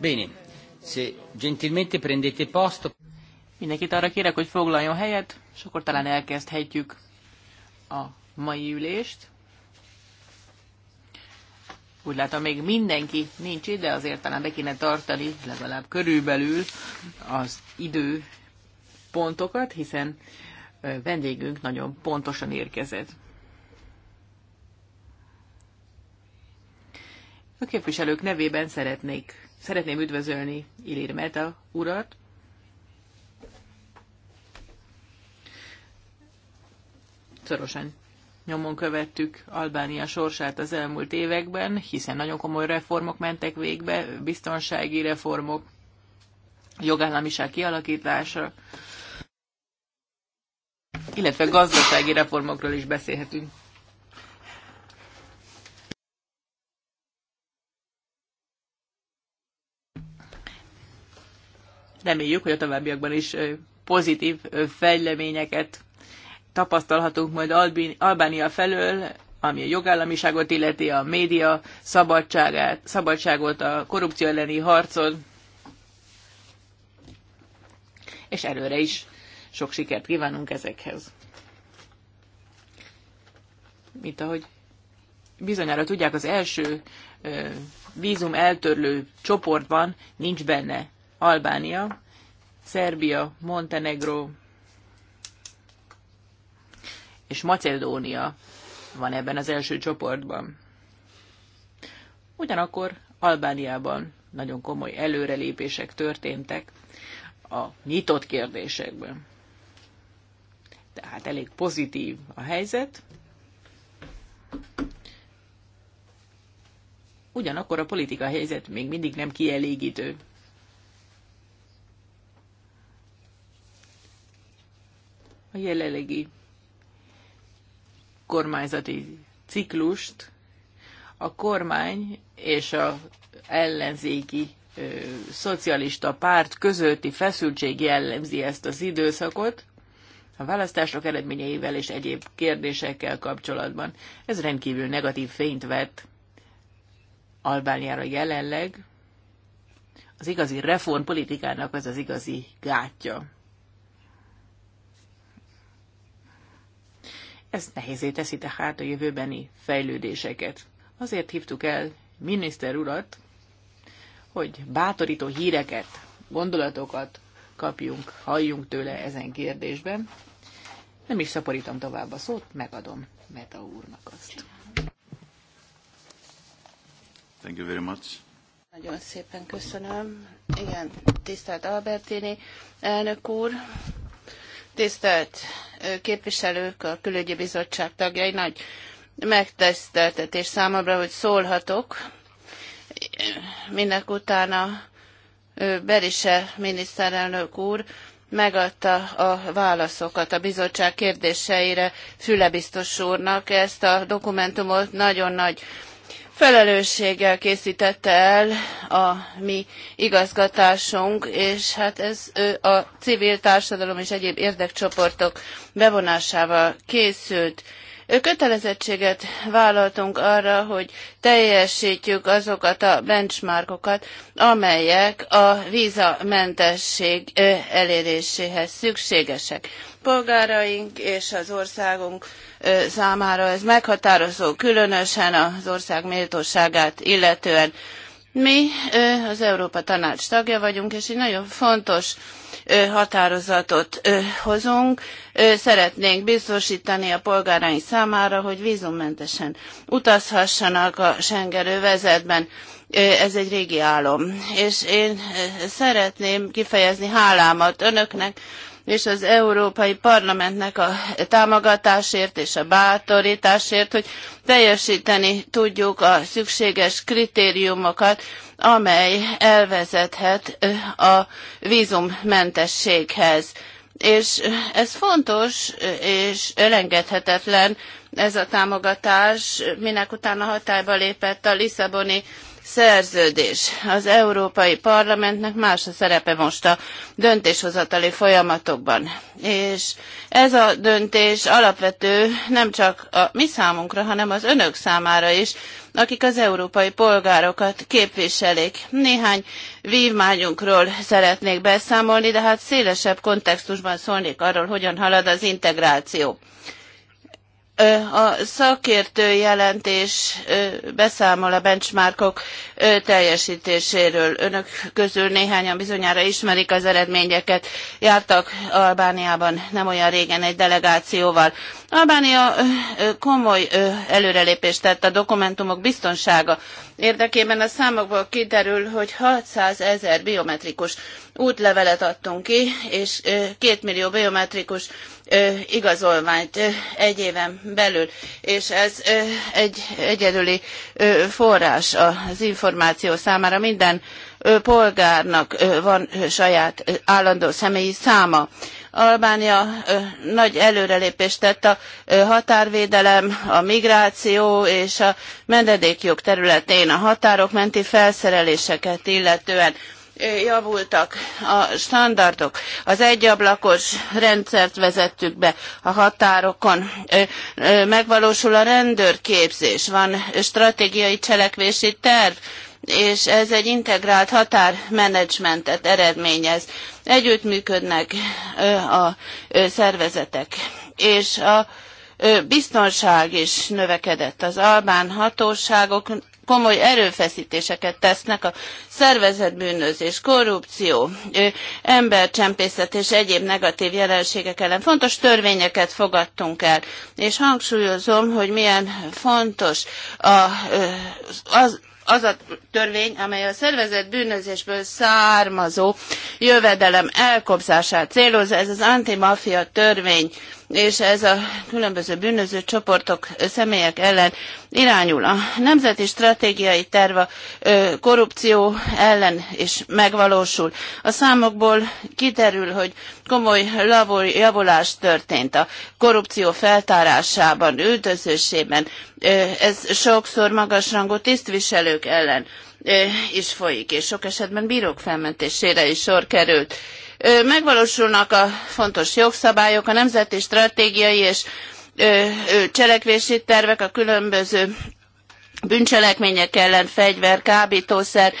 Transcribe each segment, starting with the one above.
Bene, se gentilmente prendete posto. Mindenkit arra kérek, hogy foglaljon helyet, és akkor talán elkezdhetjük a mai ülést. Úgy látom, még mindenki nincs de azért talán be kéne tartani legalább körülbelül az időpontokat, hiszen vendégünk nagyon pontosan érkezett. A képviselők nevében szeretnék, szeretném üdvözölni Ilir Meta urat. Szorosan nyomon követtük Albánia sorsát az elmúlt években, hiszen nagyon komoly reformok mentek végbe, biztonsági reformok, jogállamiság kialakítása, illetve gazdasági reformokról is beszélhetünk. Reméljük, hogy a továbbiakban is pozitív fejleményeket tapasztalhatunk majd Albin, Albánia felől, ami a jogállamiságot illeti, a média szabadságát, szabadságot, a korrupció elleni harcot, és előre is sok sikert kívánunk ezekhez. Mint ahogy bizonyára tudják, az első vízum eltörlő csoportban nincs benne Albánia, Szerbia, Montenegro és Macedónia van ebben az első csoportban. Ugyanakkor Albániában nagyon komoly előrelépések történtek a nyitott kérdésekben. Tehát elég pozitív a helyzet. Ugyanakkor a politika helyzet még mindig nem kielégítő. a jelenlegi kormányzati ciklust a kormány és a ellenzéki ö, szocialista párt közötti feszültség jellemzi ezt az időszakot a választások eredményeivel és egyéb kérdésekkel kapcsolatban. Ez rendkívül negatív fényt vett Albániára jelenleg. Az igazi reformpolitikának az az igazi gátja. Ez nehézé teszi tehát a jövőbeni fejlődéseket. Azért hívtuk el miniszter urat, hogy bátorító híreket, gondolatokat kapjunk, halljunk tőle ezen kérdésben. Nem is szaporítom tovább a szót, megadom Meta úrnak azt. Thank you very much. Nagyon szépen köszönöm. Igen, tisztelt Albertini elnök úr, Tisztelt képviselők, a külügyi bizottság tagjai, nagy megtiszteltetés számomra, hogy szólhatok. Minek utána Berise miniszterelnök úr megadta a válaszokat a bizottság kérdéseire Füle biztos úrnak. Ezt a dokumentumot nagyon nagy felelősséggel készítette el a mi igazgatásunk, és hát ez a civil társadalom és egyéb érdekcsoportok bevonásával készült. Kötelezettséget vállaltunk arra, hogy teljesítjük azokat a benchmarkokat, amelyek a vízamentesség eléréséhez szükségesek. Polgáraink és az országunk számára ez meghatározó, különösen az ország méltóságát illetően. Mi az Európa Tanács tagja vagyunk, és egy nagyon fontos határozatot hozunk. Szeretnénk biztosítani a polgáraink számára, hogy vízummentesen utazhassanak a Schengen vezetben ez egy régi álom. És én szeretném kifejezni hálámat önöknek, és az Európai Parlamentnek a támogatásért és a bátorításért, hogy teljesíteni tudjuk a szükséges kritériumokat, amely elvezethet a vízummentességhez. És ez fontos és elengedhetetlen ez a támogatás, minek utána hatályba lépett a Lisszaboni szerződés. Az Európai Parlamentnek más a szerepe most a döntéshozatali folyamatokban. És ez a döntés alapvető nem csak a mi számunkra, hanem az önök számára is, akik az európai polgárokat képviselik. Néhány vívmányunkról szeretnék beszámolni, de hát szélesebb kontextusban szólnék arról, hogyan halad az integráció. A szakértő jelentés beszámol a benchmarkok teljesítéséről. Önök közül néhányan bizonyára ismerik az eredményeket. Jártak Albániában nem olyan régen egy delegációval. Albánia komoly előrelépést tett a dokumentumok biztonsága érdekében. A számokból kiderül, hogy 600 ezer biometrikus útlevelet adtunk ki, és 2 millió biometrikus igazolványt egy éven belül, és ez egy egyedüli forrás az információ számára. Minden polgárnak van saját állandó személyi száma. Albánia nagy előrelépést tett a határvédelem, a migráció és a menedékjog területén a határok menti felszereléseket illetően javultak a standardok. Az egyablakos rendszert vezettük be a határokon. Megvalósul a rendőrképzés, van stratégiai cselekvési terv, és ez egy integrált határmenedzsmentet eredményez. Együttműködnek a szervezetek, és a biztonság is növekedett. Az albán hatóságok komoly erőfeszítéseket tesznek a szervezetbűnözés, korrupció, embercsempészet és egyéb negatív jelenségek ellen. Fontos törvényeket fogadtunk el, és hangsúlyozom, hogy milyen fontos a, az, az a törvény, amely a szervezett bűnözésből származó jövedelem elkobzását célozza, ez az antimafia törvény és ez a különböző bűnöző csoportok, személyek ellen irányul. A Nemzeti Stratégiai terve korrupció ellen is megvalósul. A számokból kiderül, hogy komoly javulás történt a korrupció feltárásában, üldözésében. Ez sokszor magasrangú tisztviselők ellen is folyik, és sok esetben bírók felmentésére is sor került megvalósulnak a fontos jogszabályok, a nemzeti stratégiai és cselekvési tervek a különböző bűncselekmények ellen fegyver, kábítószer,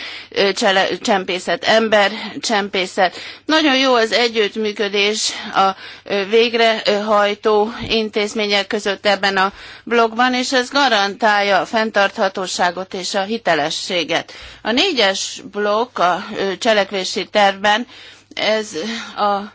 csele, csempészet, ember, csempészet. Nagyon jó az együttműködés a végrehajtó intézmények között ebben a blogban, és ez garantálja a fenntarthatóságot és a hitelességet. A négyes blokk a cselekvési tervben ez a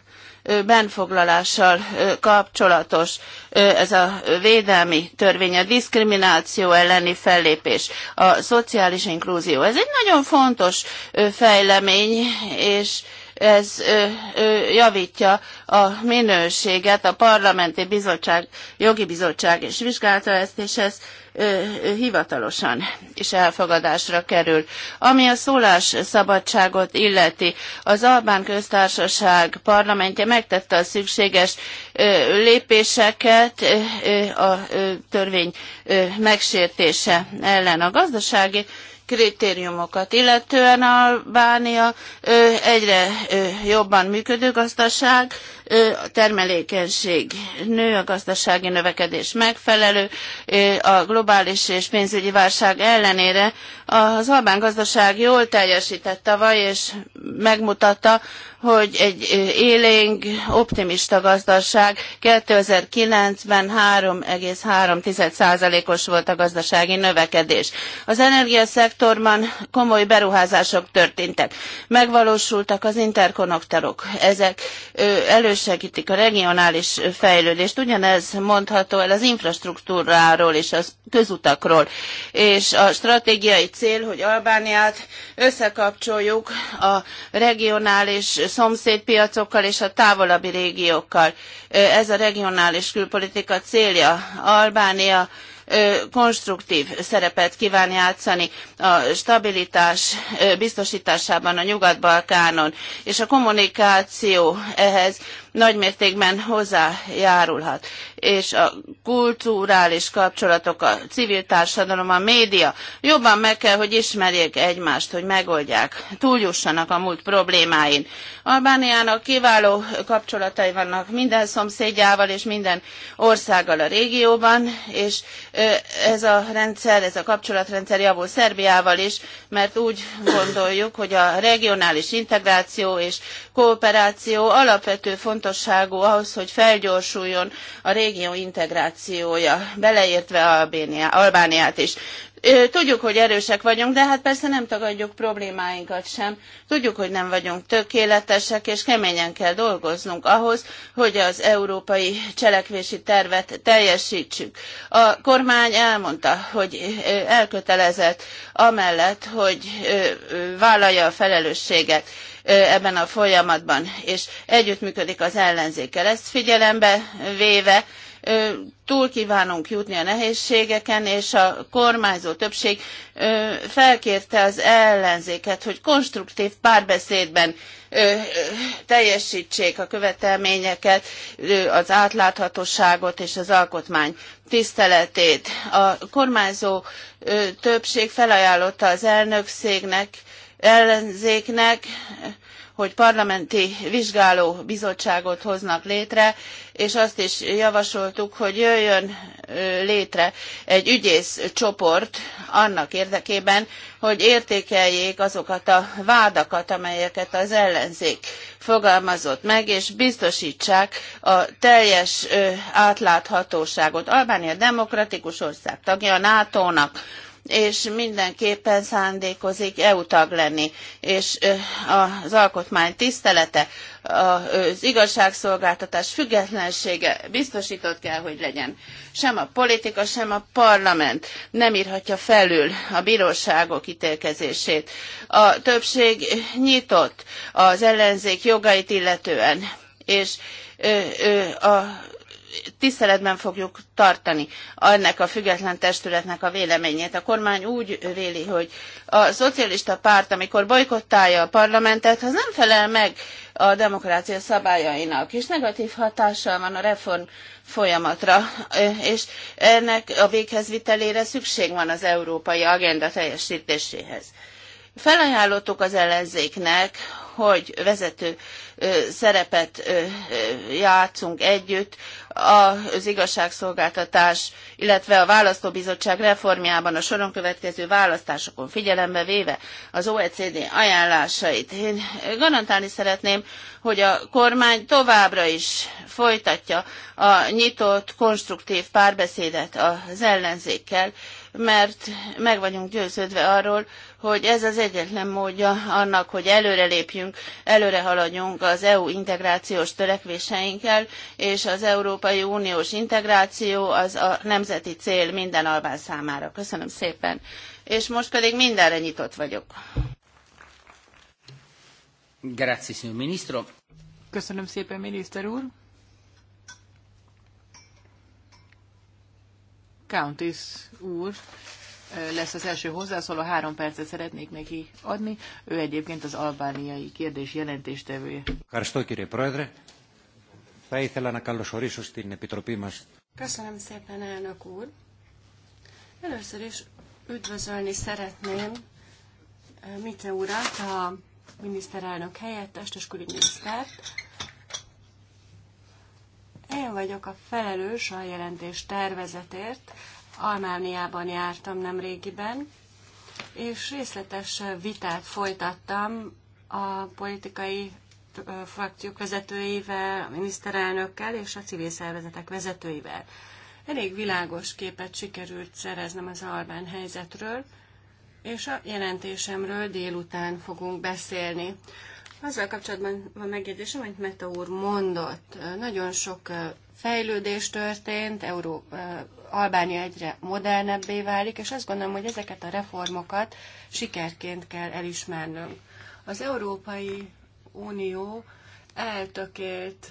benfoglalással kapcsolatos ez a védelmi törvény, a diszkrimináció elleni fellépés, a szociális inkluzió. Ez egy nagyon fontos fejlemény, és ez javítja a minőséget. A parlamenti bizottság, jogi bizottság is vizsgálta ezt, és ez hivatalosan is elfogadásra kerül. Ami a szólásszabadságot illeti, az Albán köztársaság parlamentje megtette a szükséges lépéseket a törvény megsértése ellen. A gazdasági kritériumokat, illetően Albánia egyre jobban működő gazdaság, a termelékenység nő, a gazdasági növekedés megfelelő, a globális és pénzügyi válság ellenére az albán gazdaság jól teljesített tavaly, és megmutatta, hogy egy élénk, optimista gazdaság 2009-ben 3,3%-os volt a gazdasági növekedés. Az energiaszektorban komoly beruházások történtek. Megvalósultak az interkonnektorok. Ezek elő elősegítik a regionális fejlődést. Ugyanez mondható el az infrastruktúráról és a közutakról. És a stratégiai cél, hogy Albániát összekapcsoljuk a regionális szomszédpiacokkal és a távolabbi régiókkal. Ez a regionális külpolitika célja. Albánia konstruktív szerepet kíván játszani a stabilitás biztosításában a Nyugat-Balkánon, és a kommunikáció ehhez nagymértékben hozzájárulhat. És a kulturális kapcsolatok, a civil társadalom, a média jobban meg kell, hogy ismerjék egymást, hogy megoldják, túljussanak a múlt problémáin. Albániának kiváló kapcsolatai vannak minden szomszédjával és minden országgal a régióban, és ez a rendszer, ez a kapcsolatrendszer javul Szerbiával is, mert úgy gondoljuk, hogy a regionális integráció és kooperáció alapvető fontosságú ahhoz, hogy felgyorsuljon a régió integrációja, beleértve Albániát is. Tudjuk, hogy erősek vagyunk, de hát persze nem tagadjuk problémáinkat sem. Tudjuk, hogy nem vagyunk tökéletesek, és keményen kell dolgoznunk ahhoz, hogy az európai cselekvési tervet teljesítsük. A kormány elmondta, hogy elkötelezett amellett, hogy vállalja a felelősséget ebben a folyamatban, és együttműködik az ellenzékkel. Ezt figyelembe véve túl kívánunk jutni a nehézségeken, és a kormányzó többség felkérte az ellenzéket, hogy konstruktív párbeszédben teljesítsék a követelményeket, az átláthatóságot és az alkotmány tiszteletét. A kormányzó többség felajánlotta az elnökségnek, ellenzéknek, hogy parlamenti vizsgáló bizottságot hoznak létre, és azt is javasoltuk, hogy jöjjön létre egy ügyész csoport annak érdekében, hogy értékeljék azokat a vádakat, amelyeket az ellenzék fogalmazott meg, és biztosítsák a teljes átláthatóságot. Albánia demokratikus ország tagja a NATO-nak és mindenképpen szándékozik EU tag lenni, és az alkotmány tisztelete, az igazságszolgáltatás függetlensége biztosított kell, hogy legyen. Sem a politika, sem a parlament nem írhatja felül a bíróságok ítélkezését. A többség nyitott az ellenzék jogait illetően, és a tiszteletben fogjuk tartani ennek a független testületnek a véleményét. A kormány úgy véli, hogy a szocialista párt, amikor bolykottálja a parlamentet, az nem felel meg a demokrácia szabályainak, és negatív hatással van a reform folyamatra, és ennek a véghezvitelére szükség van az európai agenda teljesítéséhez. Felajánlottuk az ellenzéknek, hogy vezető szerepet játszunk együtt az igazságszolgáltatás, illetve a választóbizottság reformjában a soron következő választásokon figyelembe véve az OECD ajánlásait. Én garantálni szeretném, hogy a kormány továbbra is folytatja a nyitott, konstruktív párbeszédet az ellenzékkel, mert meg vagyunk győződve arról, hogy ez az egyetlen módja annak, hogy előrelépjünk, előre haladjunk az EU integrációs törekvéseinkkel, és az Európai Uniós integráció az a nemzeti cél minden albán számára. Köszönöm szépen. És most pedig mindenre nyitott vagyok. Grazie, signor ministro. Köszönöm szépen, miniszter úr. Countess úr, lesz az első hozzászóló, három percet szeretnék neki adni. Ő egyébként az albániai kérdés jelentéstevője. Köszönöm szépen, elnök úr! Először is üdvözölni szeretném eh, Mite urat, a miniszterelnök helyettest és külügyminisztert. Én vagyok a felelős a jelentés tervezetért, Armániában jártam nem régiben, és részletes vitát folytattam a politikai frakciók vezetőivel, a miniszterelnökkel és a civil szervezetek vezetőivel. Elég világos képet sikerült szereznem az albán helyzetről, és a jelentésemről délután fogunk beszélni. Azzal kapcsolatban van megjegyzésem, amit Meta úr mondott. Nagyon sok fejlődés történt, Európa, eh, Albánia egyre modernebbé válik, és azt gondolom, hogy ezeket a reformokat sikerként kell elismernünk. Az Európai Unió eltökélt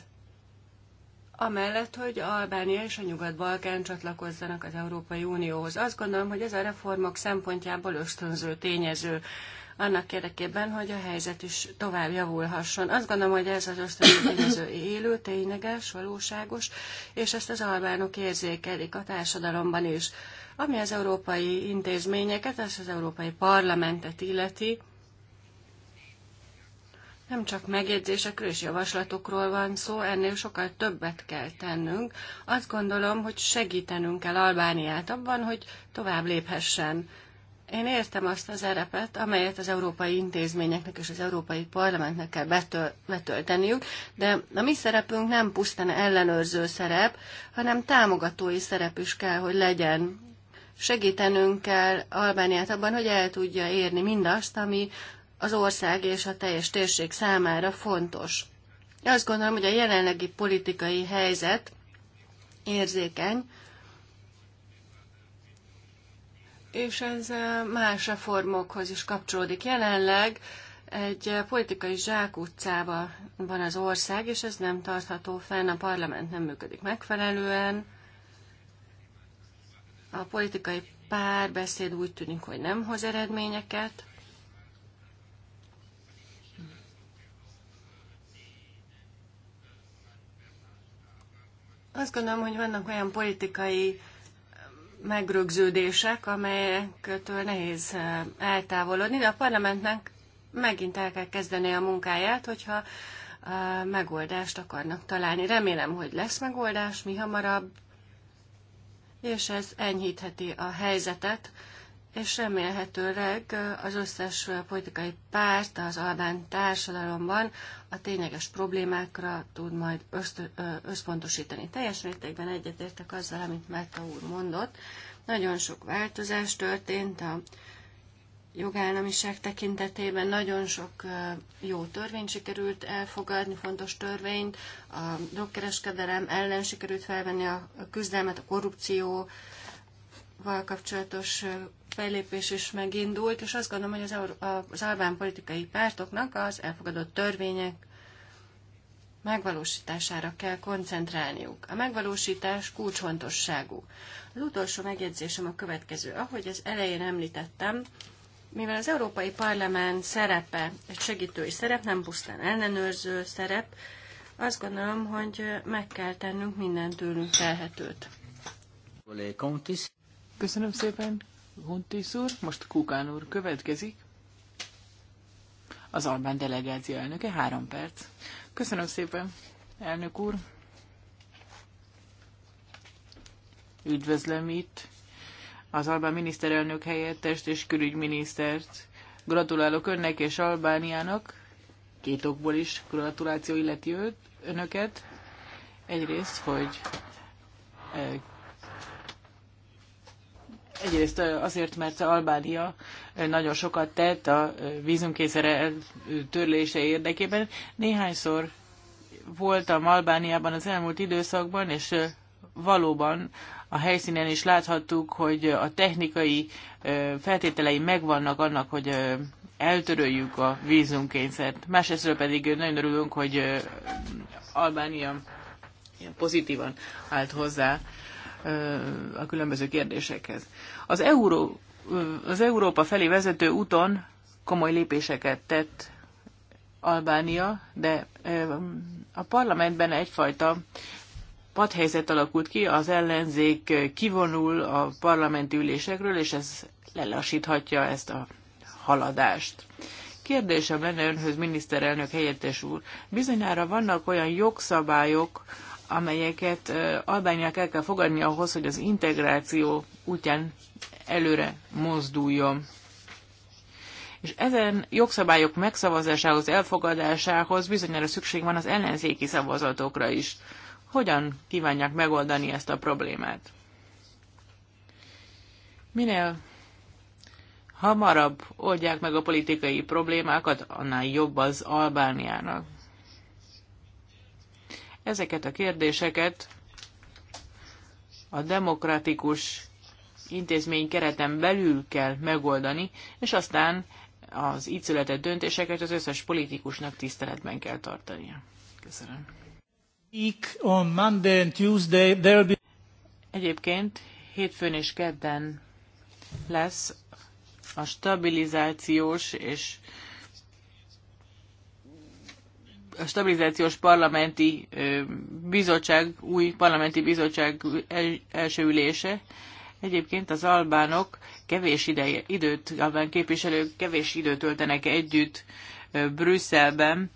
amellett, hogy Albánia és a Nyugat-Balkán csatlakozzanak az Európai Unióhoz. Azt gondolom, hogy ez a reformok szempontjából ösztönző tényező annak érdekében, hogy a helyzet is tovább javulhasson. Azt gondolom, hogy ez az ösztönző élő, tényleges, valóságos, és ezt az albánok érzékelik a társadalomban is. Ami az európai intézményeket, ezt az európai parlamentet illeti, nem csak megjegyzésekről és javaslatokról van szó, ennél sokkal többet kell tennünk. Azt gondolom, hogy segítenünk kell Albániát abban, hogy tovább léphessen. Én értem azt az erepet, amelyet az európai intézményeknek és az európai parlamentnek kell betöl, betölteniük, de a mi szerepünk nem pusztán ellenőrző szerep, hanem támogatói szerep is kell, hogy legyen. Segítenünk kell Albániát abban, hogy el tudja érni mindazt, ami az ország és a teljes térség számára fontos. Azt gondolom, hogy a jelenlegi politikai helyzet érzékeny, és ez más reformokhoz is kapcsolódik. Jelenleg egy politikai zsákutcába van az ország, és ez nem tartható fenn, a parlament nem működik megfelelően, a politikai párbeszéd úgy tűnik, hogy nem hoz eredményeket. Azt gondolom, hogy vannak olyan politikai megrögződések, amelyektől nehéz eh, eltávolodni, de a parlamentnek megint el kell kezdeni a munkáját, hogyha a eh, megoldást akarnak találni. Remélem, hogy lesz megoldás mi hamarabb, és ez enyhítheti a helyzetet és remélhetőleg az összes politikai párt az albán társadalomban a tényleges problémákra tud majd összpontosítani. Teljes mértékben egyetértek azzal, amit Márta úr mondott. Nagyon sok változás történt a jogállamiság tekintetében, nagyon sok jó törvény sikerült elfogadni, fontos törvényt, a drogkereskedelem ellen sikerült felvenni a küzdelmet, a korrupció, val kapcsolatos fellépés is megindult, és azt gondolom, hogy az, az albán politikai pártoknak az elfogadott törvények megvalósítására kell koncentrálniuk. A megvalósítás kulcsfontosságú. Az utolsó megjegyzésem a következő. Ahogy az elején említettem, mivel az Európai Parlament szerepe egy segítői szerep, nem pusztán ellenőrző szerep, azt gondolom, hogy meg kell tennünk minden tőlünk telhetőt. Köszönöm szépen, Hunti úr. Most Kukán úr következik. Az Albán delegáció elnöke, három perc. Köszönöm szépen, elnök úr. Üdvözlöm itt az Albán miniszterelnök helyettest és külügyminisztert. Gratulálok önnek és Albániának. Két okból is gratuláció illeti önöket. Egyrészt, hogy eh, Egyrészt azért, mert Albánia nagyon sokat tett a vízumkészere törlése érdekében. Néhányszor voltam Albániában az elmúlt időszakban, és valóban a helyszínen is láthattuk, hogy a technikai feltételei megvannak annak, hogy eltöröljük a vízumkényszert. Másrésztről pedig nagyon örülünk, hogy Albánia pozitívan állt hozzá a különböző kérdésekhez. Az, Euró, az Európa felé vezető úton komoly lépéseket tett Albánia, de a parlamentben egyfajta padhelyzet alakult ki, az ellenzék kivonul a parlamenti ülésekről, és ez lelassíthatja ezt a haladást. Kérdésem lenne önhöz, miniszterelnök helyettes úr. Bizonyára vannak olyan jogszabályok, amelyeket Albániának el kell fogadni ahhoz, hogy az integráció útján előre mozduljon. És ezen jogszabályok megszavazásához, elfogadásához bizonyára szükség van az ellenzéki szavazatokra is. Hogyan kívánják megoldani ezt a problémát? Minél hamarabb oldják meg a politikai problémákat, annál jobb az Albániának. Ezeket a kérdéseket a demokratikus intézmény kereten belül kell megoldani, és aztán az így született döntéseket az összes politikusnak tiszteletben kell tartania. Köszönöm. On Monday and Tuesday, be... Egyébként hétfőn és kedden lesz a stabilizációs és a stabilizációs parlamenti bizottság, új parlamenti bizottság első ülése. Egyébként az albánok kevés ideje, időt, albán képviselők kevés időt töltenek együtt Brüsszelben,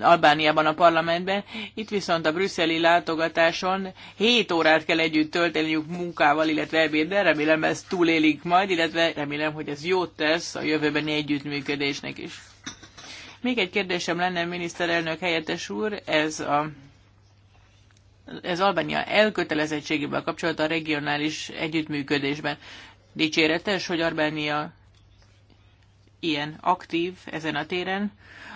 Albániában a parlamentben. Itt viszont a brüsszeli látogatáson 7 órát kell együtt tölteniük munkával, illetve ebéddel. Remélem ez túlélik majd, illetve remélem, hogy ez jót tesz a jövőbeni együttműködésnek is. Még egy kérdésem lenne, miniszterelnök helyettes úr, ez a ez Albánia elkötelezettségével kapcsolatban a regionális együttműködésben. Dicséretes, hogy Albánia ilyen aktív ezen a téren.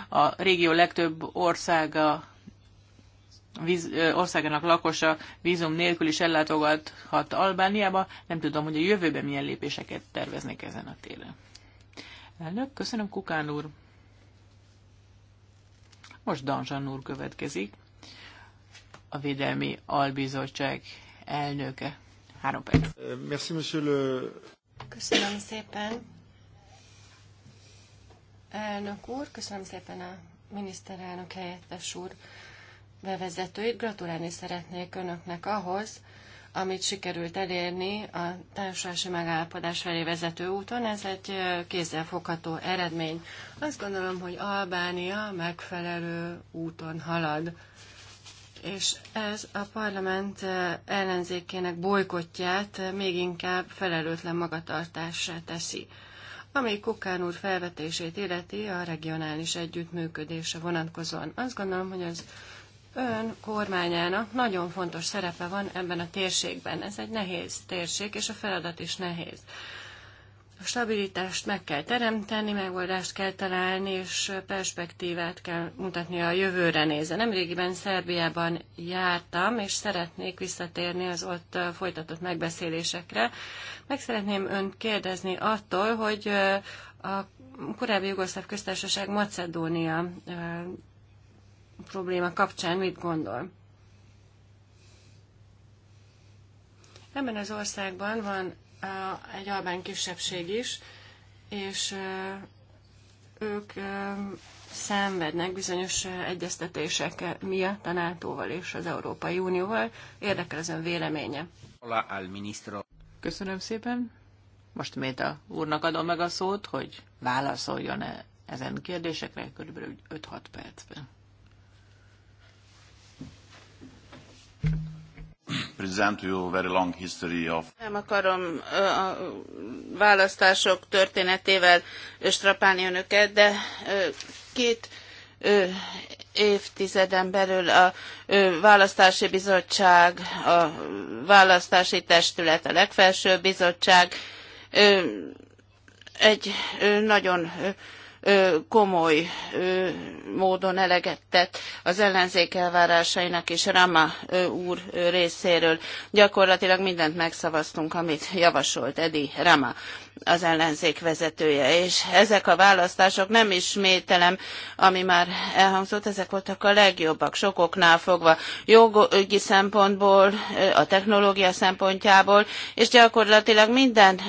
A régió legtöbb országa víz, országának lakosa vízum nélkül is ellátogathat Albániába. Nem tudom, hogy a jövőben milyen lépéseket terveznek ezen a téren. Elnök, köszönöm Kukán úr. Most Danzsan úr következik, a Védelmi Albizottság elnöke. Három perc. Merci, monsieur le... Köszönöm szépen. Elnök úr, köszönöm szépen a miniszterelnök helyettes úr bevezetőit. Gratulálni szeretnék önöknek ahhoz, amit sikerült elérni a társasági megállapodás felé vezető úton, ez egy kézzelfogható eredmény. Azt gondolom, hogy Albánia megfelelő úton halad. És ez a parlament ellenzékének bolykotját még inkább felelőtlen magatartásra teszi. Ami Kukán úr felvetését illeti a regionális együttműködésre vonatkozóan. Azt gondolom, hogy az Ön kormányának nagyon fontos szerepe van ebben a térségben. Ez egy nehéz térség, és a feladat is nehéz. A stabilitást meg kell teremteni, megoldást kell találni, és perspektívát kell mutatni a jövőre nézve. Nemrégiben Szerbiában jártam, és szeretnék visszatérni az ott folytatott megbeszélésekre. Meg szeretném önt kérdezni attól, hogy a korábbi Jugoszláv köztársaság Macedónia probléma kapcsán mit gondol? Ebben az országban van egy albán kisebbség is, és ők szenvednek bizonyos egyeztetések miatt a NATO-val és az Európai Unióval. Érdekel az ön véleménye. Köszönöm szépen. Most Méta úrnak adom meg a szót, hogy válaszoljon -e ezen kérdésekre körülbelül 5-6 percben. present you a very long history of... Nem akarom a választások történetével strapálni önöket, de két évtizeden belül a választási bizottság, a választási testület, a legfelső bizottság egy nagyon komoly módon eleget tett az ellenzék elvárásainak és Rama úr részéről. Gyakorlatilag mindent megszavaztunk, amit javasolt Edi Rama az ellenzék vezetője. És ezek a választások nem ismételem, ami már elhangzott, ezek voltak a legjobbak, sokoknál fogva, jogi szempontból, a technológia szempontjából, és gyakorlatilag minden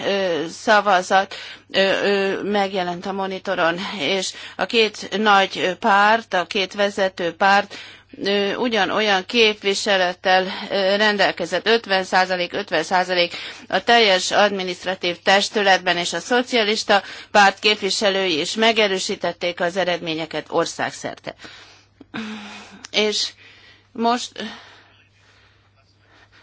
szavazat megjelent a monitoron, és a két nagy párt, a két vezető párt ugyanolyan képviselettel rendelkezett 50% 50% a teljes adminisztratív testületben és a szocialista párt képviselői is megerősítették az eredményeket országszerte. És most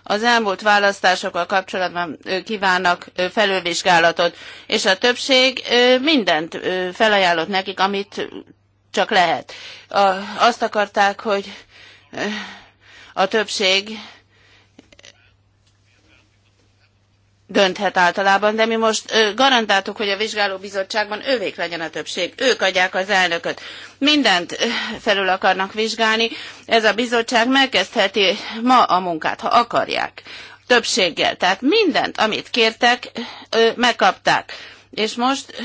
az elmúlt választásokkal kapcsolatban kívánnak felülvizsgálatot, és a többség mindent felajánlott nekik, amit csak lehet. A, azt akarták, hogy eh, a többség dönthet általában, de mi most eh, garantáltuk, hogy a vizsgálóbizottságban ővék legyen a többség, ők adják az elnököt. Mindent eh, felül akarnak vizsgálni, ez a bizottság megkezdheti ma a munkát, ha akarják, többséggel. Tehát mindent, amit kértek, megkapták. És most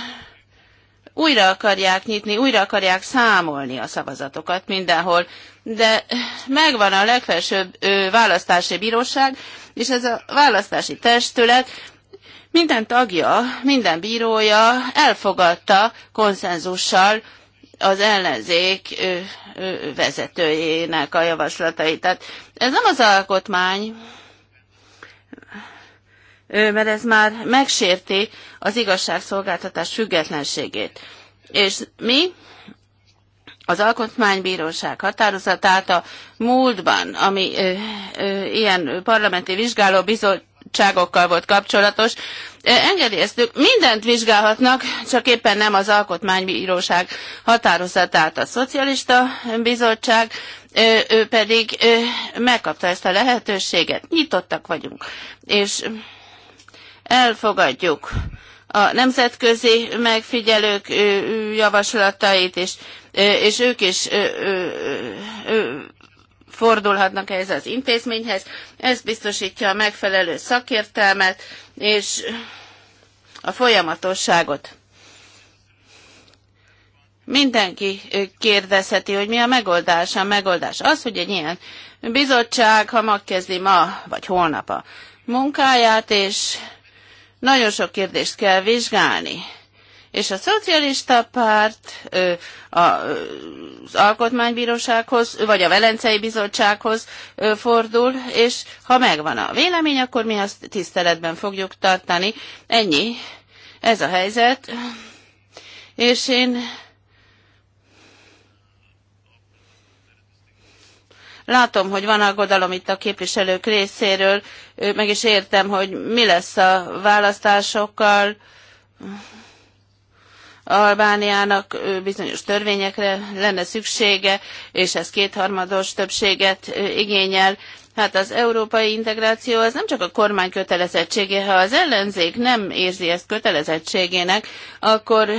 újra akarják nyitni, újra akarják számolni a szavazatokat mindenhol, de megvan a legfelsőbb választási bíróság, és ez a választási testület minden tagja, minden bírója elfogadta konszenzussal az ellenzék vezetőjének a javaslatait. Tehát ez nem az alkotmány, mert ez már megsérti az igazságszolgáltatás függetlenségét. És mi az Alkotmánybíróság határozatát a múltban, ami ö, ö, ilyen parlamenti vizsgáló bizottságokkal volt kapcsolatos, engedélyeztük, mindent vizsgálhatnak, csak éppen nem az Alkotmánybíróság határozatát a Szocialista Bizottság, ö, ő pedig ö, megkapta ezt a lehetőséget. Nyitottak vagyunk. És elfogadjuk a nemzetközi megfigyelők javaslatait, és, és ők is fordulhatnak ehhez az intézményhez. Ez biztosítja a megfelelő szakértelmet és a folyamatosságot. Mindenki kérdezheti, hogy mi a megoldás. A megoldás az, hogy egy ilyen bizottság, ha megkezdi ma vagy holnap a munkáját, és nagyon sok kérdést kell vizsgálni. És a szocialista párt az alkotmánybírósághoz, vagy a Velencei Bizottsághoz fordul, és ha megvan a vélemény, akkor mi azt tiszteletben fogjuk tartani. Ennyi. Ez a helyzet. És én Látom, hogy van aggodalom itt a képviselők részéről, meg is értem, hogy mi lesz a választásokkal. Albániának bizonyos törvényekre lenne szüksége, és ez kétharmados többséget igényel. Hát az európai integráció az nem csak a kormány kötelezettsége, ha az ellenzék nem érzi ezt kötelezettségének, akkor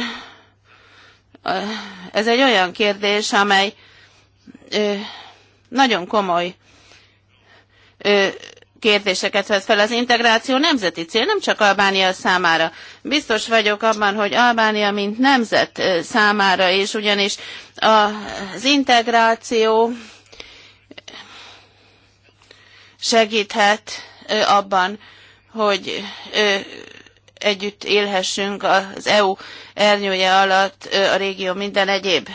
ez egy olyan kérdés, amely nagyon komoly kérdéseket vesz fel az integráció nemzeti cél, nem csak Albánia számára. Biztos vagyok abban, hogy Albánia, mint nemzet számára is, ugyanis az integráció segíthet abban, hogy együtt élhessünk az EU ernyője alatt a régió minden egyéb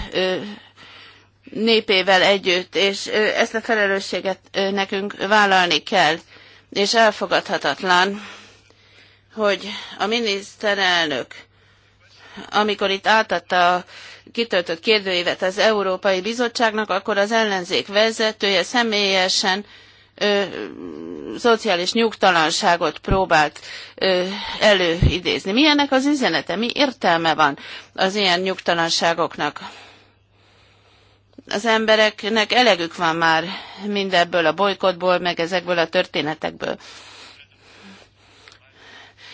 népével együtt, és ezt a felelősséget nekünk vállalni kell, és elfogadhatatlan, hogy a miniszterelnök, amikor itt átadta a kitöltött kérdőívet az Európai Bizottságnak, akkor az ellenzék vezetője személyesen ö, szociális nyugtalanságot próbált ö, előidézni. Milyennek az üzenete? Mi értelme van az ilyen nyugtalanságoknak? az embereknek elegük van már mindebből a bolykotból, meg ezekből a történetekből.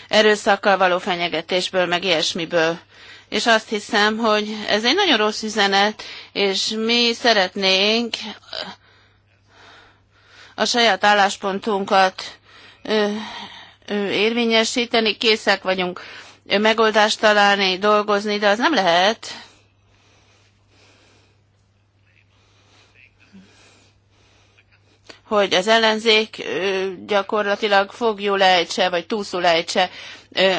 Erőszakkal való fenyegetésből, meg ilyesmiből. És azt hiszem, hogy ez egy nagyon rossz üzenet, és mi szeretnénk a saját álláspontunkat érvényesíteni, készek vagyunk megoldást találni, dolgozni, de az nem lehet, hogy az ellenzék gyakorlatilag fogjú lejtse, vagy túszú lejtse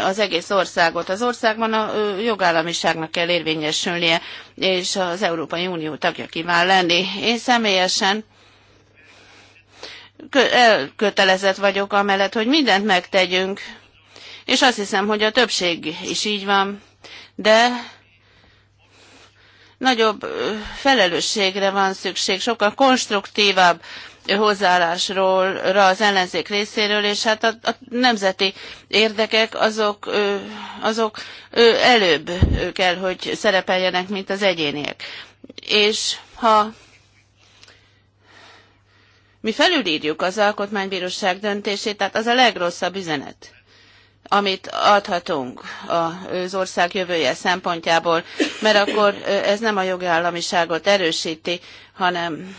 az egész országot. Az országban a jogállamiságnak kell érvényesülnie, és az Európai Unió tagja kíván lenni. Én személyesen elkötelezett vagyok amellett, hogy mindent megtegyünk, és azt hiszem, hogy a többség is így van, de nagyobb felelősségre van szükség, sokkal konstruktívabb hozzáállásról az ellenzék részéről, és hát a, a nemzeti érdekek azok, azok előbb kell, hogy szerepeljenek, mint az egyéniek. És ha mi felülírjuk az alkotmánybíróság döntését, tehát az a legrosszabb üzenet amit adhatunk az ország jövője szempontjából, mert akkor ez nem a jogállamiságot erősíti, hanem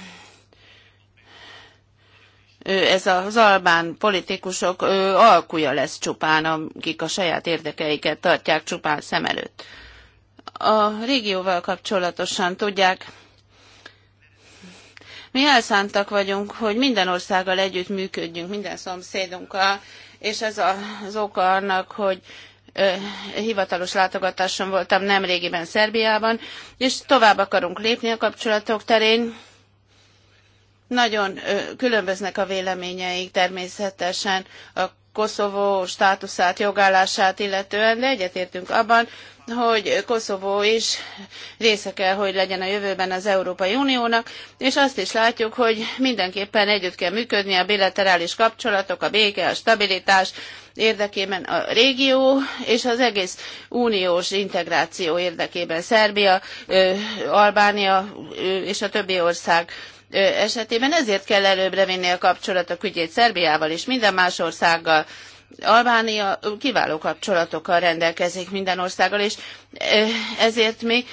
ez az albán politikusok alkuja lesz csupán, akik a saját érdekeiket tartják csupán szem előtt. A régióval kapcsolatosan tudják, mi elszántak vagyunk, hogy minden országgal együtt működjünk, minden szomszédunkkal, és ez az oka annak, hogy hivatalos látogatáson voltam nemrégiben Szerbiában, és tovább akarunk lépni a kapcsolatok terén. Nagyon különböznek a véleményeik természetesen a Koszovó státuszát, jogállását illetően, de egyetértünk abban, hogy Koszovó is része kell, hogy legyen a jövőben az Európai Uniónak, és azt is látjuk, hogy mindenképpen együtt kell működni a bilaterális kapcsolatok, a béke, a stabilitás érdekében a régió és az egész uniós integráció érdekében Szerbia, Albánia és a többi ország esetében ezért kell előbbre vinni a kapcsolatok ügyét Szerbiával és minden más országgal. Albánia kiváló kapcsolatokkal rendelkezik minden országgal, és ezért mi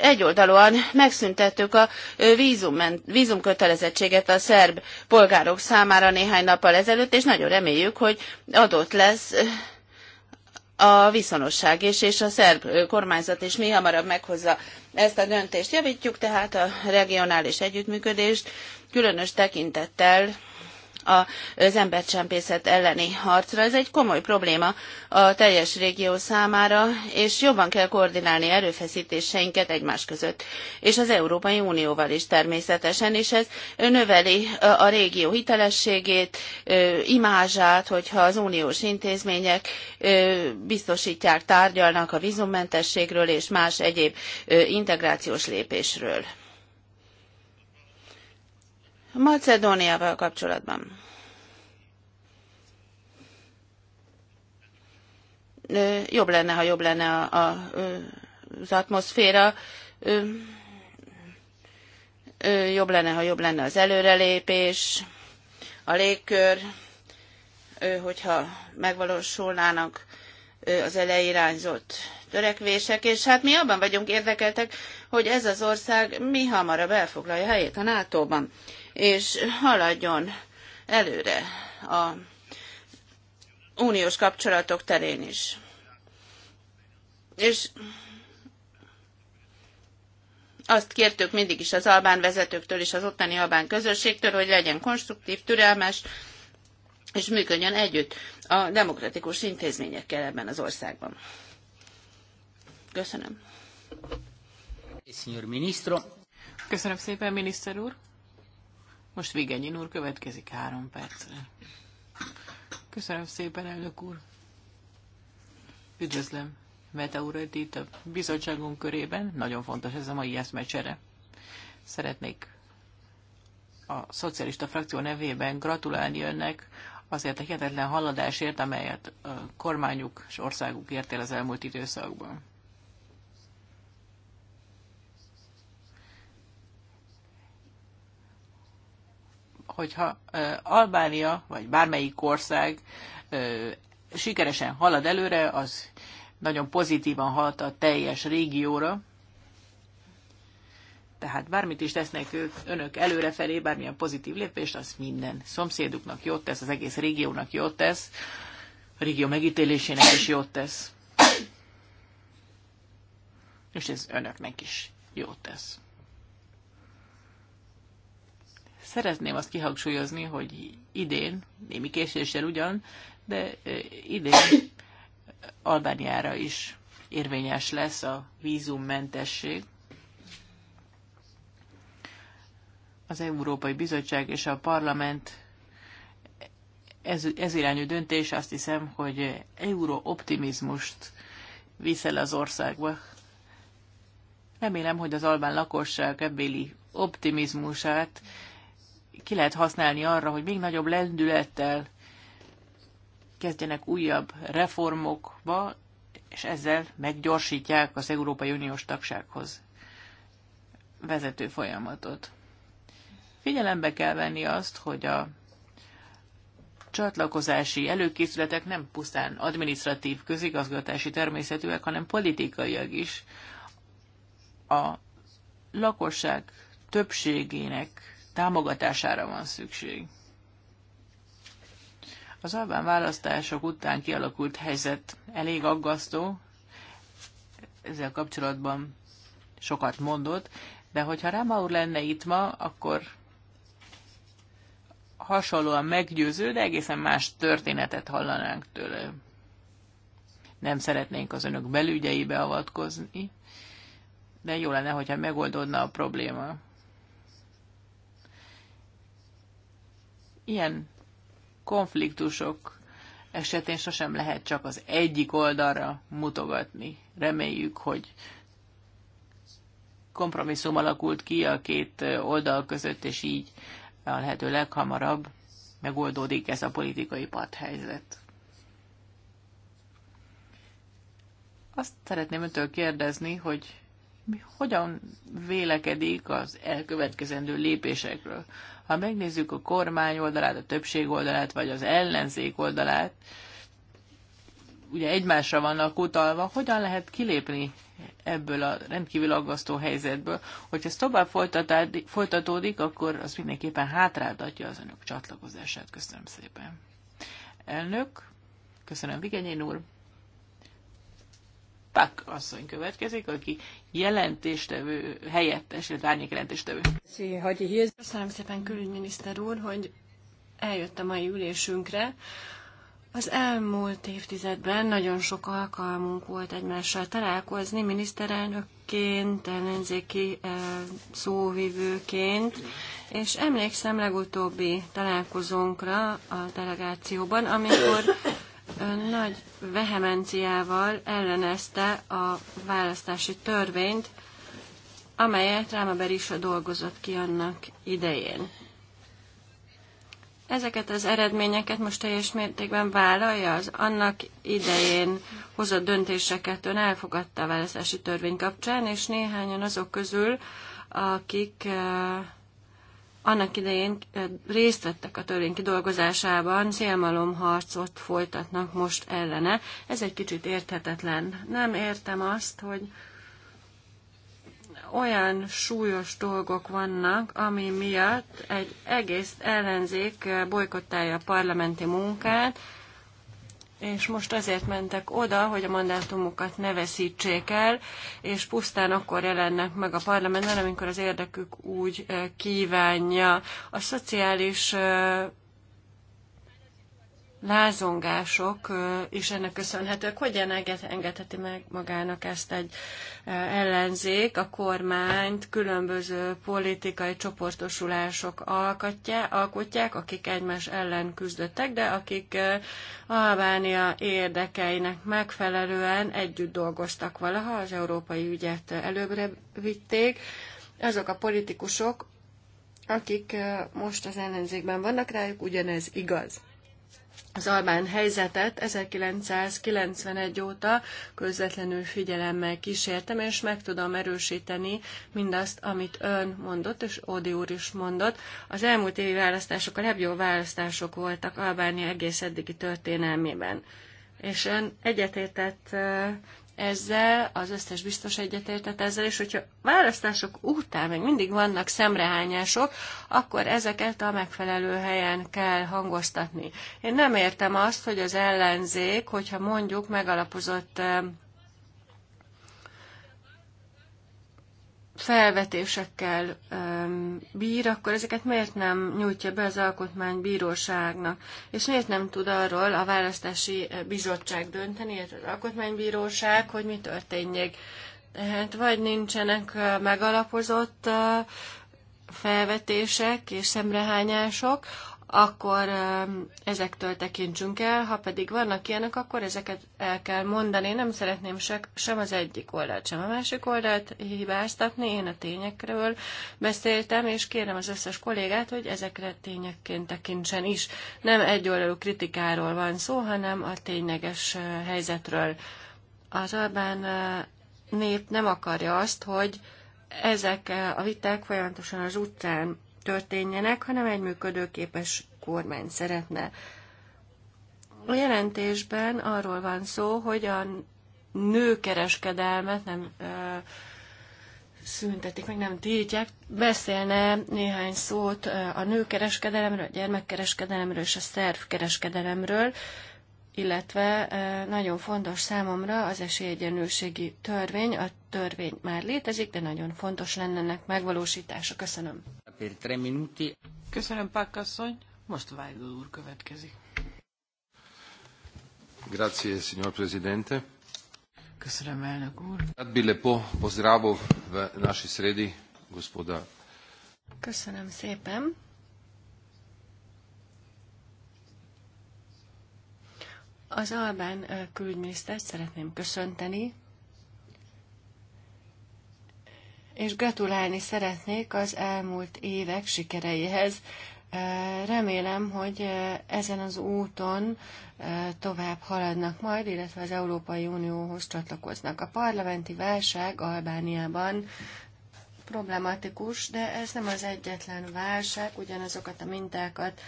egyoldalúan megszüntettük a vízum, vízumkötelezettséget a szerb polgárok számára néhány nappal ezelőtt, és nagyon reméljük, hogy adott lesz a viszonosság is, és a szerb kormányzat is mi hamarabb meghozza ezt a döntést javítjuk, tehát a regionális együttműködést, különös tekintettel az embercsempészet elleni harcra. Ez egy komoly probléma a teljes régió számára, és jobban kell koordinálni erőfeszítéseinket egymás között, és az Európai Unióval is természetesen, és ez növeli a régió hitelességét, imázsát, hogyha az uniós intézmények biztosítják, tárgyalnak a vízummentességről és más egyéb integrációs lépésről. Macedóniával kapcsolatban. Jobb lenne, ha jobb lenne a, a, az atmoszféra jobb lenne, ha jobb lenne az előrelépés, a légkör, hogyha megvalósulnának az eleirányzott törekvések, és hát mi abban vagyunk érdekeltek, hogy ez az ország mi hamarabb elfoglalja helyét a NATO-ban és haladjon előre a uniós kapcsolatok terén is. És azt kértük mindig is az albán vezetőktől és az ottani albán közösségtől, hogy legyen konstruktív, türelmes, és működjön együtt a demokratikus intézményekkel ebben az országban. Köszönöm. Köszönöm szépen, miniszter úr. Most Vigenyin úr következik három percre. Köszönöm szépen, elnök úr. Üdvözlöm Meta urat itt a bizottságunk körében. Nagyon fontos ez a mai eszmecsere. Szeretnék a szocialista frakció nevében gratulálni önnek azért a hihetetlen haladásért, amelyet a kormányuk és országuk ért el az elmúlt időszakban. hogyha Albánia, vagy bármelyik ország sikeresen halad előre, az nagyon pozitívan hat a teljes régióra. Tehát bármit is tesznek ők, önök előrefelé, bármilyen pozitív lépést, az minden szomszéduknak jót tesz, az egész régiónak jót tesz, a régió megítélésének is jót tesz. És ez önöknek is jót tesz. Szeretném azt kihangsúlyozni, hogy idén, némi késéssel ugyan, de idén Albániára is érvényes lesz a vízummentesség. Az Európai Bizottság és a Parlament ez, ez irányú döntés azt hiszem, hogy eurooptimizmust viszel az országba. Remélem, hogy az albán lakosság ebbéli optimizmusát ki lehet használni arra, hogy még nagyobb lendülettel kezdjenek újabb reformokba, és ezzel meggyorsítják az Európai Uniós tagsághoz vezető folyamatot. Figyelembe kell venni azt, hogy a csatlakozási előkészületek nem pusztán administratív, közigazgatási természetűek, hanem politikaiak is. A lakosság többségének támogatására van szükség. Az albán választások után kialakult helyzet elég aggasztó, ezzel kapcsolatban sokat mondott, de hogyha Ráma úr lenne itt ma, akkor hasonlóan meggyőző, de egészen más történetet hallanánk tőle. Nem szeretnénk az önök belügyeibe avatkozni, de jó lenne, hogyha megoldódna a probléma. ilyen konfliktusok esetén sosem lehet csak az egyik oldalra mutogatni. Reméljük, hogy kompromisszum alakult ki a két oldal között, és így a lehető leghamarabb megoldódik ez a politikai parthelyzet. Azt szeretném öntől kérdezni, hogy hogyan vélekedik az elkövetkezendő lépésekről. Ha megnézzük a kormány oldalát, a többség oldalát, vagy az ellenzék oldalát, ugye egymásra vannak utalva, hogyan lehet kilépni ebből a rendkívül aggasztó helyzetből. Hogyha ez tovább folytatódik, akkor az mindenképpen hátráltatja az önök csatlakozását. Köszönöm szépen. Elnök, köszönöm Vigenyén úr. Pak asszony következik, aki jelentéstevő helyettes, illetve árnyék jelentéstevő. Köszönöm szépen külügyminiszter úr, hogy eljött a mai ülésünkre. Az elmúlt évtizedben nagyon sok alkalmunk volt egymással találkozni, miniszterelnökként, ellenzéki eh, szóvivőként, és emlékszem legutóbbi találkozónkra a delegációban, amikor Ön nagy vehemenciával ellenezte a választási törvényt, amelyet Ráma Berisa dolgozott ki annak idején. Ezeket az eredményeket most teljes mértékben vállalja, az annak idején hozott döntéseket ön elfogadta a választási törvény kapcsán, és néhányan azok közül, akik eh, annak idején részt vettek a törvény kidolgozásában, szélmalomharcot folytatnak most ellene. Ez egy kicsit érthetetlen. Nem értem azt, hogy olyan súlyos dolgok vannak, ami miatt egy egész ellenzék bolykottálja a parlamenti munkát, és most azért mentek oda, hogy a mandátumukat ne veszítsék el, és pusztán akkor jelennek meg a parlamentben, amikor az érdekük úgy eh, kívánja. A szociális eh, lázongások is ennek köszönhetők. Hogyan engedheti meg magának ezt egy ellenzék, a kormányt különböző politikai csoportosulások alkotják, akik egymás ellen küzdöttek, de akik Albánia érdekeinek megfelelően együtt dolgoztak valaha, az európai ügyet előbbre vitték. Azok a politikusok, akik most az ellenzékben vannak rájuk, ugyanez igaz az albán helyzetet 1991 óta közvetlenül figyelemmel kísértem, és meg tudom erősíteni mindazt, amit ön mondott, és Ódi úr is mondott. Az elmúlt évi választások a legjobb választások voltak Albánia egész eddigi történelmében. És ön egyetértett ezzel, az összes biztos egyetértett ezzel, és hogyha választások után még mindig vannak szemrehányások, akkor ezeket a megfelelő helyen kell hangoztatni. Én nem értem azt, hogy az ellenzék, hogyha mondjuk megalapozott felvetésekkel bír, akkor ezeket miért nem nyújtja be az alkotmánybíróságnak? És miért nem tud arról a választási bizottság dönteni, illetve az alkotmánybíróság, hogy mi történjék? Tehát vagy nincsenek megalapozott felvetések és szemrehányások, akkor ezektől tekintsünk el, ha pedig vannak ilyenek, akkor ezeket el kell mondani. Én nem szeretném se, sem az egyik oldalt, sem a másik oldalt hibáztatni, én a tényekről beszéltem, és kérem az összes kollégát, hogy ezekre tényekként tekintsen is. Nem egyoldalú kritikáról van szó, hanem a tényleges eh, helyzetről. Az albán eh, nép nem akarja azt, hogy ezek eh, a viták folyamatosan az utcán történjenek, hanem egy működőképes kormány szeretne. A jelentésben arról van szó, hogy a nőkereskedelmet nem ö, szüntetik, meg nem tiltják. Beszélne néhány szót a nőkereskedelemről, a gyermekkereskedelemről és a szervkereskedelemről, illetve nagyon fontos számomra az esélyegyenlőségi törvény. A törvény már létezik, de nagyon fontos lenne ennek megvalósítása. Köszönöm tre minuti. Köszönöm, Pák asszony. Most Weigl úr következik. Grazie, signor Presidente. Köszönöm, elnök úr. Rad bi lepo pozdravil v naši sredi gospoda. Köszönöm szépen. Az albán külügyminisztert szeretném köszönteni, és gratulálni szeretnék az elmúlt évek sikereihez. Remélem, hogy ezen az úton tovább haladnak majd, illetve az Európai Unióhoz csatlakoznak. A parlamenti válság Albániában problematikus, de ez nem az egyetlen válság, ugyanazokat a mintákat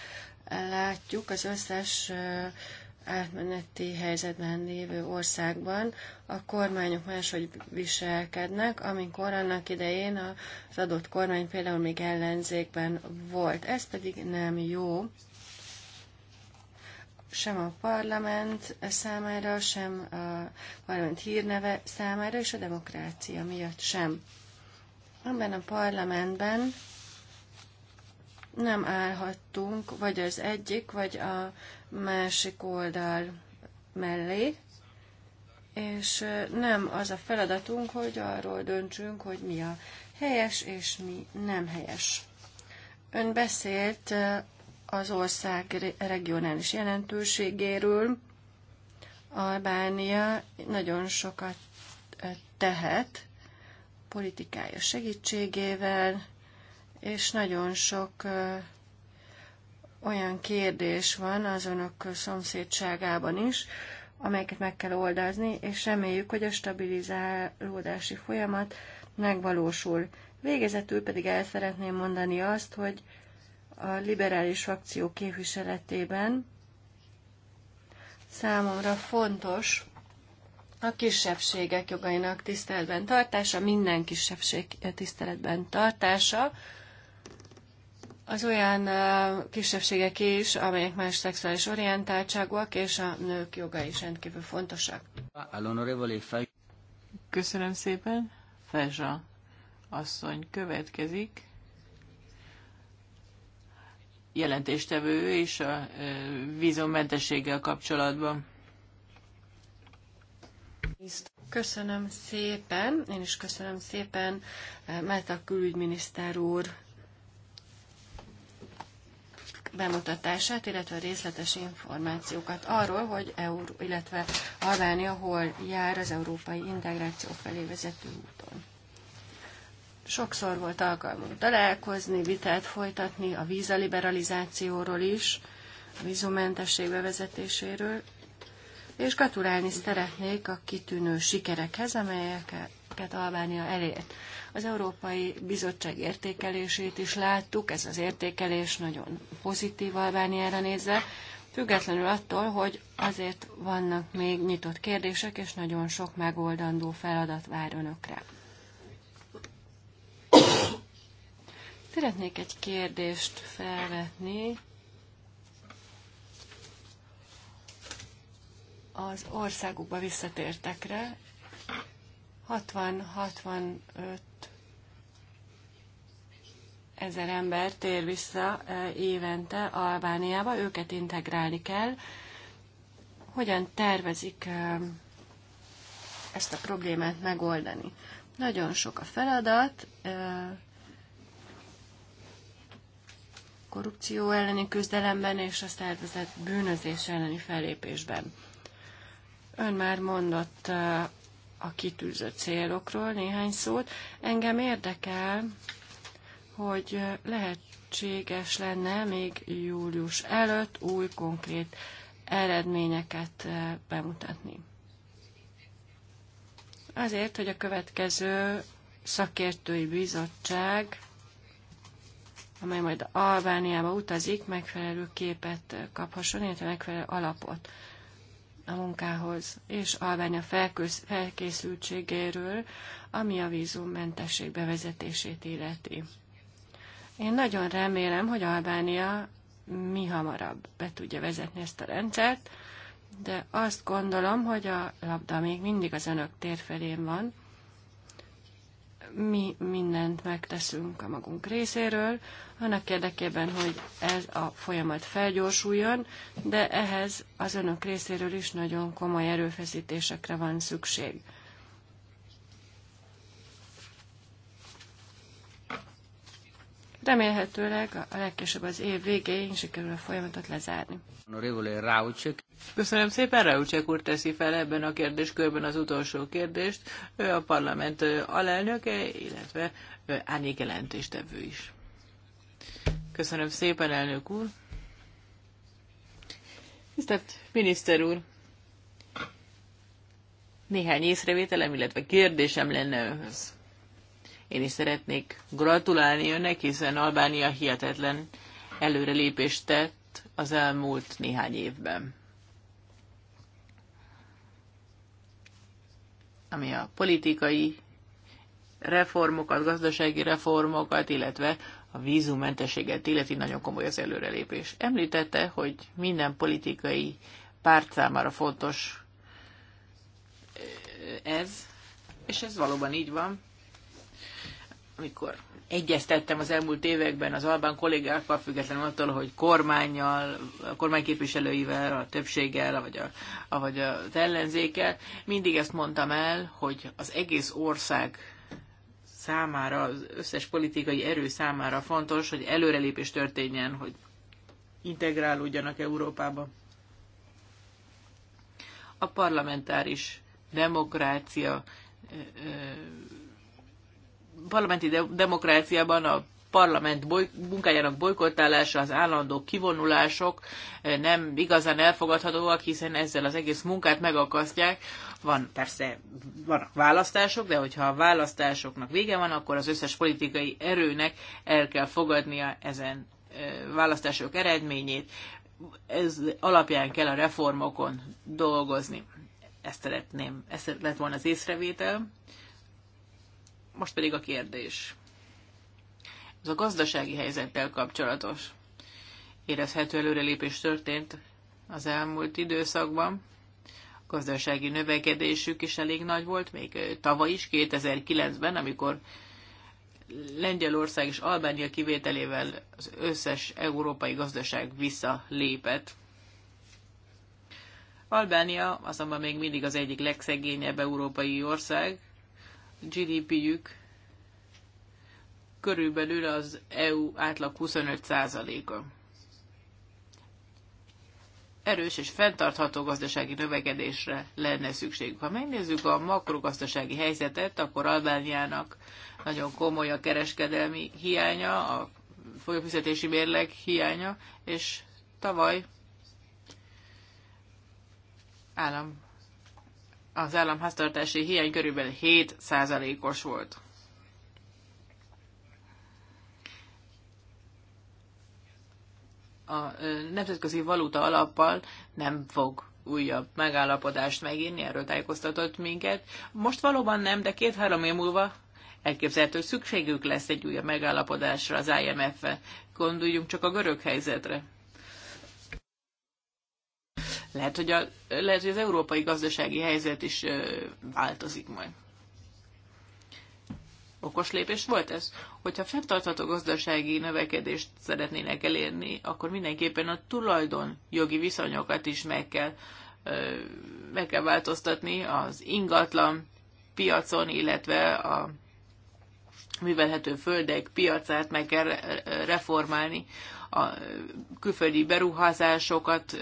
látjuk az összes átmeneti helyzetben lévő országban a kormányok máshogy viselkednek, amikor annak idején az adott kormány például még ellenzékben volt. Ez pedig nem jó sem a parlament számára, sem a parlament hírneve számára, és a demokrácia miatt sem. Amiben a parlamentben nem állhattunk vagy az egyik, vagy a másik oldal mellé, és nem az a feladatunk, hogy arról döntsünk, hogy mi a helyes és mi nem helyes. Ön beszélt az ország regionális jelentőségéről. Albánia nagyon sokat tehet politikája segítségével, és nagyon sok olyan kérdés van az önök szomszédságában is, amelyeket meg kell oldazni, és reméljük, hogy a stabilizálódási folyamat megvalósul. Végezetül pedig el szeretném mondani azt, hogy a liberális frakció képviseletében számomra fontos a kisebbségek jogainak tiszteletben tartása, minden kisebbség tiszteletben tartása, az olyan kisebbségek is, amelyek más szexuális orientáltságúak, és a nők joga is rendkívül fontosak. Köszönöm szépen. Fezsa asszony következik. Jelentéstevő és a vízummentességgel kapcsolatban. Köszönöm szépen, én is köszönöm szépen Mert a külügyminiszter úr bemutatását, illetve részletes információkat arról, hogy Euró, illetve Albánia hol jár az európai integráció felé vezető úton. Sokszor volt alkalmunk találkozni, vitát folytatni a vízaliberalizációról is, a vízumentesség bevezetéséről, és gratulálni szeretnék a kitűnő sikerekhez, amelyeket Albánia elért. Az Európai Bizottság értékelését is láttuk, ez az értékelés nagyon pozitív Albániára nézve, függetlenül attól, hogy azért vannak még nyitott kérdések, és nagyon sok megoldandó feladat vár önökre. Szeretnék egy kérdést felvetni az országukba visszatértekre. 60-65 ezer ember tér vissza e, évente Albániába, őket integrálni kell. Hogyan tervezik e, ezt a problémát megoldani? Nagyon sok a feladat, e, korrupció elleni küzdelemben és a szervezet bűnözés elleni felépésben. Ön már mondott eh, a kitűzött célokról néhány szót. Engem érdekel, hogy eh, lehetséges lenne még július előtt új konkrét eredményeket eh, bemutatni. Azért, hogy a következő szakértői bizottság, amely majd Albániába utazik, megfelelő képet kaphasson, illetve megfelelő alapot a munkához, és a felkészültségéről, ami a vízummentesség bevezetését illeti. Én nagyon remélem, hogy Albánia mi hamarabb be tudja vezetni ezt a rendszert, de azt gondolom, hogy a labda még mindig az önök térfelén van, mi mindent megteszünk a magunk részéről, annak érdekében, hogy ez a folyamat felgyorsuljon, de ehhez az önök részéről is nagyon komoly erőfeszítésekre van szükség. Remélhetőleg a legkésőbb az év végéig sikerül a folyamatot lezárni. Köszönöm szépen, Raúcsek úr teszi fel ebben a kérdéskörben az utolsó kérdést. Ő a parlament alelnöke, illetve jelentéstevő is. Köszönöm szépen, elnök úr. Tisztelt miniszter úr, néhány észrevételem, illetve kérdésem lenne önhöz. Én is szeretnék gratulálni önnek, hiszen Albánia hihetetlen előrelépést tett az elmúlt néhány évben. Ami a politikai reformokat, gazdasági reformokat, illetve a vízummentességet illeti nagyon komoly az előrelépés. Említette, hogy minden politikai párt számára fontos ez, és ez valóban így van amikor egyeztettem az elmúlt években az albán kollégákkal, függetlenül attól, hogy kormányjal, a kormányképviselőivel, a többséggel, vagy, a, vagy az ellenzékkel, mindig ezt mondtam el, hogy az egész ország számára, az összes politikai erő számára fontos, hogy előrelépés történjen, hogy integrálódjanak Európába. A parlamentáris demokrácia parlamenti de- demokráciában a parlament boly- munkájának bolykottálása, az állandó kivonulások eh, nem igazán elfogadhatóak, hiszen ezzel az egész munkát megakasztják. Van persze, vannak választások, de hogyha a választásoknak vége van, akkor az összes politikai erőnek el kell fogadnia ezen eh, választások eredményét. Ez alapján kell a reformokon dolgozni. Ezt szeretném, ez lett volna az észrevétel. Most pedig a kérdés. Ez a gazdasági helyzettel kapcsolatos. Érezhető előrelépés történt az elmúlt időszakban. A gazdasági növekedésük is elég nagy volt, még tavaly is, 2009-ben, amikor Lengyelország és Albánia kivételével az összes európai gazdaság visszalépett. Albánia azonban még mindig az egyik legszegényebb európai ország, GDP-jük körülbelül az EU átlag 25%-a. Erős és fenntartható gazdasági növekedésre lenne szükségük. Ha megnézzük a makrogazdasági helyzetet, akkor Albániának nagyon komoly a kereskedelmi hiánya, a folyófizetési mérleg hiánya, és tavaly állam az államháztartási hiány körülbelül 7%-os volt. A Nemzetközi Valuta Alappal nem fog újabb megállapodást megírni, erről tájékoztatott minket. Most valóban nem, de két-három év múlva elképzelhető szükségük lesz egy újabb megállapodásra az imf e Gondoljunk csak a görög helyzetre. Lehet, hogy, a, lehet, hogy az európai gazdasági helyzet is változik majd. Okos lépés volt ez? Hogyha fenntartható gazdasági növekedést szeretnének elérni, akkor mindenképpen a tulajdon jogi viszonyokat is meg kell, meg kell változtatni az ingatlan piacon, illetve a művelhető földek piacát meg kell reformálni a külföldi beruházásokat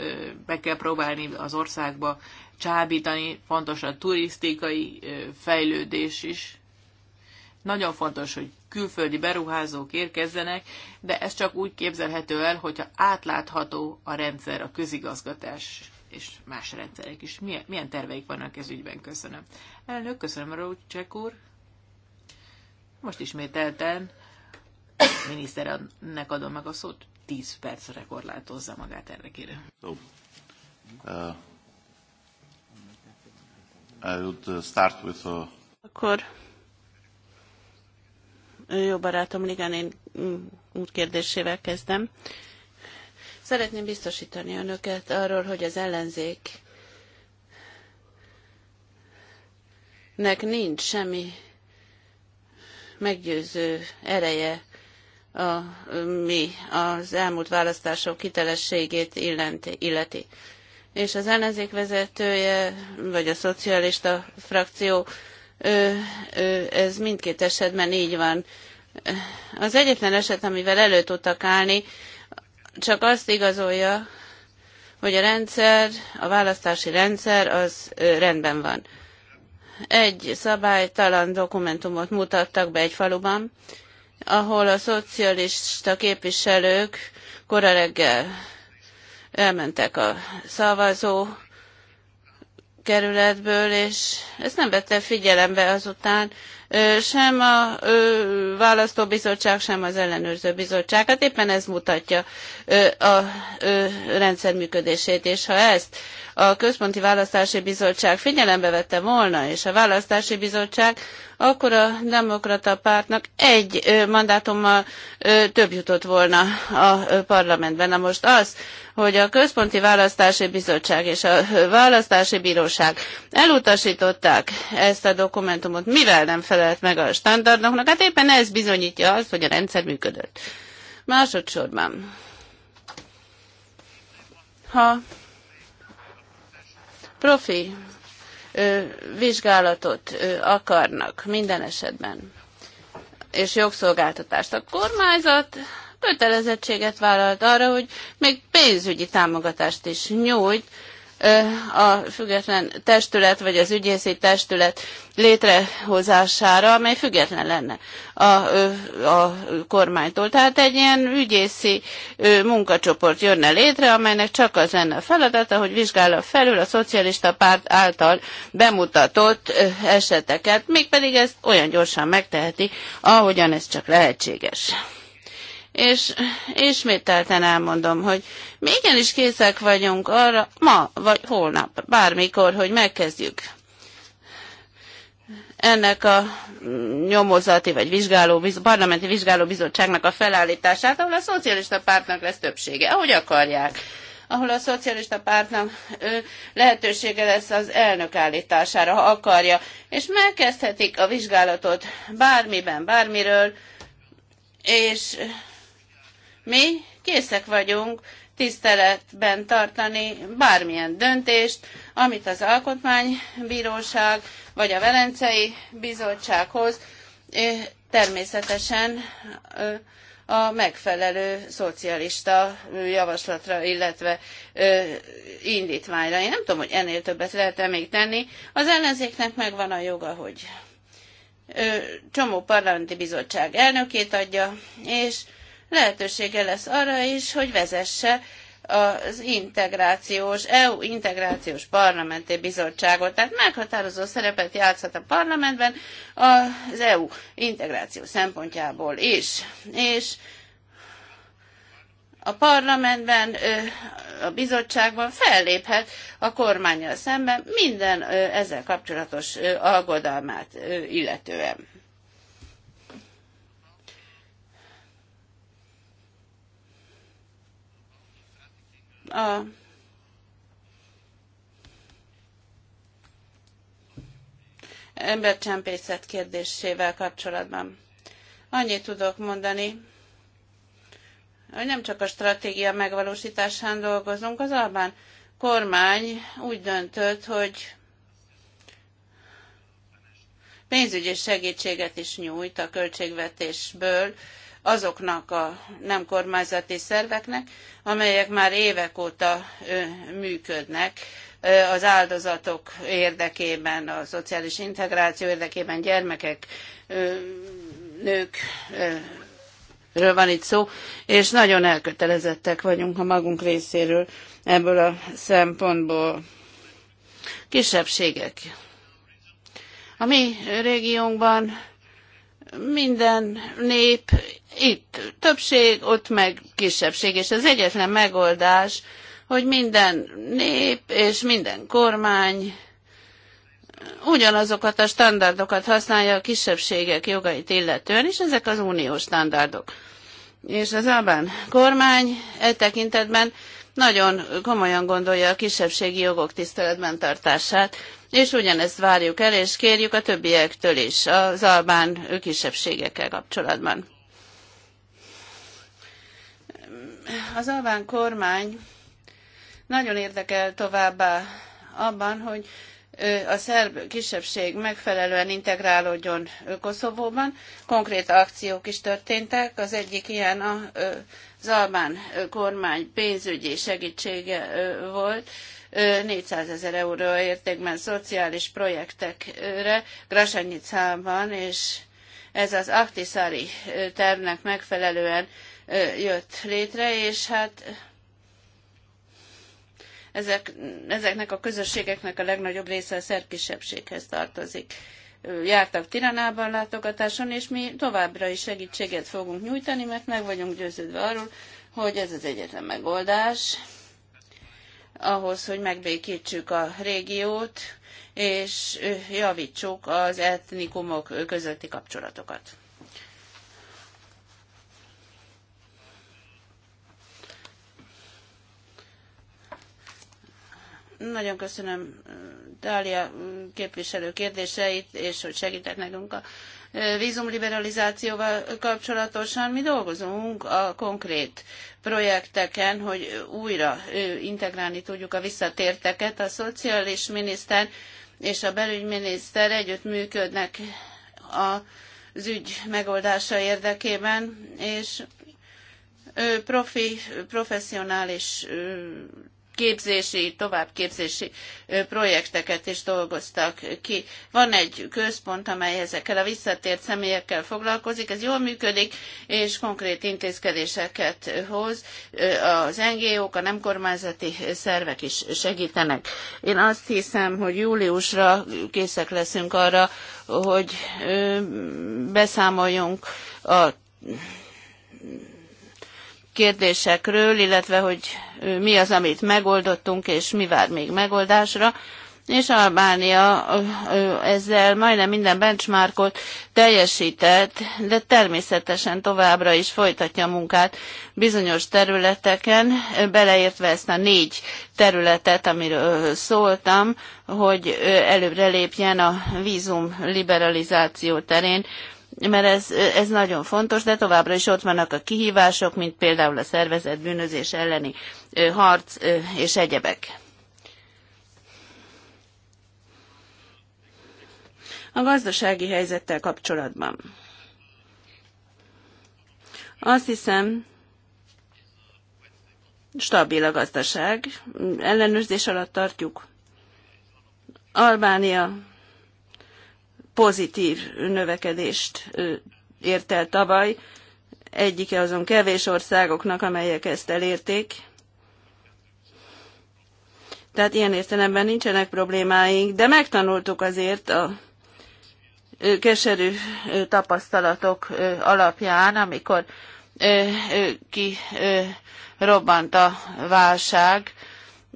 be kell próbálni az országba csábítani, fontos a turisztikai fejlődés is. Nagyon fontos, hogy külföldi beruházók érkezzenek, de ez csak úgy képzelhető el, hogyha átlátható a rendszer, a közigazgatás és más rendszerek is. Milyen, milyen terveik vannak ez ügyben? Köszönöm. Elnök, köszönöm, Rócsek úr. Most ismételten miniszternek adom meg a szót. 10 percre korlátozza magát erre kérem. So, uh, I would uh, start with a... Uh, Akkor uh, jó barátom én mm, út kérdésével kezdem. Szeretném biztosítani önöket arról, hogy az ellenzék nek nincs semmi meggyőző ereje a, mi az elmúlt választások hitelességét illeti. És az ellenzék vezetője, vagy a szocialista frakció, ő, ő, ez mindkét esetben így van. Az egyetlen eset, amivel elő tudtak állni, csak azt igazolja, hogy a rendszer, a választási rendszer az rendben van. Egy szabálytalan dokumentumot mutattak be egy faluban, ahol a szocialista képviselők kora reggel elmentek a szavazó kerületből, és ezt nem vette figyelembe azután sem a választóbizottság, sem az ellenőrző bizottság. Hát éppen ez mutatja a rendszer működését, és ha ezt a Központi Választási Bizottság figyelembe vette volna, és a Választási Bizottság, akkor a demokrata pártnak egy mandátummal több jutott volna a parlamentben. Na most az, hogy a Központi Választási Bizottság és a Választási Bíróság elutasították ezt a dokumentumot, mivel nem fel felelt meg a standardoknak, hát éppen ez bizonyítja azt, hogy a rendszer működött. Másodszorban, ha profi ö, vizsgálatot ö, akarnak minden esetben, és jogszolgáltatást, a kormányzat kötelezettséget vállalt arra, hogy még pénzügyi támogatást is nyújt a független testület vagy az ügyészi testület létrehozására, amely független lenne a, a kormánytól. Tehát egy ilyen ügyészi munkacsoport jönne létre, amelynek csak az lenne a feladata, hogy vizsgálja felül a szocialista párt által bemutatott eseteket, mégpedig ezt olyan gyorsan megteheti, ahogyan ez csak lehetséges és ismételten elmondom, hogy mi igenis készek vagyunk arra ma, vagy holnap, bármikor, hogy megkezdjük ennek a nyomozati vagy vizsgáló, parlamenti vizsgálóbizottságnak a felállítását, ahol a szocialista pártnak lesz többsége, ahogy akarják ahol a szocialista pártnak lehetősége lesz az elnök állítására, ha akarja, és megkezdhetik a vizsgálatot bármiben, bármiről, és mi készek vagyunk tiszteletben tartani bármilyen döntést, amit az Alkotmánybíróság vagy a Velencei Bizottsághoz eh, természetesen eh, a megfelelő szocialista javaslatra, illetve ö, eh, indítványra. Én nem tudom, hogy ennél többet lehet-e még tenni. Az ellenzéknek megvan a joga, hogy ö, csomó parlamenti bizottság elnökét adja, és lehetősége lesz arra is, hogy vezesse az integrációs, EU integrációs parlamenti bizottságot. Tehát meghatározó szerepet játszhat a parlamentben az EU integráció szempontjából is. És a parlamentben, a bizottságban felléphet a kormányjal szemben minden ezzel kapcsolatos aggodalmát illetően. a embercsempészet kérdésével kapcsolatban. Annyit tudok mondani, hogy nem csak a stratégia megvalósításán dolgozunk, az Albán kormány úgy döntött, hogy pénzügyi segítséget is nyújt a költségvetésből azoknak a nem kormányzati szerveknek, amelyek már évek óta működnek az áldozatok érdekében, a szociális integráció érdekében, gyermekek, nők, van itt szó, és nagyon elkötelezettek vagyunk a magunk részéről ebből a szempontból. Kisebbségek. A mi régiónkban minden nép itt többség, ott meg kisebbség, és az egyetlen megoldás, hogy minden nép és minden kormány ugyanazokat a standardokat használja a kisebbségek jogait illetően, és ezek az uniós standardok. És az Albán kormány e tekintetben nagyon komolyan gondolja a kisebbségi jogok tiszteletben tartását, és ugyanezt várjuk el, és kérjük a többiektől is az albán kisebbségekkel kapcsolatban. Az albán kormány nagyon érdekel továbbá abban, hogy a szerb kisebbség megfelelően integrálódjon Koszovóban. Konkrét akciók is történtek. Az egyik ilyen az albán kormány pénzügyi segítsége volt, 400 ezer euró értékben szociális projektekre Grasanyicában, és ez az Aktiszári tervnek megfelelően jött létre, és hát ezek, ezeknek a közösségeknek a legnagyobb része a szerb kisebbséghez tartozik. Jártak Tiranában látogatáson, és mi továbbra is segítséget fogunk nyújtani, mert meg vagyunk győződve arról, hogy ez az egyetlen megoldás ahhoz, hogy megbékítsük a régiót, és javítsuk az etnikumok közötti kapcsolatokat. Nagyon köszönöm Dália képviselő kérdéseit, és hogy segített nekünk a vízumliberalizációval kapcsolatosan mi dolgozunk a konkrét projekteken, hogy újra integrálni tudjuk a visszatérteket. A szociális miniszter és a belügyminiszter együtt működnek az ügy megoldása érdekében, és profi, professzionális képzési, továbbképzési projekteket is dolgoztak ki. Van egy központ, amely ezekkel a visszatért személyekkel foglalkozik, ez jól működik, és konkrét intézkedéseket hoz. Az NGO-k, a nem kormányzati szervek is segítenek. Én azt hiszem, hogy júliusra készek leszünk arra, hogy beszámoljunk a kérdésekről, illetve hogy mi az, amit megoldottunk, és mi vár még megoldásra. És Albánia ezzel majdnem minden benchmarkot teljesített, de természetesen továbbra is folytatja a munkát bizonyos területeken, beleértve ezt a négy területet, amiről szóltam, hogy előbbre lépjen a vízum liberalizáció terén mert ez, ez nagyon fontos, de továbbra is ott vannak a kihívások, mint például a szervezett bűnözés elleni harc és egyebek. A gazdasági helyzettel kapcsolatban. Azt hiszem, stabil a gazdaság, ellenőrzés alatt tartjuk. Albánia pozitív növekedést ért el tavaly. Egyike azon kevés országoknak, amelyek ezt elérték. Tehát ilyen értelemben nincsenek problémáink, de megtanultuk azért a keserű tapasztalatok alapján, amikor ki robbant a válság,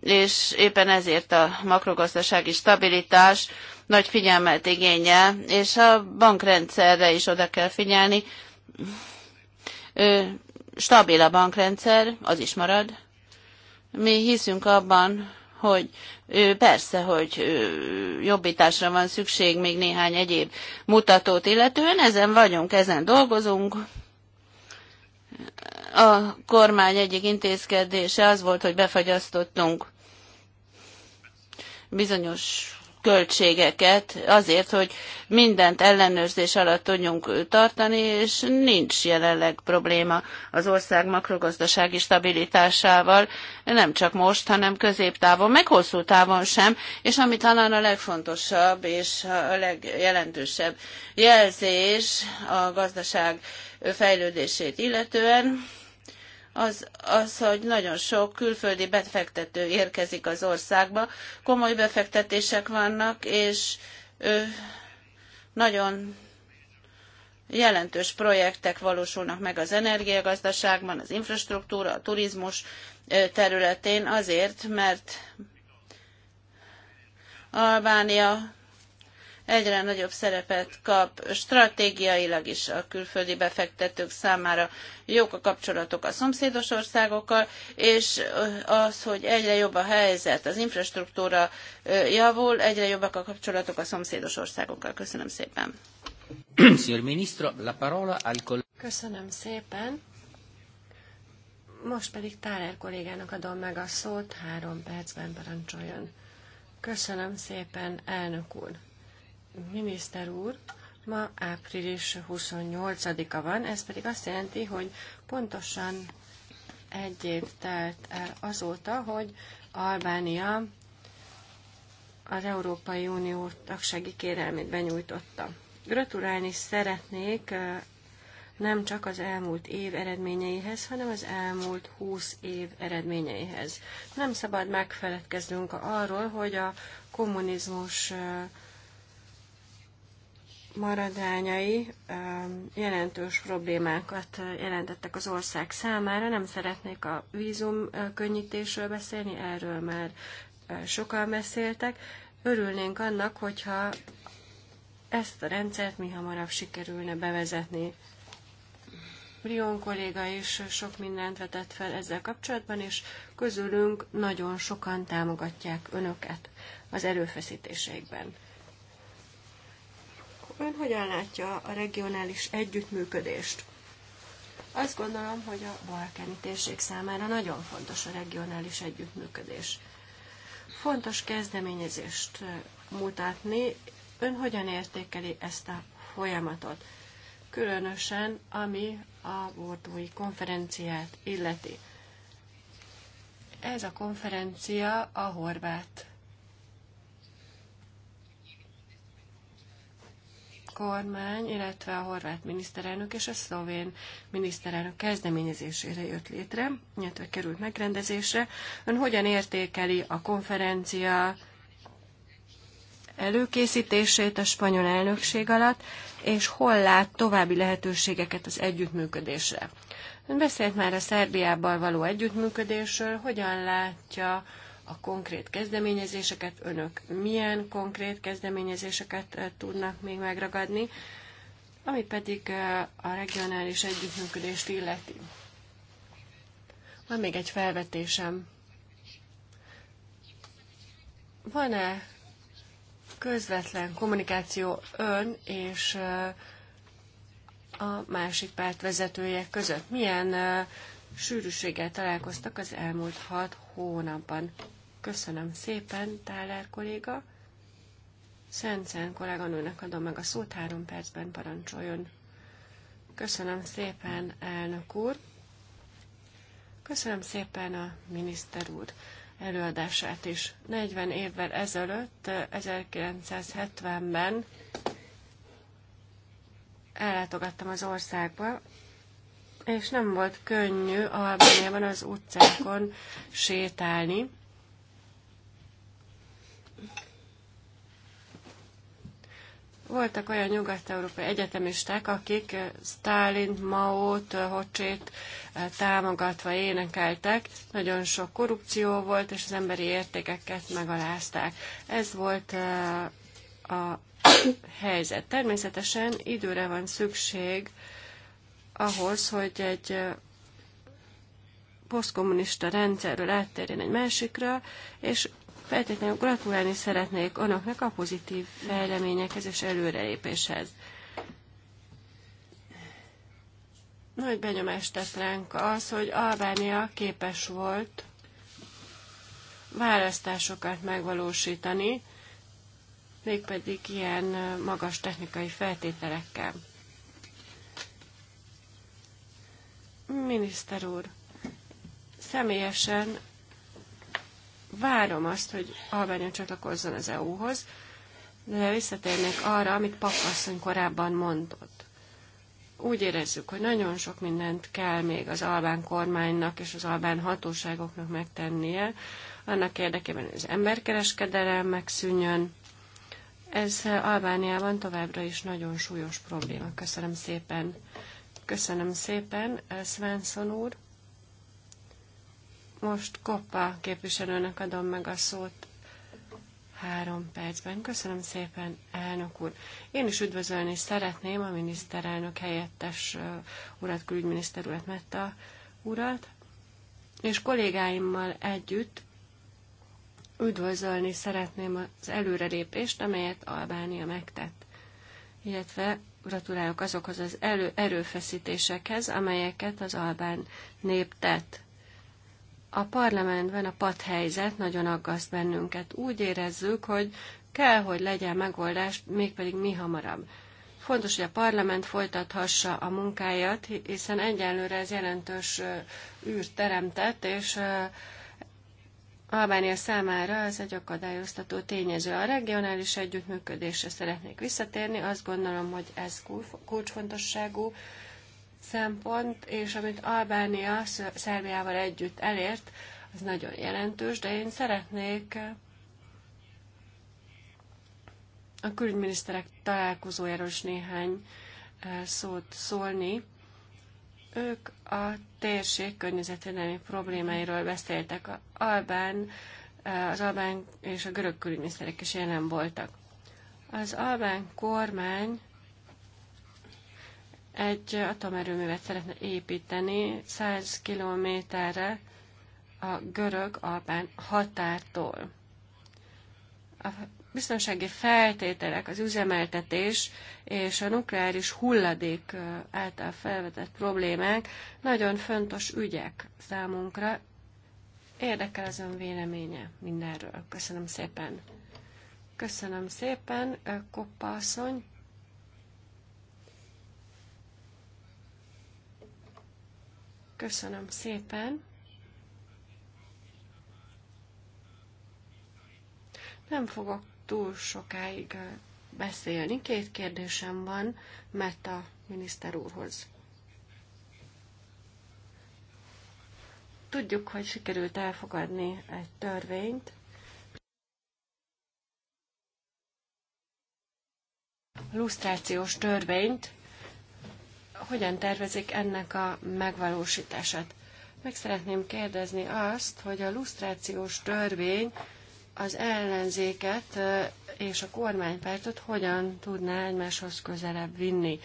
és éppen ezért a makrogazdasági stabilitás nagy figyelmet igényel, és a bankrendszerre is oda kell figyelni. Stabil a bankrendszer, az is marad. Mi hiszünk abban, hogy persze, hogy jobbításra van szükség még néhány egyéb mutatót illetően, ezen vagyunk, ezen dolgozunk. A kormány egyik intézkedése az volt, hogy befagyasztottunk bizonyos költségeket azért, hogy mindent ellenőrzés alatt tudjunk tartani, és nincs jelenleg probléma az ország makrogazdasági stabilitásával, nem csak most, hanem középtávon, meg hosszú távon sem, és ami talán a legfontosabb és a legjelentősebb jelzés a gazdaság fejlődését illetően, az, az, hogy nagyon sok külföldi befektető érkezik az országba, komoly befektetések vannak, és ö, nagyon jelentős projektek valósulnak meg az energiagazdaságban, az infrastruktúra, a turizmus területén azért, mert Albánia egyre nagyobb szerepet kap stratégiailag is a külföldi befektetők számára. Jók a kapcsolatok a szomszédos országokkal, és az, hogy egyre jobb a helyzet, az infrastruktúra javul, egyre jobbak a kapcsolatok a szomszédos országokkal. Köszönöm szépen. Signor Ministro, la parola al Köszönöm szépen. Most pedig Tárer kollégának adom meg a szót, három percben parancsoljon. Köszönöm szépen, elnök úr. Miniszter úr, ma április 28-a van, ez pedig azt jelenti, hogy pontosan egy év telt el azóta, hogy Albánia az Európai Unió tagsági kérelmét benyújtotta. Gratulálni szeretnék nem csak az elmúlt év eredményeihez, hanem az elmúlt 20 év eredményeihez. Nem szabad megfeledkeznünk arról, hogy a kommunizmus maradványai jelentős problémákat jelentettek az ország számára. Nem szeretnék a vízum könnyítésről beszélni, erről már sokan beszéltek. Örülnénk annak, hogyha ezt a rendszert mi hamarabb sikerülne bevezetni. Brion kolléga is sok mindent vetett fel ezzel kapcsolatban, és közülünk nagyon sokan támogatják önöket az erőfeszítéseikben. Ön hogyan látja a regionális együttműködést? Azt gondolom, hogy a balkáni térség számára nagyon fontos a regionális együttműködés. Fontos kezdeményezést mutatni. Ön hogyan értékeli ezt a folyamatot? Különösen, ami a bordói konferenciát illeti. Ez a konferencia a horvát kormány, illetve a horvát miniszterelnök és a szlovén miniszterelnök kezdeményezésére jött létre, illetve került megrendezésre. Ön hogyan értékeli a konferencia előkészítését a spanyol elnökség alatt, és hol lát további lehetőségeket az együttműködésre? Ön beszélt már a Szerbiával való együttműködésről, hogyan látja a konkrét kezdeményezéseket, önök milyen konkrét kezdeményezéseket eh, tudnak még megragadni, ami pedig eh, a regionális együttműködést illeti. Van még egy felvetésem. Van-e közvetlen kommunikáció ön és eh, a másik párt vezetője között? Milyen sűrűséggel találkoztak az elmúlt hat hónapban? Köszönöm szépen, Táler kolléga. Szentszen kolléganőnek adom meg a szót, három percben parancsoljon. Köszönöm szépen, elnök úr. Köszönöm szépen a miniszter úr előadását is. 40 évvel ezelőtt, 1970-ben ellátogattam az országba, és nem volt könnyű Albániában az utcákon sétálni. Voltak olyan nyugat-európai egyetemisták, akik eh, Stalin, Maót, eh, Hocsét eh, támogatva énekeltek. Nagyon sok korrupció volt, és az emberi értékeket megalázták. Ez volt a helyzet. Természetesen időre van szükség ahhoz, hogy egy posztkommunista rendszerről áttérjen egy másikra, és Feltétlenül gratulálni szeretnék önöknek a pozitív fejleményekhez és előrelépéshez. Nagy benyomást tett ránk az, hogy Albánia képes volt választásokat megvalósítani, mégpedig ilyen magas technikai feltételekkel. Miniszter úr, személyesen várom azt, hogy Albánia csatlakozzon az EU-hoz, de visszatérnék arra, amit papasszony korábban mondott. Úgy érezzük, hogy nagyon sok mindent kell még az albán kormánynak és az albán hatóságoknak megtennie, annak érdekében, hogy az emberkereskedelem megszűnjön. Ez Albániában továbbra is nagyon súlyos probléma. Köszönöm szépen. Köszönöm szépen, Svensson úr. Most Koppa képviselőnek adom meg a szót három percben. Köszönöm szépen, elnök úr. Én is üdvözölni szeretném a miniszterelnök helyettes urat, külügyminiszter urat, Metta urat, és kollégáimmal együtt üdvözölni szeretném az előrelépést, amelyet Albánia megtett, illetve gratulálok azokhoz az elő, erőfeszítésekhez, amelyeket az albán nép tett a parlamentben a padhelyzet nagyon aggaszt bennünket. Úgy érezzük, hogy kell, hogy legyen megoldás, mégpedig mi hamarabb. Fontos, hogy a parlament folytathassa a munkáját, hiszen egyelőre ez jelentős űrt teremtett, és Albánia számára ez egy akadályoztató tényező. A regionális együttműködésre szeretnék visszatérni. Azt gondolom, hogy ez kulcsfontosságú. Kulcs szempont, és amit Albánia Szerbiával együtt elért, az nagyon jelentős, de én szeretnék eh, a külügyminiszterek találkozójáról is néhány eh, szót szólni. Ők a térség környezetvédelmi problémáiról beszéltek. A Albán, eh, az Albán és a görög külügyminiszterek is jelen voltak. Az Albán kormány egy atomerőművet szeretne építeni 100 kilométerre a görög-albán határtól. A biztonsági feltételek, az üzemeltetés és a nukleáris hulladék által felvetett problémák nagyon fontos ügyek számunkra. Érdekel az ön véleménye mindenről. Köszönöm szépen. Köszönöm szépen, Koppa asszony. Köszönöm szépen. Nem fogok túl sokáig beszélni. Két kérdésem van, mert a miniszter úrhoz. Tudjuk, hogy sikerült elfogadni egy törvényt, lusztrációs törvényt, hogyan tervezik ennek a megvalósítását. Meg szeretném kérdezni azt, hogy a lusztrációs törvény az ellenzéket és a kormánypártot hogyan tudná egymáshoz közelebb vinni.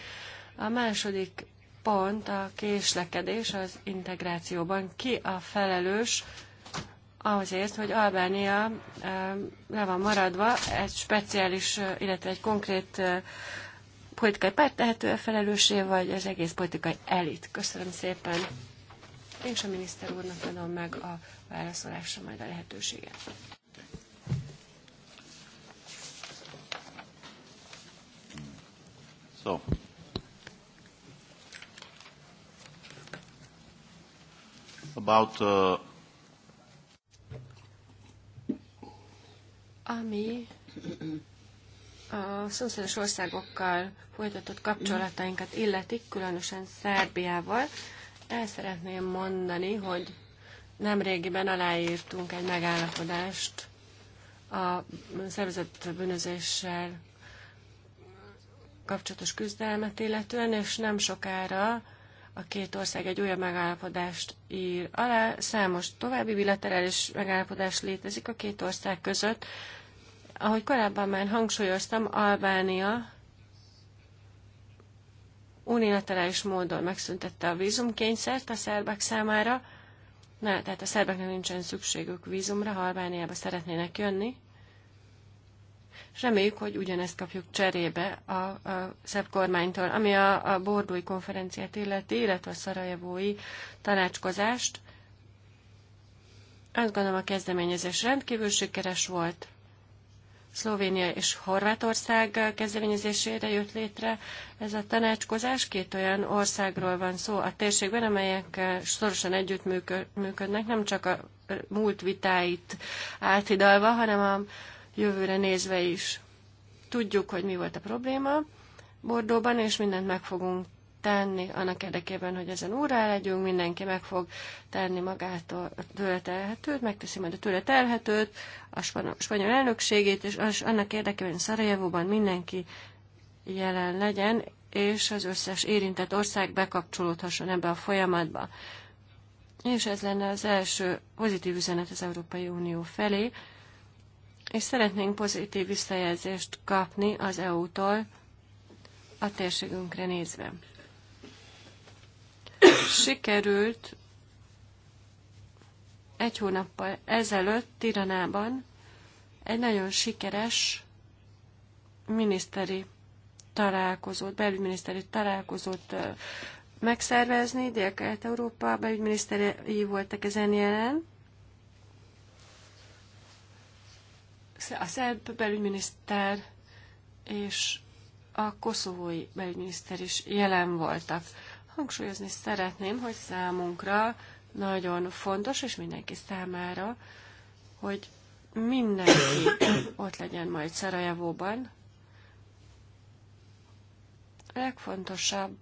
A második pont a késlekedés az integrációban. Ki a felelős azért, hogy Albánia le van maradva egy speciális, illetve egy konkrét politikai párt tehető felelőssé, vagy az egész politikai elit. Köszönöm szépen. Én és a miniszter úrnak adom meg a válaszolásra majd a lehetőséget. So. About, uh... Ami a szomszédos országokkal folytatott kapcsolatainkat illetik, különösen Szerbiával, el szeretném mondani, hogy nemrégiben aláírtunk egy megállapodást a szervezett bűnözéssel kapcsolatos küzdelmet illetően, és nem sokára a két ország egy újabb megállapodást ír alá. Számos további bilaterális megállapodás létezik a két ország között, ahogy korábban már hangsúlyoztam, Albánia unilaterális módon megszüntette a vízumkényszert a szerbek számára, Na, tehát a szerbeknek nincsen szükségük vízumra, ha Albániába szeretnének jönni. És reméljük, hogy ugyanezt kapjuk cserébe a, a szerb kormánytól, ami a, a bordói konferenciát illeti, illetve a szarajevói tanácskozást. Azt gondolom a kezdeményezés rendkívül sikeres volt. Szlovénia és Horvátország kezdeményezésére jött létre ez a tanácskozás. Két olyan országról van szó a térségben, amelyek szorosan együttműködnek, nem csak a múlt vitáit áthidalva, hanem a jövőre nézve is. Tudjuk, hogy mi volt a probléma Bordóban, és mindent meg fogunk tenni annak érdekében, hogy ezen órá legyünk, mindenki meg fog tenni magától tőle telhetőt, megteszi majd a tőle telhetőt, a spanyol elnökségét, és az, annak érdekében, hogy Szarajevóban mindenki jelen legyen, és az összes érintett ország bekapcsolódhasson ebbe a folyamatba. És ez lenne az első pozitív üzenet az Európai Unió felé, és szeretnénk pozitív visszajelzést kapni az EU-tól a térségünkre nézve sikerült egy hónappal ezelőtt Tiranában egy nagyon sikeres miniszteri találkozót, belügyminiszteri találkozót megszervezni. Dél-Kelet-Európa belügyminiszteri voltak ezen jelen. A szerb belügyminiszter és a koszovói belügyminiszter is jelen voltak. Hangsúlyozni szeretném, hogy számunkra nagyon fontos, és mindenki számára, hogy mindenki ott legyen majd Szarajevóban. A legfontosabb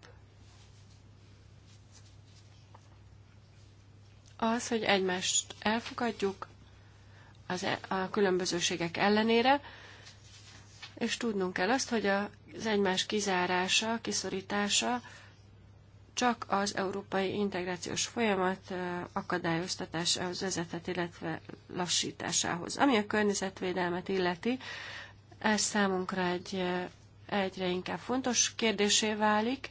az, hogy egymást elfogadjuk az, e- a különbözőségek ellenére, és tudnunk kell azt, hogy az egymás kizárása, kiszorítása csak az európai integrációs folyamat akadályoztatásához vezethet, illetve lassításához. Ami a környezetvédelmet illeti, ez számunkra egy egyre inkább fontos kérdésé válik,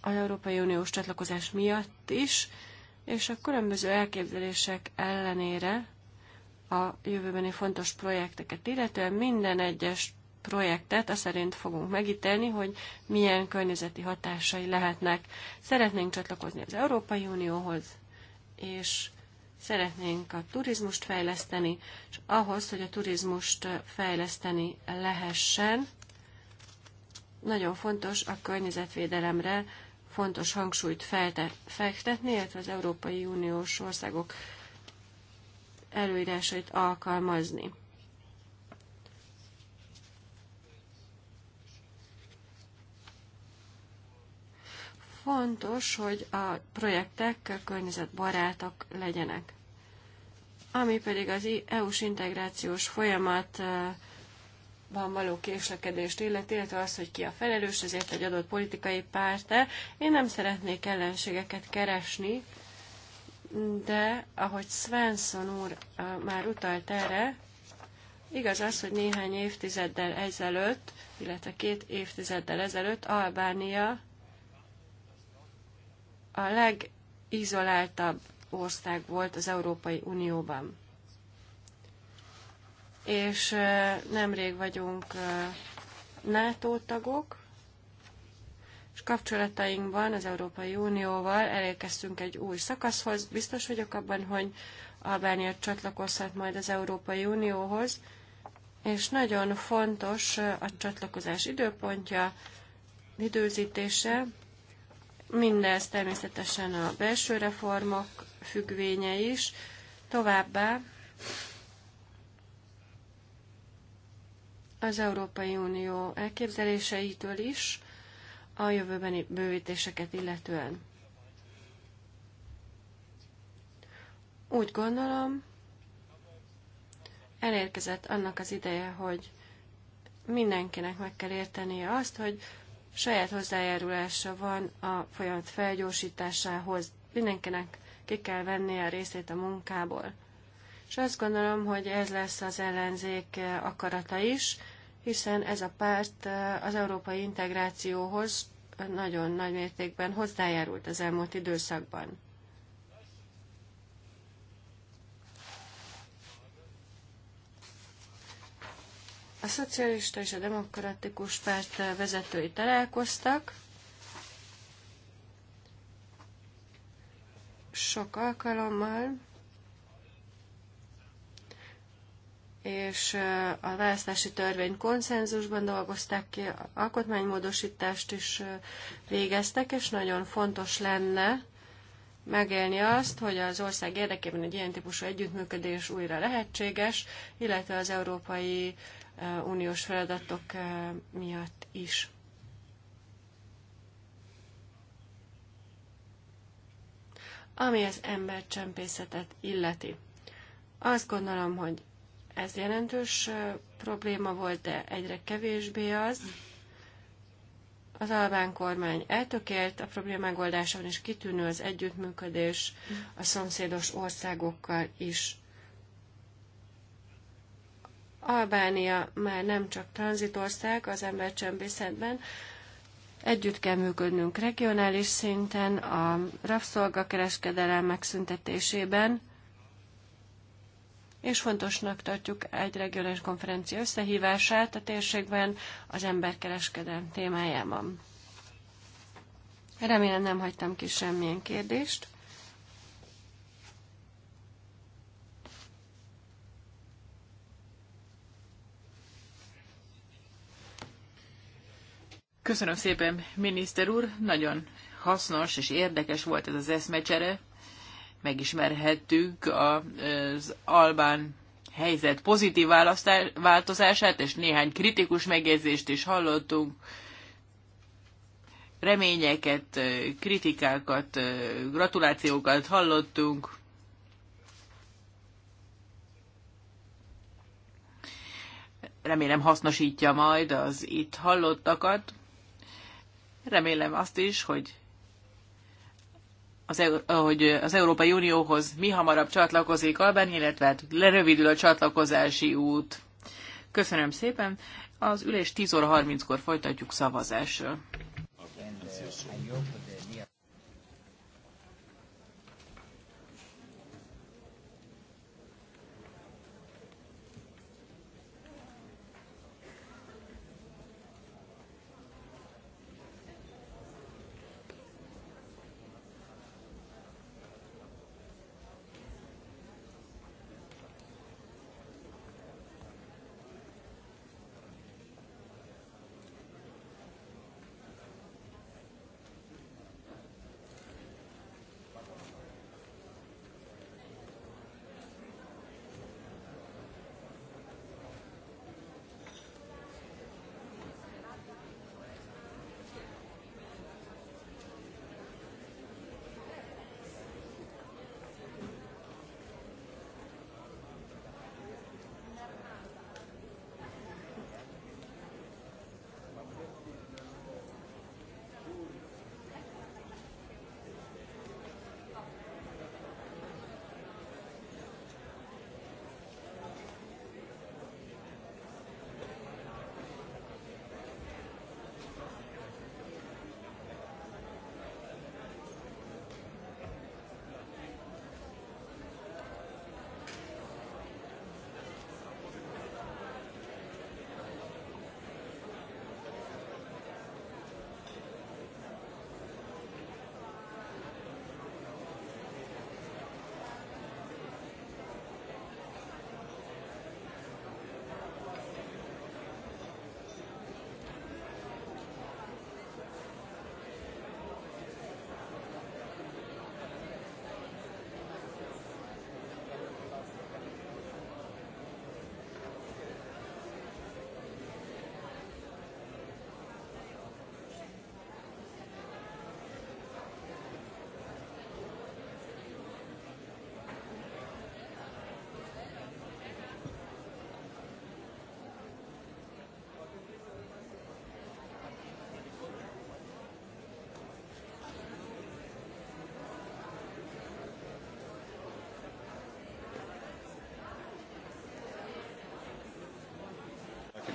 az Európai Uniós csatlakozás miatt is, és a különböző elképzelések ellenére a jövőbeni fontos projekteket, illetően minden egyes projektet, a e szerint fogunk megítélni, hogy milyen környezeti hatásai lehetnek. Szeretnénk csatlakozni az Európai Unióhoz, és szeretnénk a turizmust fejleszteni, és ahhoz, hogy a turizmust fejleszteni lehessen, nagyon fontos a környezetvédelemre fontos hangsúlyt fektetni, illetve az Európai Uniós országok előírásait alkalmazni. Fontos, hogy a projektek környezetbarátok legyenek. Ami pedig az EU-s integrációs folyamat van való késlekedést illeti, illetve az, hogy ki a felelős ezért egy adott politikai párte. Én nem szeretnék ellenségeket keresni, de ahogy Svensson úr már utalt erre, igaz az, hogy néhány évtizeddel ezelőtt, illetve két évtizeddel ezelőtt Albánia a legizoláltabb ország volt az Európai Unióban. És nemrég vagyunk NATO tagok, és kapcsolatainkban az Európai Unióval elérkeztünk egy új szakaszhoz. Biztos vagyok abban, hogy Albánia csatlakozhat majd az Európai Unióhoz, és nagyon fontos a csatlakozás időpontja, időzítése, Mindez természetesen a belső reformok függvénye is. Továbbá az Európai Unió elképzeléseitől is a jövőbeni bővítéseket illetően. Úgy gondolom, elérkezett annak az ideje, hogy mindenkinek meg kell értenie azt, hogy saját hozzájárulása van a folyamat felgyorsításához. Mindenkinek ki kell venni a részét a munkából. És azt gondolom, hogy ez lesz az ellenzék akarata is, hiszen ez a párt az európai integrációhoz nagyon nagy mértékben hozzájárult az elmúlt időszakban. A szocialista és a demokratikus párt vezetői találkoztak. Sok alkalommal. és a választási törvény konszenzusban dolgozták ki, alkotmánymódosítást is végeztek, és nagyon fontos lenne megélni azt, hogy az ország érdekében egy ilyen típusú együttműködés újra lehetséges, illetve az európai uniós feladatok miatt is. Ami az embercsempészetet illeti. Azt gondolom, hogy ez jelentős probléma volt, de egyre kevésbé az. Az albán kormány eltökélt a probléma megoldásában, és kitűnő az együttműködés a szomszédos országokkal is. Albánia már nem csak tranzitország az embercsempészetben, Együtt kell működnünk regionális szinten, a rabszolgakereskedelem megszüntetésében, és fontosnak tartjuk egy regionális konferencia összehívását a térségben az emberkereskedelem témájában. Remélem nem hagytam ki semmilyen kérdést. Köszönöm szépen, miniszter úr, nagyon hasznos és érdekes volt ez az eszmecsere. Megismerhettük az albán helyzet pozitív változását, és néhány kritikus megjegyzést is hallottunk. Reményeket, kritikákat, gratulációkat hallottunk. Remélem hasznosítja majd az itt hallottakat. Remélem azt is, hogy az, Euró- hogy az Európai Unióhoz mi hamarabb csatlakozik Albán, illetve hát lerövidül a csatlakozási út. Köszönöm szépen. Az ülés 10 óra 30-kor folytatjuk szavazásra. Okay.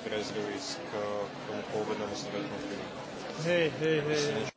Brezlevic k tomu pôvodnému smeru. Hej, hej, hej.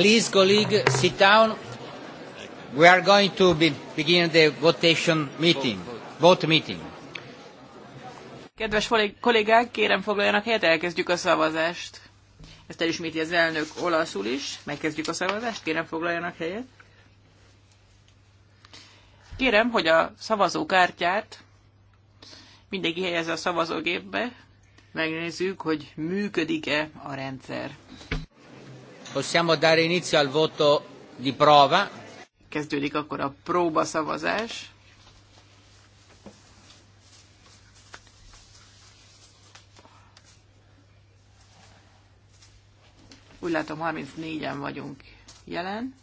Please, colleague, sit down. We are going to be begin the votation meeting, vote meeting. Kedves kollégák, kérem foglaljanak helyet, elkezdjük a szavazást. Ezt elismíti az elnök olaszul is. Megkezdjük a szavazást, kérem foglaljanak helyet. Kérem, hogy a szavazókártyát mindenki helyezze a szavazógépbe. Megnézzük, hogy működik-e a rendszer. Possiamo dare inizio al voto di prova. Kezdődik akkor a próba szavazás. Úgy látom, 34-en vagyunk jelen.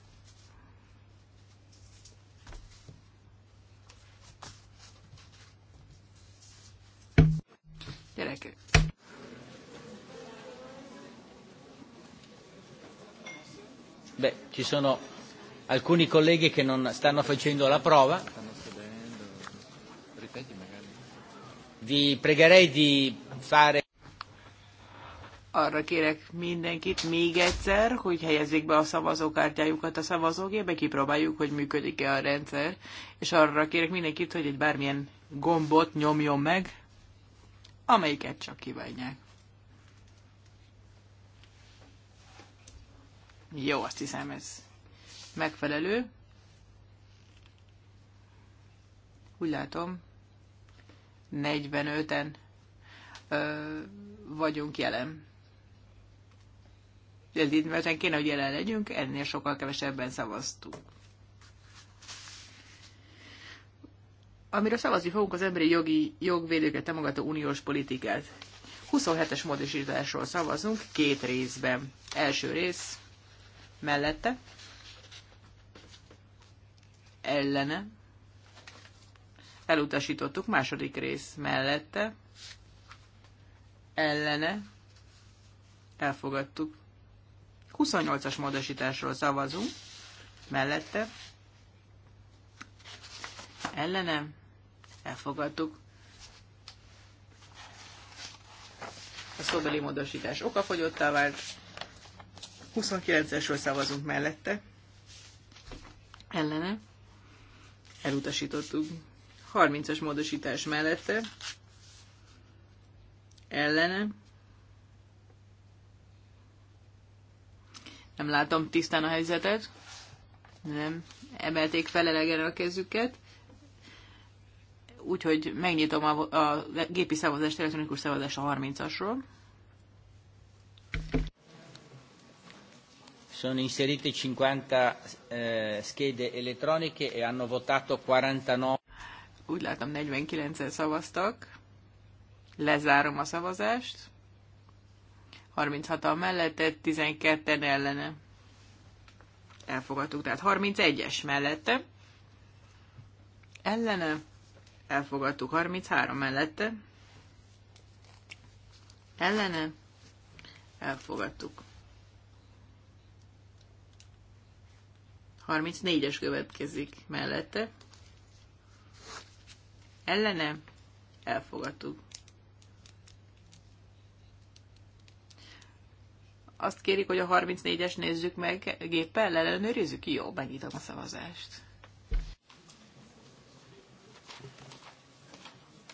Ci sono alcuni colleghi che non stanno facendo la prova. Vi pregherei di fare arra kérek mindenkit még egyszer, hogy helyezzék be a szavazókártyájukat a szavazógébe, kipróbáljuk, hogy működik-e a rendszer, és arra kérek mindenkit, hogy egy bármilyen gombot nyomjon meg, amelyiket csak kívánják. Jó, azt hiszem ez megfelelő. Úgy látom, 45-en ö, vagyunk jelen. Ez így, mert kéne, hogy jelen legyünk, ennél sokkal kevesebben szavaztunk. Amiről szavazni fogunk az emberi jogi jogvédőket támogató uniós politikát. 27-es módosításról szavazunk két részben. Első rész mellette, ellene, elutasítottuk, második rész mellette, ellene, elfogadtuk. 28-as módosításról szavazunk, mellette, ellene, elfogadtuk. A szóbeli módosítás okafogyottá vált, 29-esről szavazunk mellette. Ellene. Elutasítottuk. 30-as módosítás mellette. Ellene. Nem látom tisztán a helyzetet. Nem. Emelték fel elegen a kezüket. Úgyhogy megnyitom a, a gépi szavazást, elektronikus szavazást a 30-asról. Sono inserite 50 eh, schede elettroniche e hanno votato 49. Úgy látom 49-en szavaztak. Lezárom a szavazást. 36 a mellette, 12-en ellene. Elfogadtuk, tehát 31-es mellette. Ellene. Elfogadtuk 33 mellette. Ellene. Elfogadtuk. 34-es következik mellette. Ellene elfogadtuk. Azt kérik, hogy a 34-es nézzük meg géppel, ellenőrizzük? Jó, megnyitom a szavazást.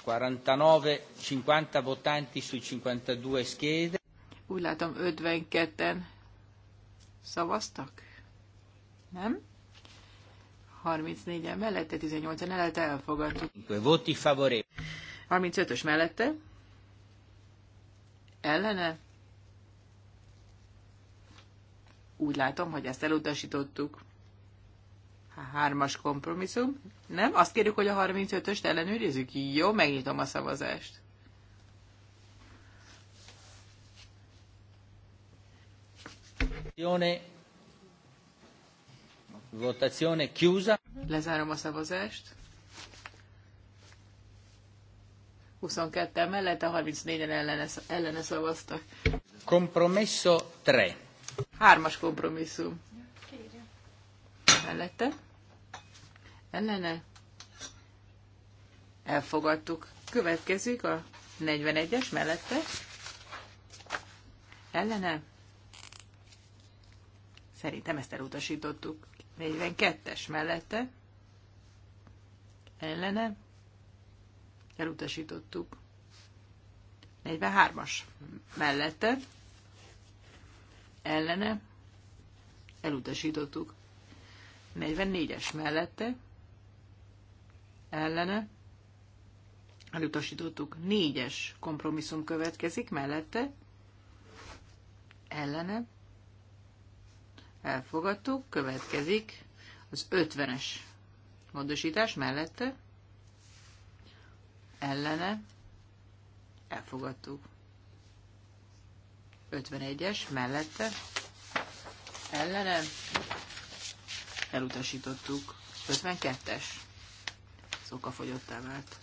49, 50 votanti sui 52 schede. Úgy látom, 52-en szavaztak. Nem? 34-en mellette, 18-en mellette elfogadtuk. Voti favoré. 35-ös mellette. Ellene. Úgy látom, hogy ezt elutasítottuk. Hármas kompromisszum. Nem? Azt kérjük, hogy a 35-öst ellenőrizzük? Jó, megnyitom a szavazást. Jó, Votazione chiusa. Lezárom a szavazást. 22 mellett a 34-en ellene, ellene szavaztak. Compromesso 3. Hármas kompromisszum. Mellette. Ellene. Elfogadtuk. Következik a 41-es mellette. Ellene. Szerintem ezt elutasítottuk. 42-es mellette ellene elutasítottuk. 43-as mellette ellene elutasítottuk. 44-es mellette ellene elutasítottuk. 4-es kompromisszum következik mellette ellene elfogadtuk, következik az 50-es módosítás mellette, ellene, elfogadtuk. 51-es mellette, ellene, elutasítottuk. 52-es, szokafogyottá vált.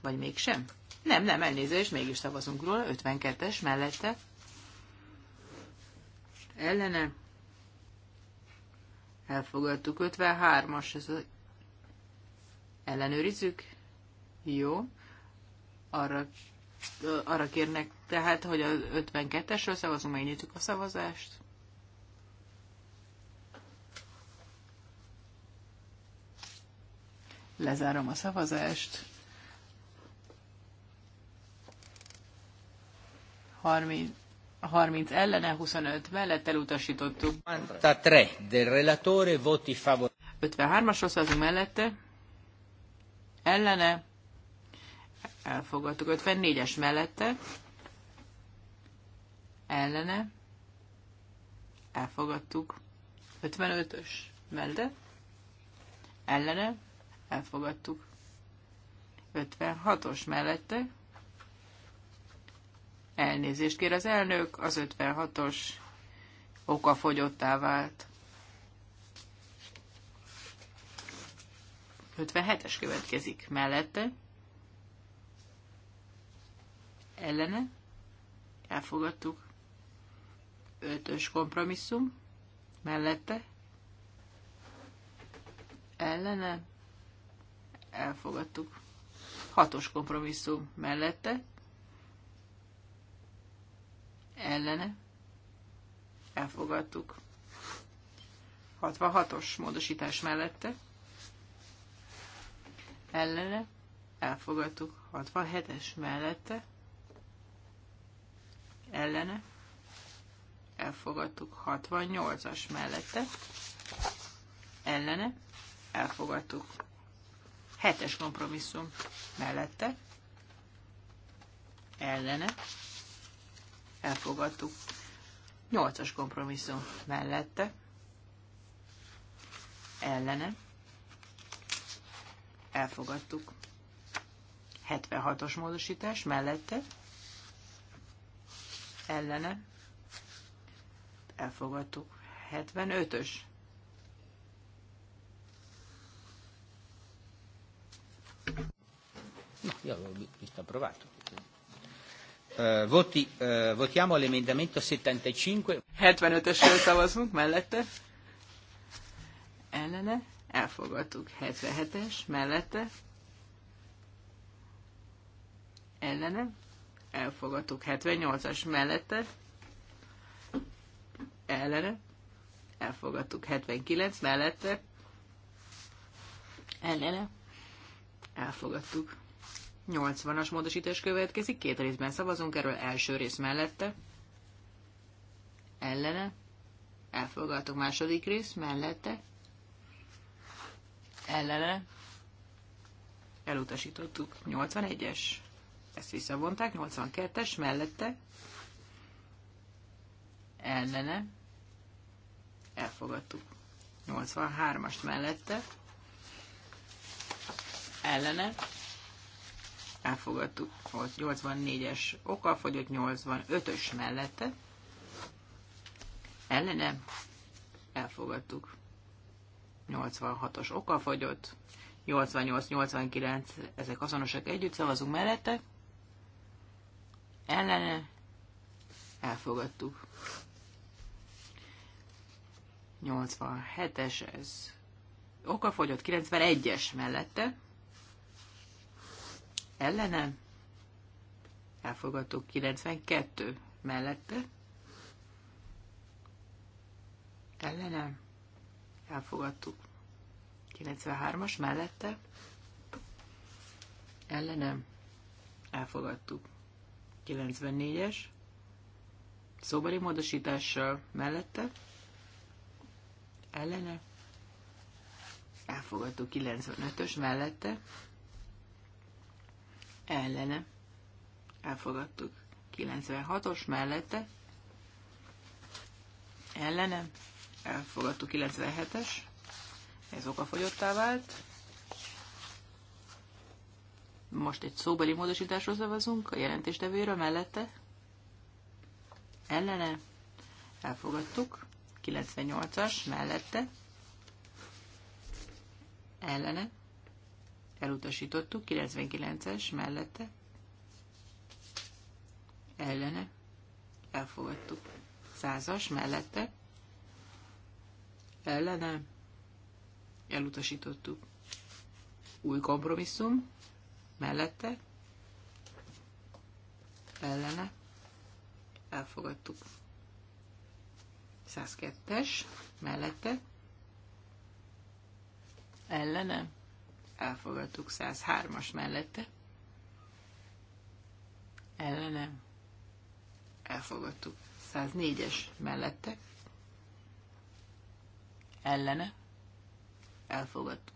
Vagy mégsem? Nem, nem, elnézést, mégis szavazunk róla. 52-es mellette, ellene, Elfogadtuk 53-as, ez a... ellenőrizzük? Jó. Arra, arra kérnek tehát, hogy a 52-esről szavazunk, megnyitjuk a szavazást. Lezárom a szavazást. 30, 30 ellene, 25 mellett elutasítottuk. 53 del relatore voti favor. 53-asról szavazunk mellette. Ellene. Elfogadtuk. 54-es mellette. Ellene. Elfogadtuk. 55-ös mellette. Ellene. Elfogadtuk. 56-os mellette Elnézést kér az elnök, az 56-os oka fogyottá vált. 57-es következik mellette. Ellene. Elfogadtuk. 5-ös kompromisszum. Mellette. Ellene. Elfogadtuk. 6-os kompromisszum mellette ellene elfogadtuk. 66-os módosítás mellette ellene elfogadtuk. 67-es mellette ellene elfogadtuk. 68-as mellette ellene elfogadtuk. 7-es kompromisszum mellette ellene elfogadtuk. nyolcas kompromisszum mellette, ellene, elfogadtuk. 76-os módosítás mellette, ellene, elfogadtuk. 75-ös jó, io avevo visto approvato. Eh, voti, uh, votiamo l'emendamento 75. 75-ösről szavazunk mellette. Ellene. Elfogadtuk. 77-es mellette. Ellene. Elfogadtuk. 78-as mellette. Ellene. Elfogadtuk. 79 mellette. Ellene. Elfogadtuk. 80-as módosítás következik, két részben szavazunk erről első rész mellette, ellene, elfogadtuk második rész mellette, ellene, elutasítottuk 81-es, ezt visszavonták, 82-es mellette, ellene, elfogadtuk 83-ast mellette, ellene, elfogadtuk. 84-es oka fogyott, 85-ös mellette. Ellene elfogadtuk. 86-os oka fogyott, 88-89, ezek azonosak együtt, szavazunk mellette. Ellene elfogadtuk. 87-es ez okafogyott, 91-es mellette ellenem elfogadtuk 92 mellette, ellenem elfogadtuk 93-as mellette, ellenem, elfogadtuk 94-es, szóbeli módosítással mellette, ellene, elfogadtuk 95-ös mellette, ellene elfogadtuk. 96-os mellette ellene elfogadtuk. 97-es ez okafogyottá vált. Most egy szóbeli módosításról szavazunk a jelentéstevőről mellette. Ellene elfogadtuk. 98-as mellette ellene elutasítottuk, 99-es mellette, ellene, elfogadtuk, 100-as mellette, ellene, elutasítottuk, új kompromisszum, mellette, ellene, elfogadtuk. 102-es, mellette, ellene, elfogadtuk 103-as mellette, Ellenem elfogadtuk 104-es mellette, ellene, elfogadtuk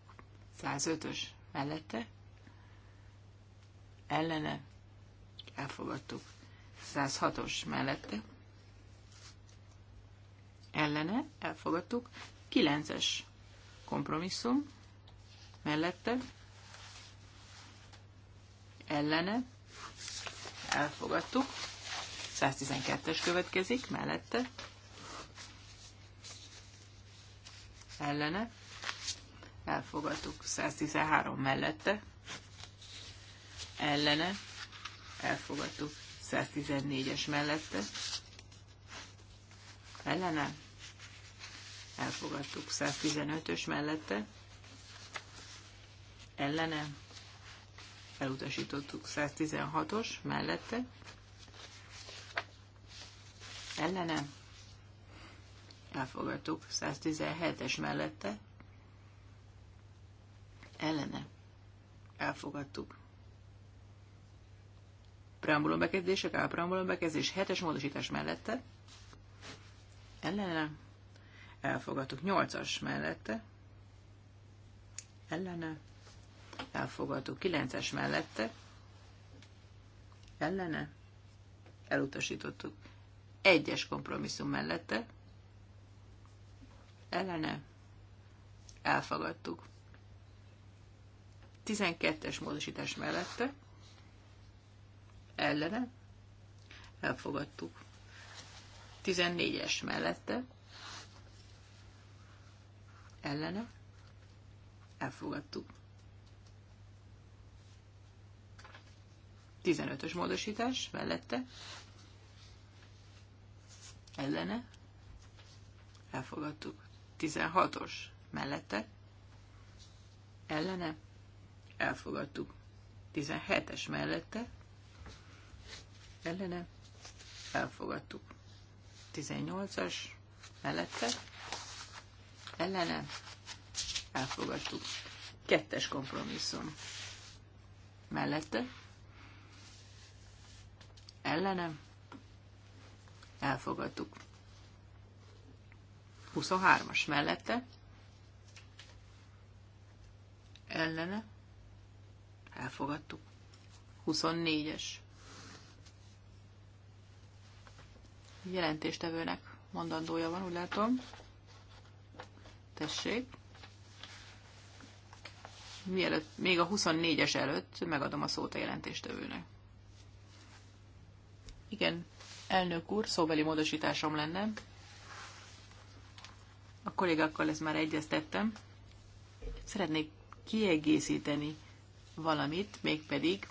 105-ös mellette, ellene, elfogadtuk 106-os mellette, ellene, elfogadtuk 9-es kompromisszum, mellette, ellene, elfogadtuk, 112-es következik, mellette, ellene, elfogadtuk, 113 mellette, ellene, elfogadtuk, 114-es mellette, ellene, elfogadtuk, 115-ös mellette, ellene elutasítottuk 116-os mellette, ellene elfogadtuk 117-es mellette, ellene elfogadtuk. Preambulum bekezdések, álpreambulum bekezdés, 7-es módosítás mellette, ellene elfogadtuk 8-as mellette, ellene elfogadtuk. kilences mellette ellene elutasítottuk. Egyes kompromisszum mellette ellene elfogadtuk. 12-es módosítás mellette ellene elfogadtuk. 14-es mellette ellene elfogadtuk. 15-ös módosítás mellette ellene elfogadtuk. 16-os mellette ellene elfogadtuk. 17-es mellette ellene elfogadtuk. 18-as mellette ellene elfogadtuk. Kettes kompromisszum mellette ellenem, elfogadtuk. 23-as mellette, ellene, elfogadtuk. 24-es. Jelentéstevőnek mondandója van, úgy látom. Tessék. Mielőtt, még a 24-es előtt megadom a szót a jelentéstevőnek. Igen, elnök úr, szóbeli módosításom lenne. A kollégákkal ezt már egyeztettem. Szeretnék kiegészíteni valamit, mégpedig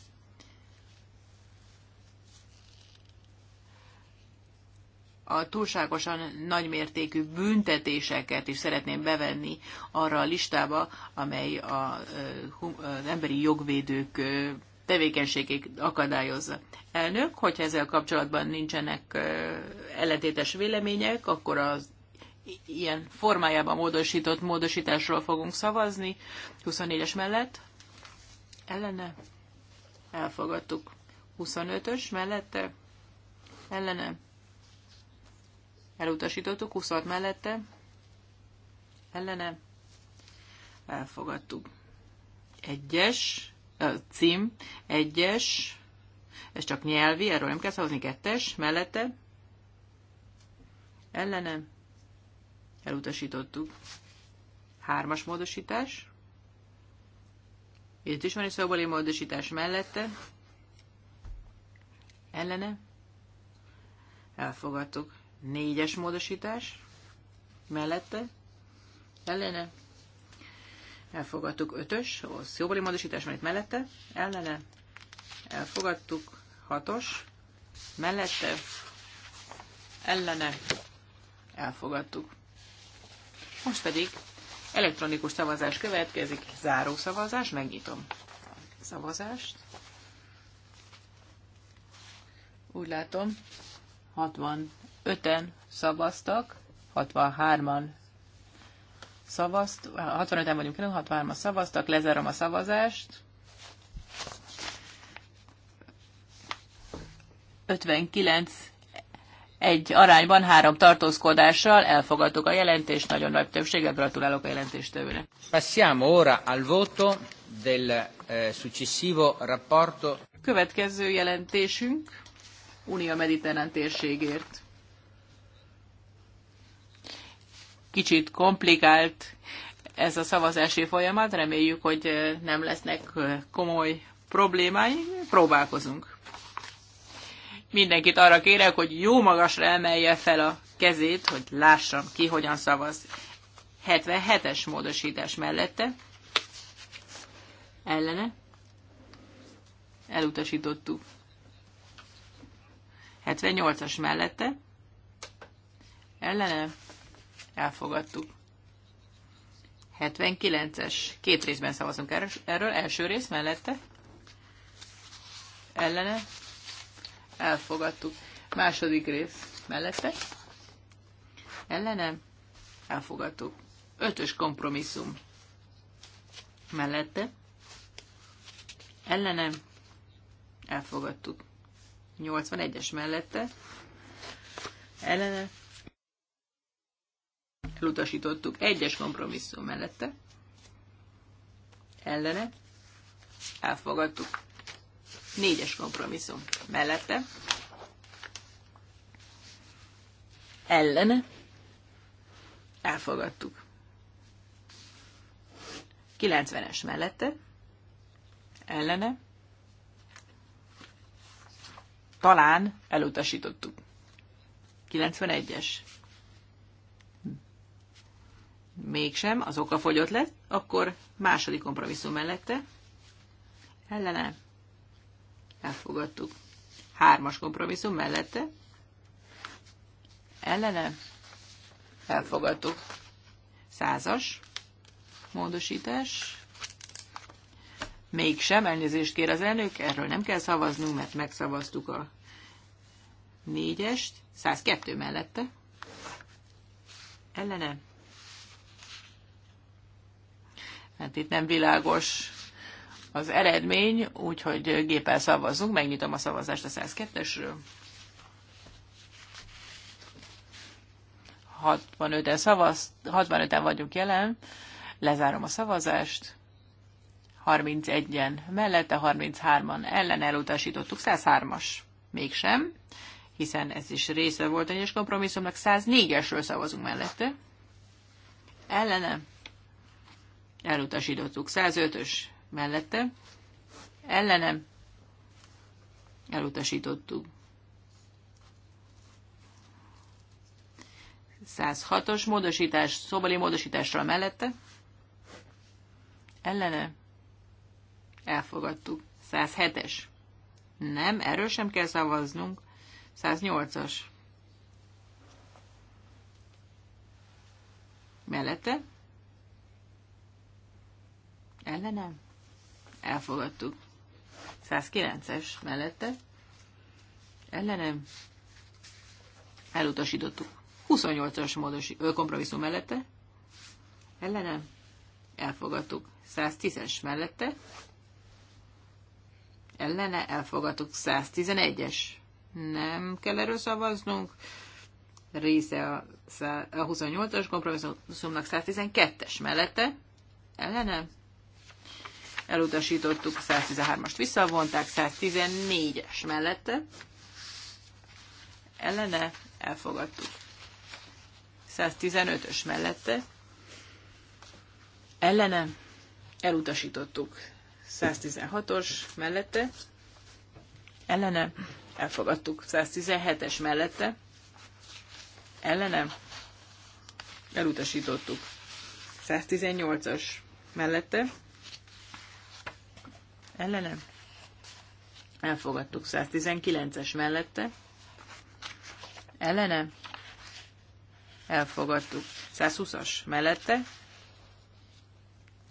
a túlságosan nagymértékű büntetéseket is szeretném bevenni arra a listába, amely az emberi jogvédők tevékenységét akadályozza. Elnök, hogyha ezzel kapcsolatban nincsenek ellentétes vélemények, akkor az ilyen formájában módosított módosításról fogunk szavazni. 24-es mellett ellene elfogadtuk. 25-ös mellette ellene elutasítottuk. 26 mellette ellene elfogadtuk. Egyes cím, egyes, ez csak nyelvi, erről nem kell szavazni, kettes, mellette, ellene, elutasítottuk. Hármas módosítás, itt is van egy szóbeli módosítás mellette, ellene, elfogadtuk. Négyes módosítás, mellette, ellene, Elfogadtuk ötös, az szóbeli módosítás van itt mellette, ellene. Elfogadtuk hatos, mellette, ellene. Elfogadtuk. Most pedig elektronikus szavazás következik, záró szavazás, megnyitom a szavazást. Úgy látom, 65-en szavaztak, 63-an szavazt, 65-en vagyunk, 63-an szavaztak, lezárom a szavazást. 59 egy arányban három tartózkodással elfogadtuk a jelentést, nagyon nagy többséggel gratulálok a jelentéstevőnek. Passiamo ora al voto del eh, successivo rapporto. Következő jelentésünk Unia Mediterrán térségért. kicsit komplikált ez a szavazási folyamat, reméljük, hogy nem lesznek komoly problémái, próbálkozunk. Mindenkit arra kérek, hogy jó magasra emelje fel a kezét, hogy lássam ki, hogyan szavaz. 77-es módosítás mellette. Ellene. Elutasítottuk. 78-as mellette. Ellene elfogadtuk. 79-es. Két részben szavazunk erről. Első rész mellette. Ellene. Elfogadtuk. Második rész mellette. Ellene. Elfogadtuk. Ötös kompromisszum. Mellette. Ellene. Elfogadtuk. 81-es mellette. Ellene elutasítottuk. Egyes kompromisszum mellette, ellene, elfogadtuk. Négyes kompromisszum mellette, ellene, elfogadtuk. 90-es mellette, ellene, talán elutasítottuk. 91-es mégsem, az oka fogyott lett, akkor második kompromisszum mellette ellene elfogadtuk. Hármas kompromisszum mellette ellene elfogadtuk. Százas módosítás. Mégsem, elnézést kér az elnök, erről nem kell szavaznunk, mert megszavaztuk a négyest, 102 mellette. Ellene Hát itt nem világos az eredmény, úgyhogy géppel szavazzunk. Megnyitom a szavazást a 102-esről. 65-en szavaz, 65-en vagyunk jelen. Lezárom a szavazást. 31-en mellette, 33-an ellen elutasítottuk. 103-as mégsem, hiszen ez is része volt egyes kompromisszumnak. 104-esről szavazunk mellette. Ellene elutasítottuk. 105-ös mellette, ellenem, elutasítottuk. 106-os módosítás, szobali módosításra mellette, ellene, elfogadtuk. 107-es, nem, erről sem kell szavaznunk. 108-as. Mellette ellenem, elfogadtuk. 109-es mellette, ellenem, elutasítottuk. 28-as módos kompromisszum mellette, ellenem, elfogadtuk. 110-es mellette, ellene, elfogadtuk. 111-es, nem kell erről szavaznunk, része a 28-as kompromisszumnak 112-es mellette, Ellenem? elutasítottuk, 113-ast visszavonták, 114-es mellette, ellene elfogadtuk. 115-ös mellette, ellene elutasítottuk. 116-os mellette, ellene elfogadtuk. 117-es mellette, ellene elutasítottuk. 118-as mellette, ellene. Elfogadtuk 119-es mellette. Ellene. Elfogadtuk 120-as mellette.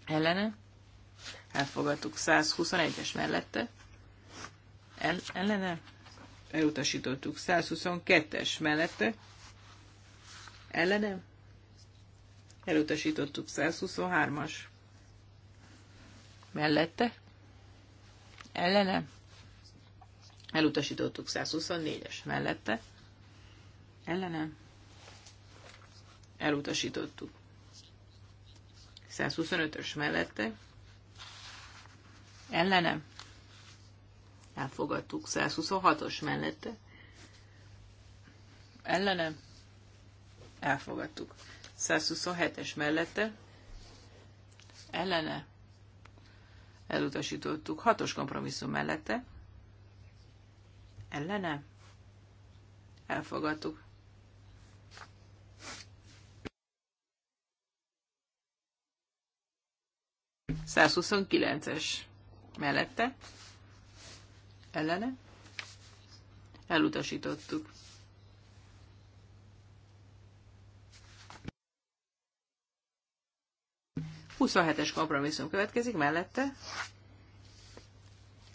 Ellene. Elfogadtuk 121-es mellette. El, ellene. Elutasítottuk 122-es mellette. Ellene. Elutasítottuk 123-as. Mellette ellene, elutasítottuk 124-es mellette, ellene, elutasítottuk 125-ös mellette, ellene, elfogadtuk 126-os mellette, ellene, elfogadtuk 127-es mellette, ellene, elutasítottuk. Hatos kompromisszum mellette, ellene, elfogadtuk. Százhuszonkilences mellette, ellene, elutasítottuk. 27-es kompromisszum következik, mellette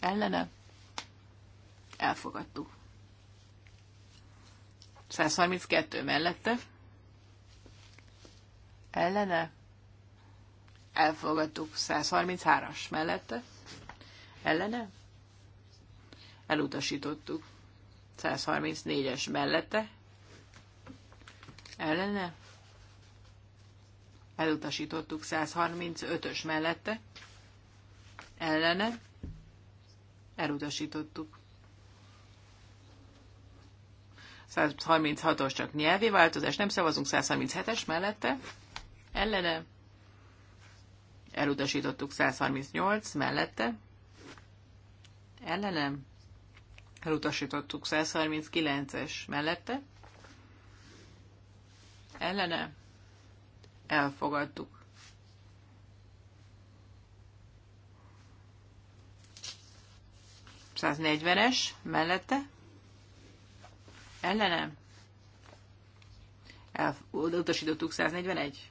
ellene elfogadtuk. 132 mellette ellene elfogadtuk. 133-as mellette ellene elutasítottuk. 134-es mellette ellene elutasítottuk 135-ös mellette, ellene, elutasítottuk. 136-os csak nyelvi változás, nem szavazunk 137-es mellette, ellene, elutasítottuk 138 mellette, ellene, elutasítottuk 139-es mellette, ellene, elfogadtuk. es mellette ellenem el, utasítottuk 141.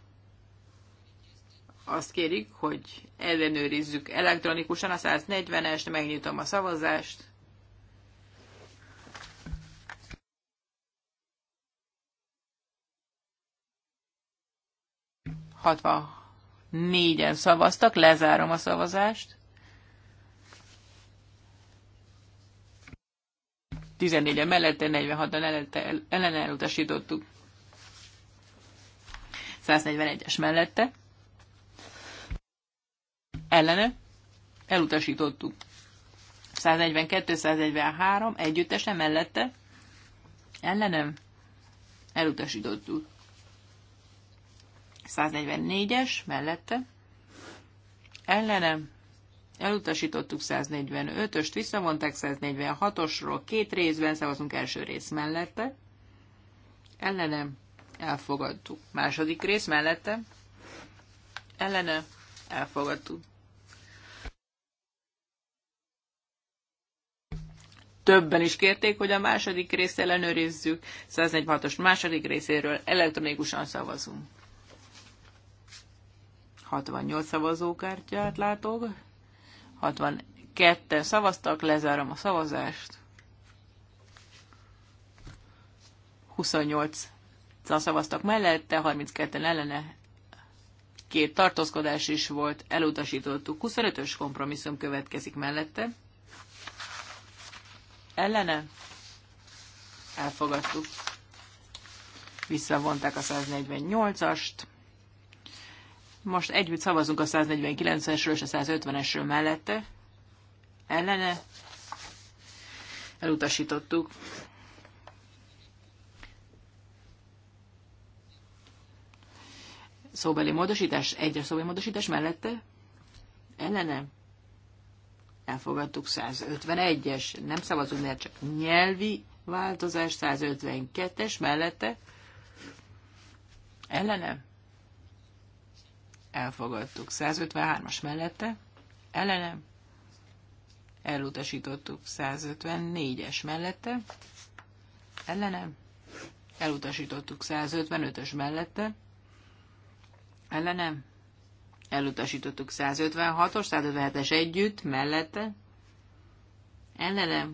Azt kérik, hogy ellenőrizzük elektronikusan a 140-est, megnyitom a szavazást. 64-en szavaztak, lezárom a szavazást. 14-en mellette, 46-an ellen elutasítottuk. 141-es mellette. Ellene elutasítottuk. 142-143 együttesen mellette ellenem elutasítottuk. 144-es mellette, ellenem, elutasítottuk 145-öst, visszavonták 146-osról, két részben szavazunk első rész mellette, ellenem, elfogadtuk. Második rész mellette, ellene, elfogadtuk. Többen is kérték, hogy a második részt ellenőrizzük. 146-os második részéről elektronikusan szavazunk. 68 szavazókártyát látok, 62-en szavaztak, lezárom a szavazást. 28 szavaztak mellette, 32-en ellene, két tartózkodás is volt, elutasítottuk. 25-ös kompromisszum következik mellette. Ellene elfogadtuk. Visszavonták a 148-ast. Most együtt szavazunk a 149-esről és a 150-esről mellette. Ellene elutasítottuk. Szóbeli módosítás, egyes szóbeli módosítás mellette. Ellene elfogadtuk 151-es, nem szavazunk, mert csak nyelvi változás 152-es mellette. Ellene elfogadtuk. 153-as mellette, ellene, elutasítottuk. 154-es mellette, ellene, elutasítottuk. 155-ös mellette, ellene, elutasítottuk. 156-os, 157-es együtt, mellette, ellene,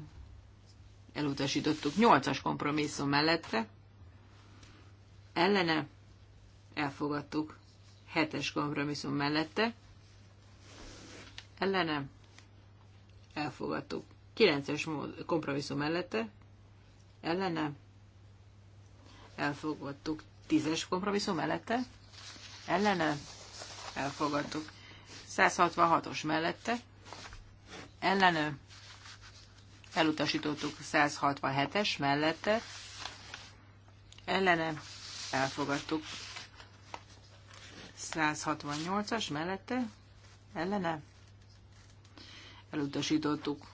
elutasítottuk. 8-as kompromisszum mellette, ellene, elfogadtuk hetes kompromisszum mellette, ellenem, elfogadtuk. Kilences mód, kompromisszum mellette, ellenem, elfogadtuk. Tízes kompromisszum mellette, ellenem, elfogadtuk. 166-os mellette, ellenem, elutasítottuk 167-es mellette, ellenem elfogadtuk 168-as mellette ellene elutasítottuk.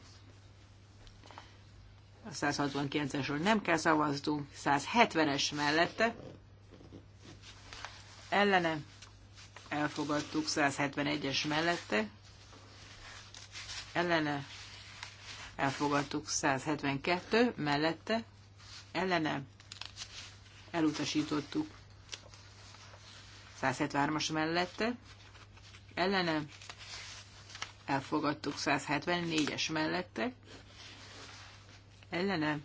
A 169-esről nem kell szavaznunk, 170-es mellette ellene elfogadtuk, 171-es mellette ellene elfogadtuk, 172 mellette ellene elutasítottuk. 173-as mellette, ellene elfogadtuk 174-es mellette, ellene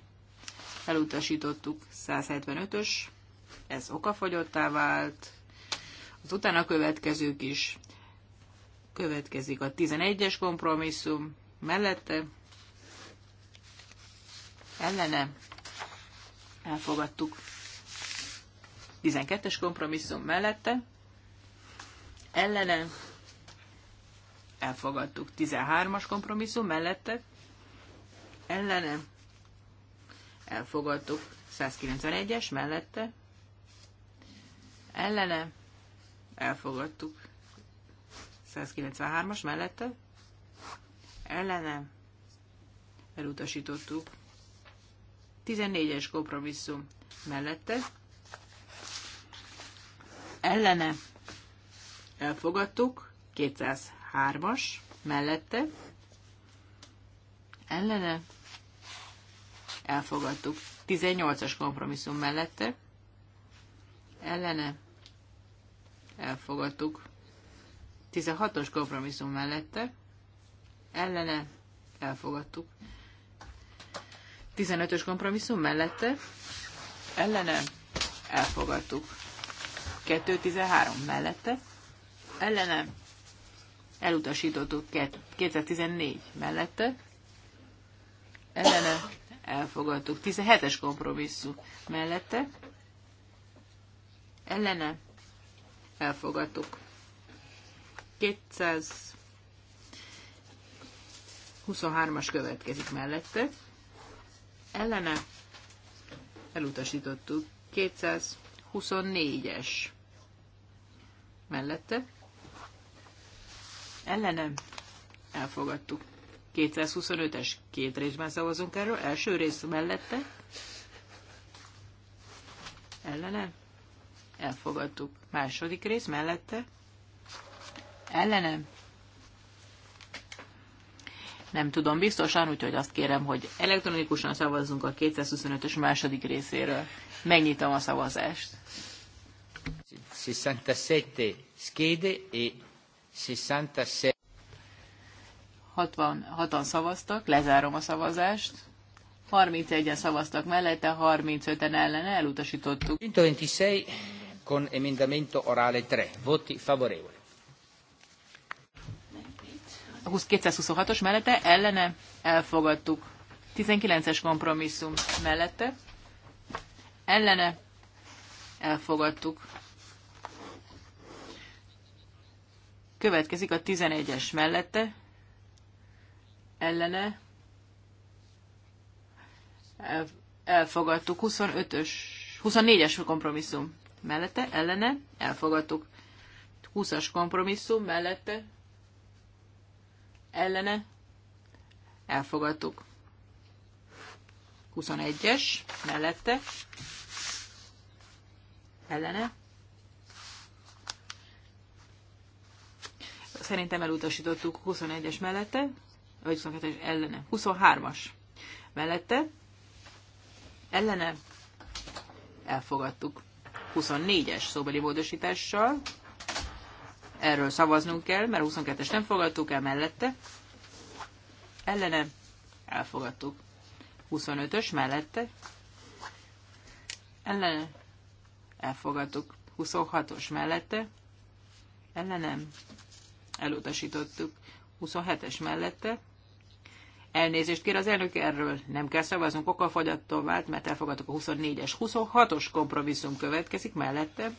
elutasítottuk 175-ös, ez okafogyottá vált, az utána következők is, következik a 11-es kompromisszum, mellette, ellene elfogadtuk 12-es kompromisszum mellette, ellene, elfogadtuk 13-as kompromisszum mellette, ellene, elfogadtuk 191-es mellette, ellene, elfogadtuk 193-as mellette, ellene, elutasítottuk 14-es kompromisszum mellette, ellene elfogadtuk, 203-as mellette ellene elfogadtuk, 18-as kompromisszum mellette ellene elfogadtuk, 16-os kompromisszum mellette ellene elfogadtuk, 15-ös kompromisszum mellette ellene elfogadtuk. 2013 mellette, ellenem elutasítottuk 2014 mellette, ellenem elfogadtuk 17-es kompromisszum mellette, ellenem elfogadtuk 223-as következik mellette, ellene elutasítottuk 224-es mellette. Ellenem elfogadtuk. 225-es két részben szavazunk erről. Első rész mellette. Ellenem elfogadtuk. Második rész mellette. Ellenem nem tudom biztosan, úgyhogy azt kérem, hogy elektronikusan szavazzunk a 225-ös második részéről. Megnyitom a szavazást. 67 schede és 67 66-an szavaztak, lezárom a szavazást. 31-en szavaztak mellette, 35-en ellene elutasítottuk. 126 con emendamento orale 3. Voti favorevoli. 226-os mellette ellene elfogadtuk. 19-es kompromisszum mellette ellene elfogadtuk. Következik a 11-es mellette, ellene, elfogadtuk. 25-ös, 24-es kompromisszum mellette, ellene, elfogadtuk. 20-as kompromisszum mellette, ellene, elfogadtuk. 21-es mellette, ellene, szerintem elutasítottuk 21-es mellette, vagy 22-es ellene, 23-as mellette, ellene elfogadtuk 24-es szóbeli módosítással, erről szavaznunk kell, mert 22-es nem fogadtuk el mellette, ellene elfogadtuk 25-ös mellette, ellene elfogadtuk 26-os mellette, ellenem elutasítottuk. 27-es mellette. Elnézést kér az elnök erről. Nem kell szavaznunk, okafogyattól vált, mert elfogadtuk a 24-es. 26-os kompromisszum következik mellette.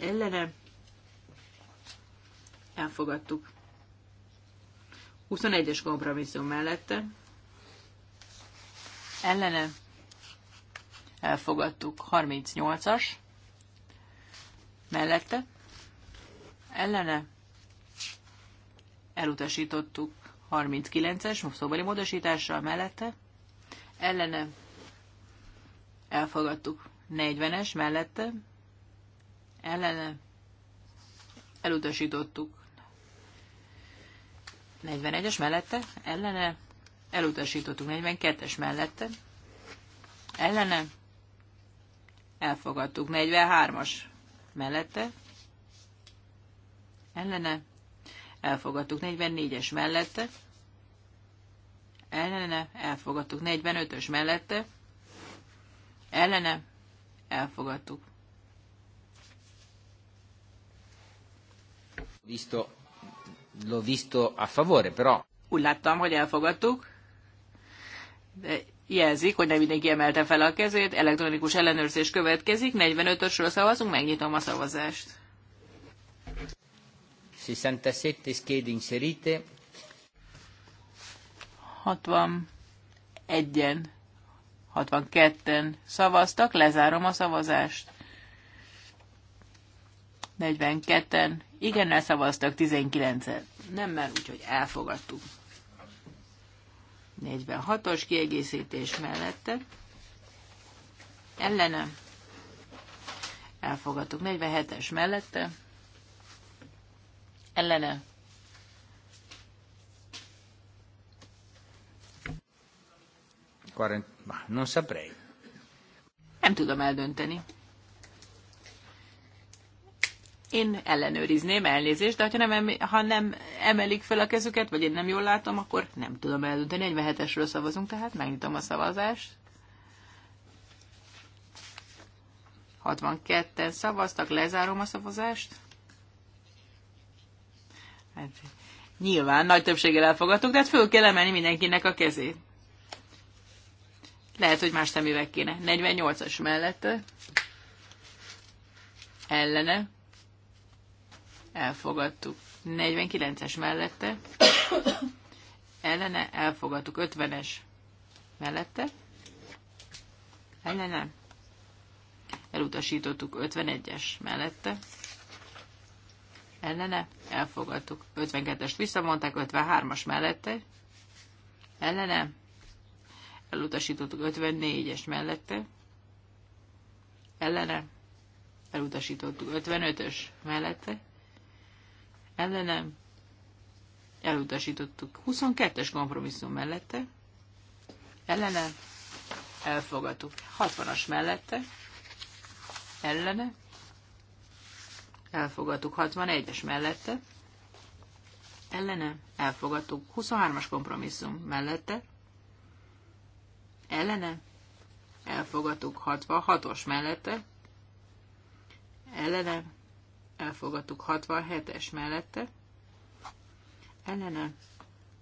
Ellene. Elfogadtuk. 21-es kompromisszum mellette. Ellene. Elfogadtuk. 38-as. Mellette ellene elutasítottuk 39-es szóbeli módosítással mellette, ellene elfogadtuk 40-es mellette, ellene elutasítottuk 41-es mellette, ellene elutasítottuk 42-es mellette, ellene elfogadtuk 43-as mellette, ellene, elfogadtuk 44-es mellette, ellene, elfogadtuk 45-ös mellette, ellene, elfogadtuk. Visto, l'ho visto a favore, però. Úgy láttam, hogy elfogadtuk, de jelzik, hogy nem mindenki emelte fel a kezét, elektronikus ellenőrzés következik, 45-ösről szavazunk, megnyitom a szavazást. 67 schede inserite. 61-en, 62-en szavaztak, lezárom a szavazást. 42-en igennel szavaztak, 19-en nemmel, úgyhogy elfogadtuk. 46-os kiegészítés mellette. Ellenem. Elfogadtuk. 47-es mellette ellene. Ma non saprei. Nem tudom eldönteni. Én ellenőrizném, elnézést, de ha nem, ha nem emelik fel a kezüket, vagy én nem jól látom, akkor nem tudom eldönteni. 47-esről szavazunk, tehát megnyitom a szavazást. 62-en szavaztak, lezárom a szavazást. Hát, nyilván nagy többséggel elfogadtuk, de hát föl kell emelni mindenkinek a kezét. Lehet, hogy más szemüveg kéne. 48-as mellette. Ellene. Elfogadtuk. 49-es mellette. Ellene. Elfogadtuk. 50-es mellette. Ellene. Elutasítottuk. 51-es mellette ellene, elfogadtuk. 52-est visszamondták, 53-as mellette, ellene, elutasítottuk 54-es mellette, ellene, elutasítottuk 55-ös mellette, ellene, elutasítottuk 22-es kompromisszum mellette, ellene, elfogadtuk 60-as mellette, ellene, elfogadtuk 61-es mellette, ellene, elfogadtuk 23-as kompromisszum mellette, ellene, elfogadtuk 66-os mellette, ellene, elfogadtuk 67-es mellette, ellene,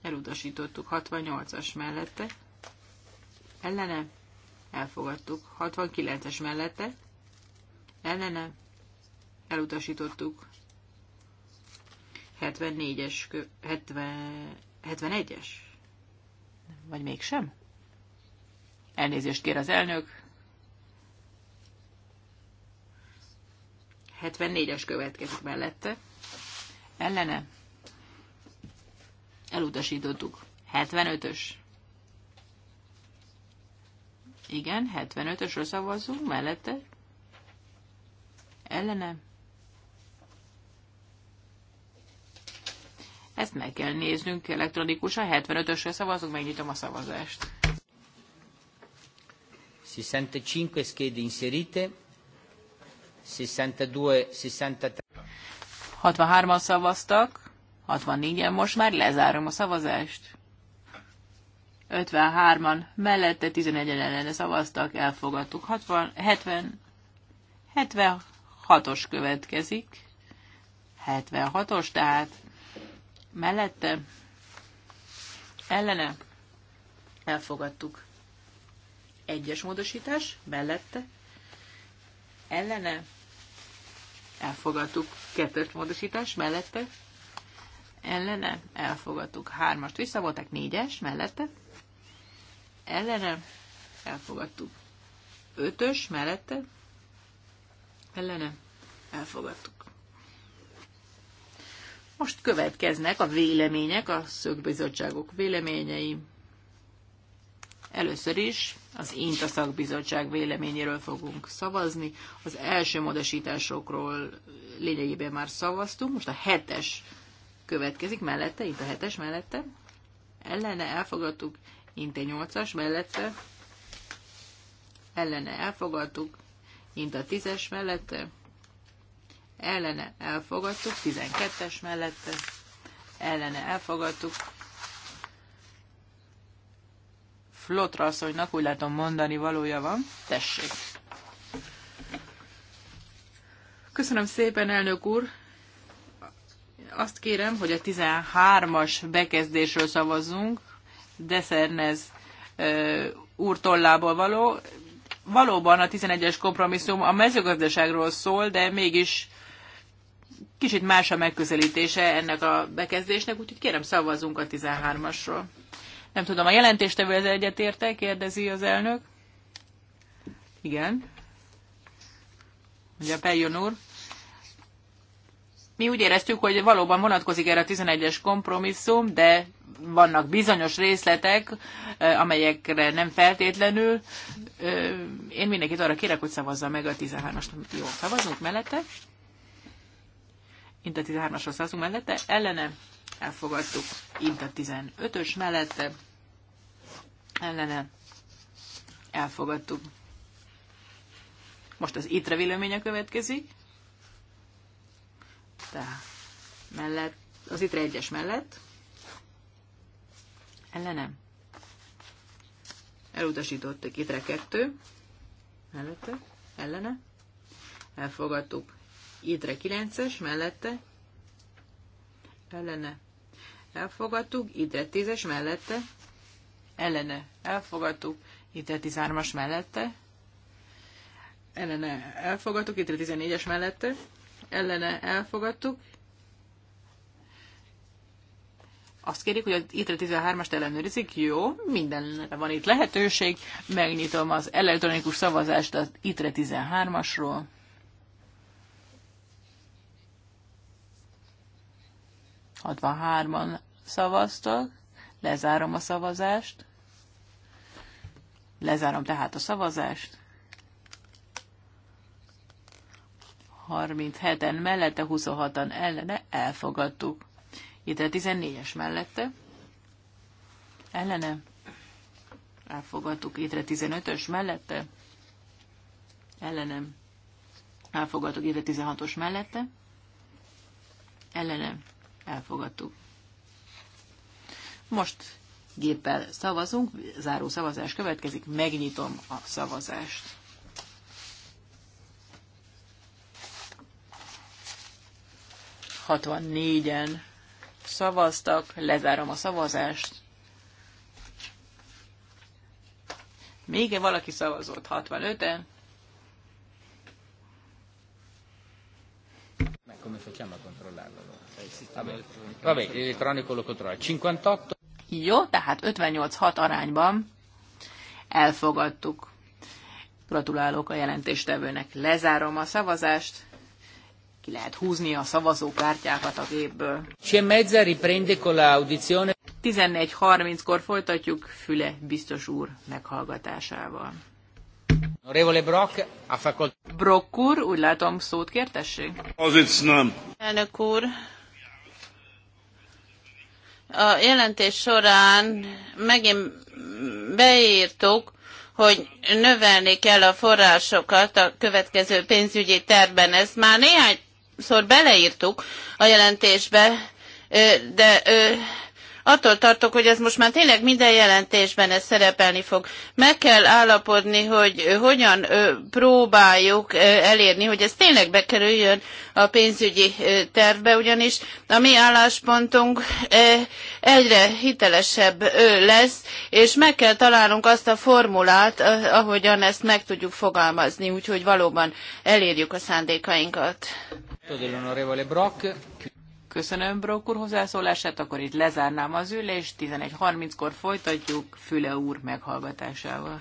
elutasítottuk 68-as mellette, ellene, elfogadtuk 69-es mellette, ellene, elutasítottuk. 74-es, 70, 71-es? Vagy mégsem? Elnézést kér az elnök. 74-es következik mellette. Ellene? Elutasítottuk. 75-ös. Igen, 75-ösről szavazzunk, mellette. Ellene? Ezt meg kell néznünk elektronikusan. 75-ösre szavazunk, megnyitom a szavazást. 65 schede inserite, 62, 63. an szavaztak, 64-en most már lezárom a szavazást. 53-an mellette 11-en ellene szavaztak, elfogadtuk. 60, 70, 76-os következik. 76-os, tehát mellette ellene elfogadtuk. Egyes módosítás mellette ellene elfogadtuk. Kettős módosítás mellette ellene elfogadtuk. Hármast visszavolták, négyes mellette ellene elfogadtuk. Ötös mellette ellene elfogadtuk. Most következnek a vélemények, a szakbizottságok véleményei. Először is az INTA szakbizottság véleményéről fogunk szavazni. Az első módosításokról lényegében már szavaztunk, most a hetes következik mellette, itt a hetes mellette. Ellene elfogadtuk, INTA 8-as mellette. Ellene elfogadtuk, INTA 10-es mellette ellene elfogadtuk, 12-es mellette ellene elfogadtuk. Flotra asszonynak úgy látom mondani valója van. Tessék! Köszönöm szépen, elnök úr! Azt kérem, hogy a 13-as bekezdésről szavazzunk. Deszernez tollából való. Valóban a 11-es kompromisszum a mezőgazdaságról szól, de mégis kicsit más a megközelítése ennek a bekezdésnek, úgyhogy kérem szavazzunk a 13-asról. Nem tudom, a jelentéstevő ez egyetérte? Kérdezi az elnök. Igen. Ugye Peljon úr. Mi úgy éreztük, hogy valóban vonatkozik erre a 11-es kompromisszum, de vannak bizonyos részletek, amelyekre nem feltétlenül. Én mindenkit arra kérek, hogy szavazza meg a 13-ast. Jó, szavazunk mellette. Inta 13-asra szavazunk mellette, ellene elfogadtuk. Inta 15-ös mellette, ellene elfogadtuk. Most az ITRE véleménye következik. Tehát mellett, az ITRE egyes mellett, ellenem. elutasított ITRE kettő, mellette, ellene. Elfogadtuk Idre 9-es mellette ellene elfogadtuk, Idre 10-es mellette ellene elfogadtuk, Idre 13-as mellette ellene elfogadtuk, Idre 14-es mellette ellene elfogadtuk, azt kérik, hogy az ITRE 13-ast ellenőrizik. Jó, mindenre van itt lehetőség. Megnyitom az elektronikus szavazást az ITRE 13-asról. 63-an szavaztak, lezárom a szavazást, lezárom tehát a szavazást, 37-en mellette, 26-an ellene, elfogadtuk. Itt a 14-es mellette, ellene, elfogadtuk. Itt a 15-ös mellette, ellenem, elfogadtuk. Itt a 16-os mellette, ellenem, elfogadtuk. Most géppel szavazunk, záró szavazás következik, megnyitom a szavazást. négyen szavaztak, lezárom a szavazást. Még -e valaki szavazott 65-en. Come a controllarlo? Vabbè, vabbè elettronico lo controlla. 58. Jó, tehát 58-6 arányban elfogadtuk. Gratulálok a jelentéstevőnek. Lezárom a szavazást. Ki lehet húzni a szavazókártyákat a gépből. mezza riprende con la audizione. 14.30-kor folytatjuk Füle biztos úr meghallgatásával. Révole Brock, a fakult... Brock úr, úgy látom, szót kértessék. Az itt nem. Elnök úr, a jelentés során megint beírtuk, hogy növelni kell a forrásokat a következő pénzügyi tervben. Ezt már néhányszor beleírtuk a jelentésbe, de attól tartok, hogy ez most már tényleg minden jelentésben ez szerepelni fog. Meg kell állapodni, hogy hogyan próbáljuk elérni, hogy ez tényleg bekerüljön a pénzügyi tervbe, ugyanis a mi álláspontunk egyre hitelesebb lesz, és meg kell találnunk azt a formulát, ahogyan ezt meg tudjuk fogalmazni, úgyhogy valóban elérjük a szándékainkat. Köszönöm Brók úr hozzászólását, akkor itt lezárnám az ülést, 11.30-kor folytatjuk Füle úr meghallgatásával.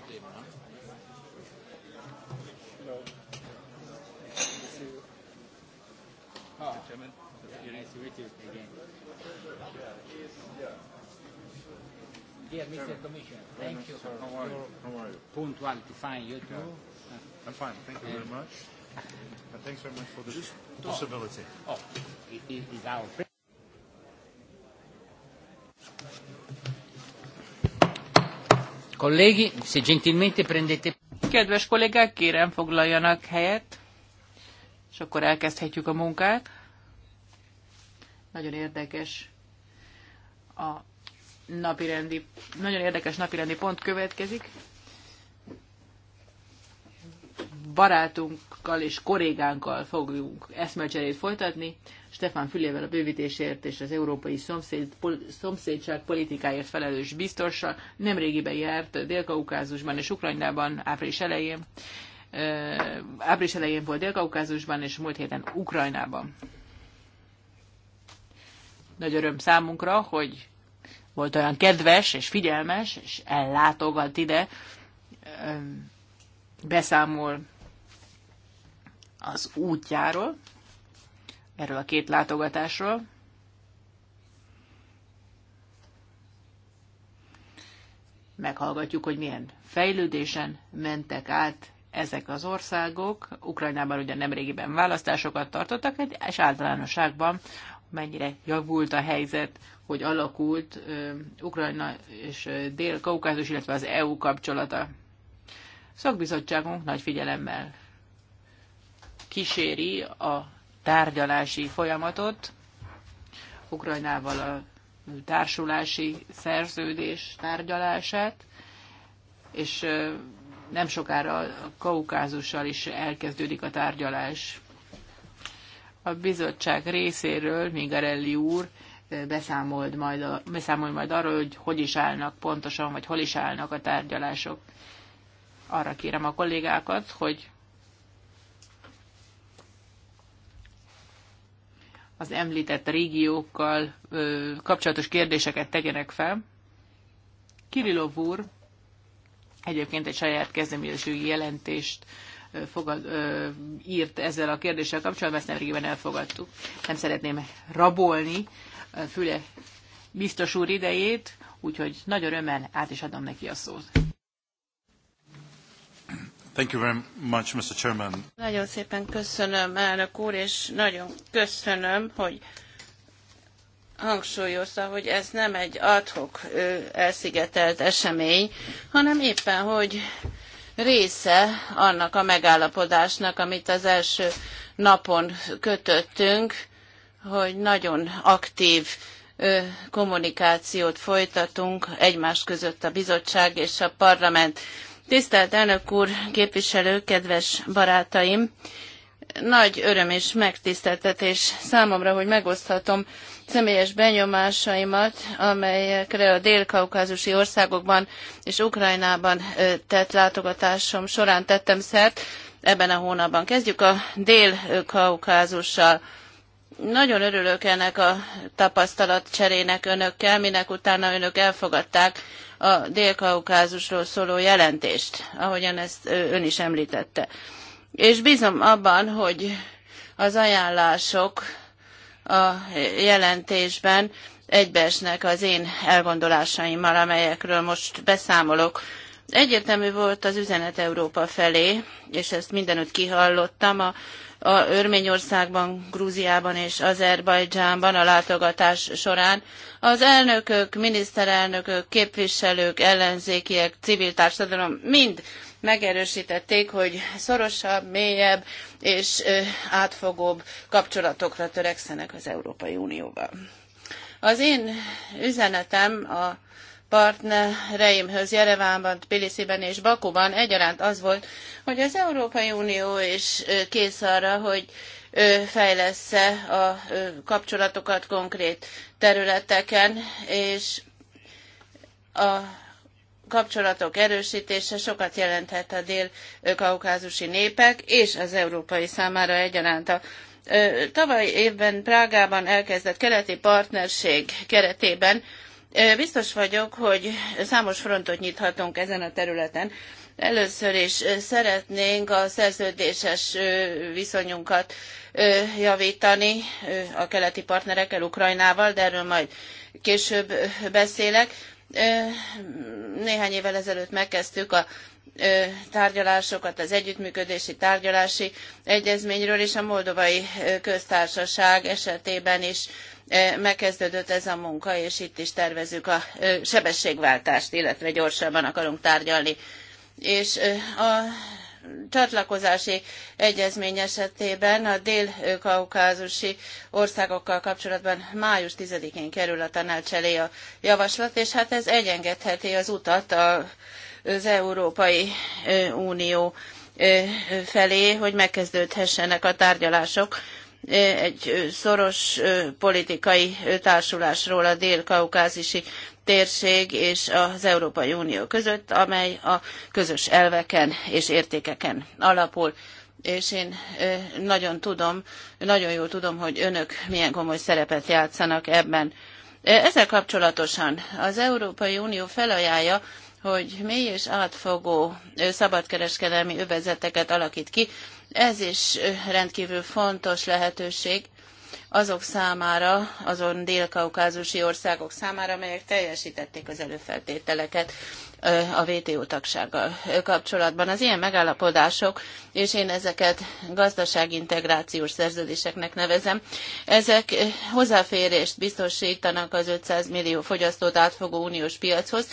vedem. No. Ah. Dear Mr. Commissioner, thank you for How are you? How are you? punctuality. Fine, you too? Yeah. I'm fine. Thank you very much. And thanks very much for this possibility. Oh, it is our pleasure. Colleghi, se gentilmente prendete... Kedves kollégák, kérem foglaljanak helyet, és akkor elkezdhetjük a munkát. Nagyon érdekes a napirendi, nagyon érdekes napirendi pont következik barátunkkal és korégánkkal fogjuk eszmecserét folytatni, Stefan Fülével a bővítésért és az európai szomszéd, pol, szomszédság politikáért felelős biztossal. Nemrégiben járt Dél-Kaukázusban és Ukrajnában április elején. Április elején volt Dél-Kaukázusban és múlt héten Ukrajnában. Nagy öröm számunkra, hogy volt olyan kedves és figyelmes, és ellátogat ide, beszámol az útjáról, erről a két látogatásról. Meghallgatjuk, hogy milyen fejlődésen mentek át ezek az országok. Ukrajnában ugyan nemrégiben választásokat tartottak, és általánosságban mennyire javult a helyzet, hogy alakult Ukrajna és Dél-Kaukázus, illetve az EU kapcsolata. Szakbizottságunk nagy figyelemmel kíséri a tárgyalási folyamatot, Ukrajnával a társulási szerződés tárgyalását, és nem sokára a Kaukázussal is elkezdődik a tárgyalás. A bizottság részéről Migarelli úr beszámolt majd, a, beszámol majd arról, hogy hogy is állnak pontosan, vagy hol is állnak a tárgyalások. Arra kérem a kollégákat, hogy az említett régiókkal ö, kapcsolatos kérdéseket tegyenek fel. Kirillov úr egyébként egy saját kezdeményezői jelentést ö, fogad, ö, írt ezzel a kérdéssel kapcsolatban, ezt nemrégiben elfogadtuk. Nem szeretném rabolni Füle biztos úr idejét, úgyhogy nagy örömmel át is adom neki a szót. Thank you very much, Mr. Chairman. Nagyon szépen köszönöm, elnök úr, és nagyon köszönöm, hogy hangsúlyozta, hogy ez nem egy adhok elszigetelt esemény, hanem éppen, hogy része annak a megállapodásnak, amit az első napon kötöttünk, hogy nagyon aktív kommunikációt folytatunk egymás között a bizottság és a parlament Tisztelt elnök úr, képviselő, kedves barátaim! Nagy öröm és megtiszteltetés számomra, hogy megoszthatom személyes benyomásaimat, amelyekre a dél-kaukázusi országokban és Ukrajnában tett látogatásom során tettem szert. Ebben a hónapban kezdjük a dél-kaukázussal. Nagyon örülök ennek a tapasztalatcserének önökkel, minek utána önök elfogadták a Dél-Kaukázusról szóló jelentést, ahogyan ezt ön is említette. És bízom abban, hogy az ajánlások a jelentésben egybeesnek az én elgondolásaimmal, amelyekről most beszámolok Egyetemű volt az üzenet Európa felé, és ezt mindenütt kihallottam. A, a Örményországban, Grúziában és Azerbajdzsánban a látogatás során az elnökök, miniszterelnökök, képviselők, ellenzékiek, civil társadalom mind megerősítették, hogy szorosabb, mélyebb és átfogóbb kapcsolatokra törekszenek az Európai Unióval. Az én üzenetem a partnereimhöz Jerevánban, Tbilisiben és Bakuban egyaránt az volt, hogy az Európai Unió is kész arra, hogy fejlesz-e a kapcsolatokat konkrét területeken, és a kapcsolatok erősítése sokat jelenthet a dél-kaukázusi népek és az európai számára egyaránt a Tavaly évben Prágában elkezdett keleti partnerség keretében Biztos vagyok, hogy számos frontot nyithatunk ezen a területen. Először is szeretnénk a szerződéses viszonyunkat javítani a keleti partnerekkel, Ukrajnával, de erről majd később beszélek. Néhány évvel ezelőtt megkezdtük a tárgyalásokat az együttműködési tárgyalási egyezményről, és a moldovai köztársaság esetében is E, megkezdődött ez a munka, és itt is tervezünk a e, sebességváltást, illetve gyorsabban akarunk tárgyalni. És e, a csatlakozási egyezmény esetében a dél-kaukázusi országokkal kapcsolatban május 10-én kerül a tanács elé a javaslat, és hát ez egyengedheti az utat az Európai Unió felé, hogy megkezdődhessenek a tárgyalások egy szoros politikai társulásról a dél-kaukázisi térség és az Európai Unió között, amely a közös elveken és értékeken alapul és én nagyon tudom, nagyon jól tudom, hogy önök milyen komoly szerepet játszanak ebben. Ezzel kapcsolatosan az Európai Unió felajánlja, hogy mély és átfogó szabadkereskedelmi övezeteket alakít ki ez is rendkívül fontos lehetőség azok számára, azon dél-kaukázusi országok számára, amelyek teljesítették az előfeltételeket a WTO tagsággal kapcsolatban. Az ilyen megállapodások, és én ezeket gazdaságintegrációs szerződéseknek nevezem, ezek hozzáférést biztosítanak az 500 millió fogyasztót átfogó uniós piachoz,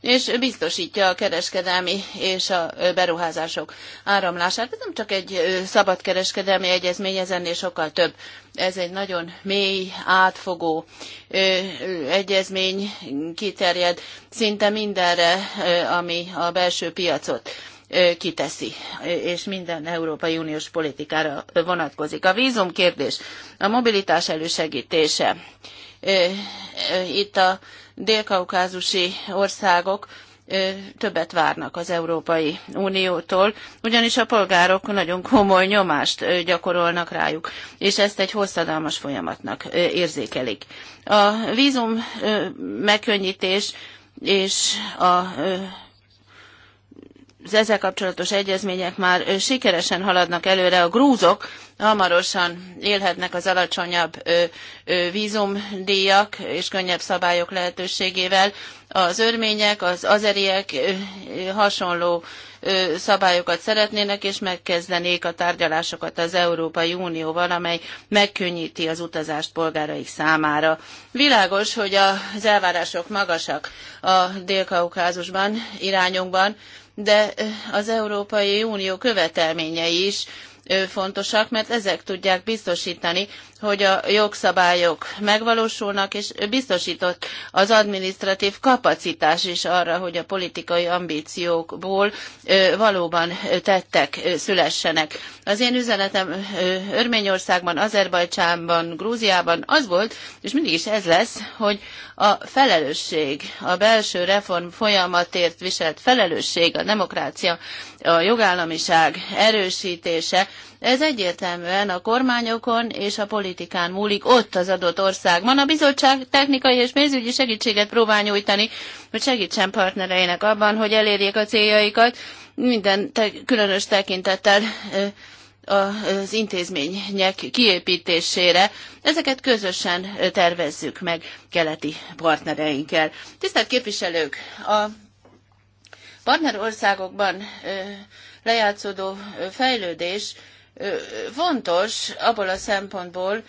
és biztosítja a kereskedelmi és a beruházások áramlását. Ez nem csak egy szabadkereskedelmi egyezmény, ez ennél sokkal több. Ez egy nagyon mély, átfogó egyezmény, kiterjed szinte mindenre, ami a belső piacot kiteszi, és minden Európai Uniós politikára vonatkozik. A vízum kérdés, a mobilitás elősegítése itt a délkaukázusi országok többet várnak az Európai Uniótól, ugyanis a polgárok nagyon komoly nyomást gyakorolnak rájuk, és ezt egy hosszadalmas folyamatnak érzékelik. A vízum megkönnyítés és a az ezzel kapcsolatos egyezmények már sikeresen haladnak előre. A grúzok hamarosan élhetnek az alacsonyabb vízumdíjak és könnyebb szabályok lehetőségével. Az örmények, az azeriek hasonló szabályokat szeretnének, és megkezdenék a tárgyalásokat az Európai Unióval, amely megkönnyíti az utazást polgáraik számára. Világos, hogy az elvárások magasak a Dél-Kaukázusban, irányunkban, de az Európai Unió követelményei is fontosak, mert ezek tudják biztosítani, hogy a jogszabályok megvalósulnak, és biztosított az administratív kapacitás is arra, hogy a politikai ambíciókból valóban tettek szülessenek. Az én üzenetem Örményországban, Azerbajcsánban, Grúziában az volt, és mindig is ez lesz, hogy a felelősség, a belső reform folyamatért viselt felelősség, a demokrácia, a jogállamiság erősítése ez egyértelműen a kormányokon és a politikán múlik ott az adott országban. A bizottság technikai és pénzügyi segítséget próbál nyújtani, hogy segítsen partnereinek abban, hogy elérjék a céljaikat, minden te- különös tekintettel az intézmények kiépítésére. Ezeket közösen tervezzük meg keleti partnereinkkel. Tisztelt képviselők, a partnerországokban lejátszódó fejlődés fontos abból a szempontból,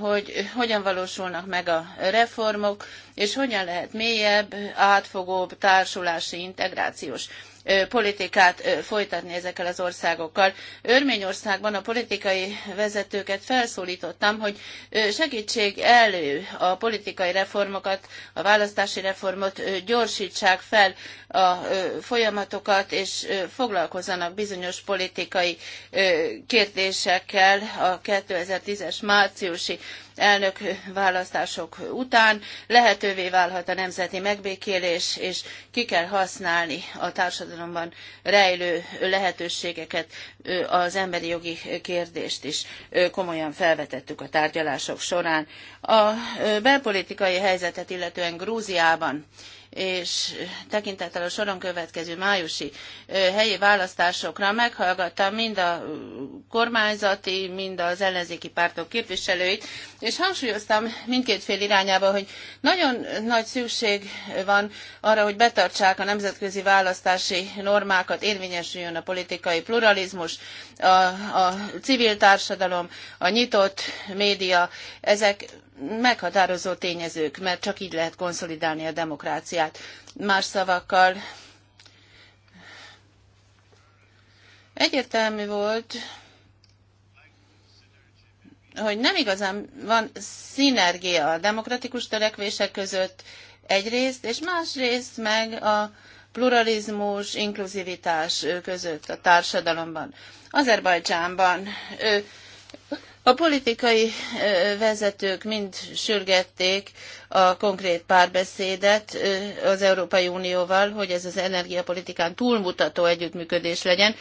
hogy hogyan valósulnak meg a reformok, és hogyan lehet mélyebb, átfogóbb társulási integrációs politikát folytatni ezekkel az országokkal. Örményországban a politikai vezetőket felszólítottam, hogy segítség elő a politikai reformokat, a választási reformot, gyorsítsák fel a folyamatokat, és foglalkozzanak bizonyos politikai kérdésekkel a 2010-es márciusi elnök választások után lehetővé válhat a nemzeti megbékélés, és ki kell használni a társadalomban rejlő lehetőségeket, az emberi jogi kérdést is komolyan felvetettük a tárgyalások során. A belpolitikai helyzetet illetően Grúziában és tekintettel a soron következő májusi helyi választásokra meghallgatta mind a kormányzati, mind az ellenzéki pártok képviselőit, és hangsúlyoztam mindkét fél irányába, hogy nagyon nagy szükség van arra, hogy betartsák a nemzetközi választási normákat, érvényesüljön a politikai pluralizmus, a, a civil társadalom, a nyitott média, ezek meghatározó tényezők, mert csak így lehet konszolidálni a demokráciát. Más szavakkal egyértelmű volt, hogy nem igazán van szinergia a demokratikus törekvések között egyrészt, és másrészt meg a pluralizmus, inkluzivitás között a társadalomban. Azerbajdzsánban a politikai vezetők mind sürgették a konkrét párbeszédet az Európai Unióval, hogy ez az energiapolitikán túlmutató együttműködés legyen.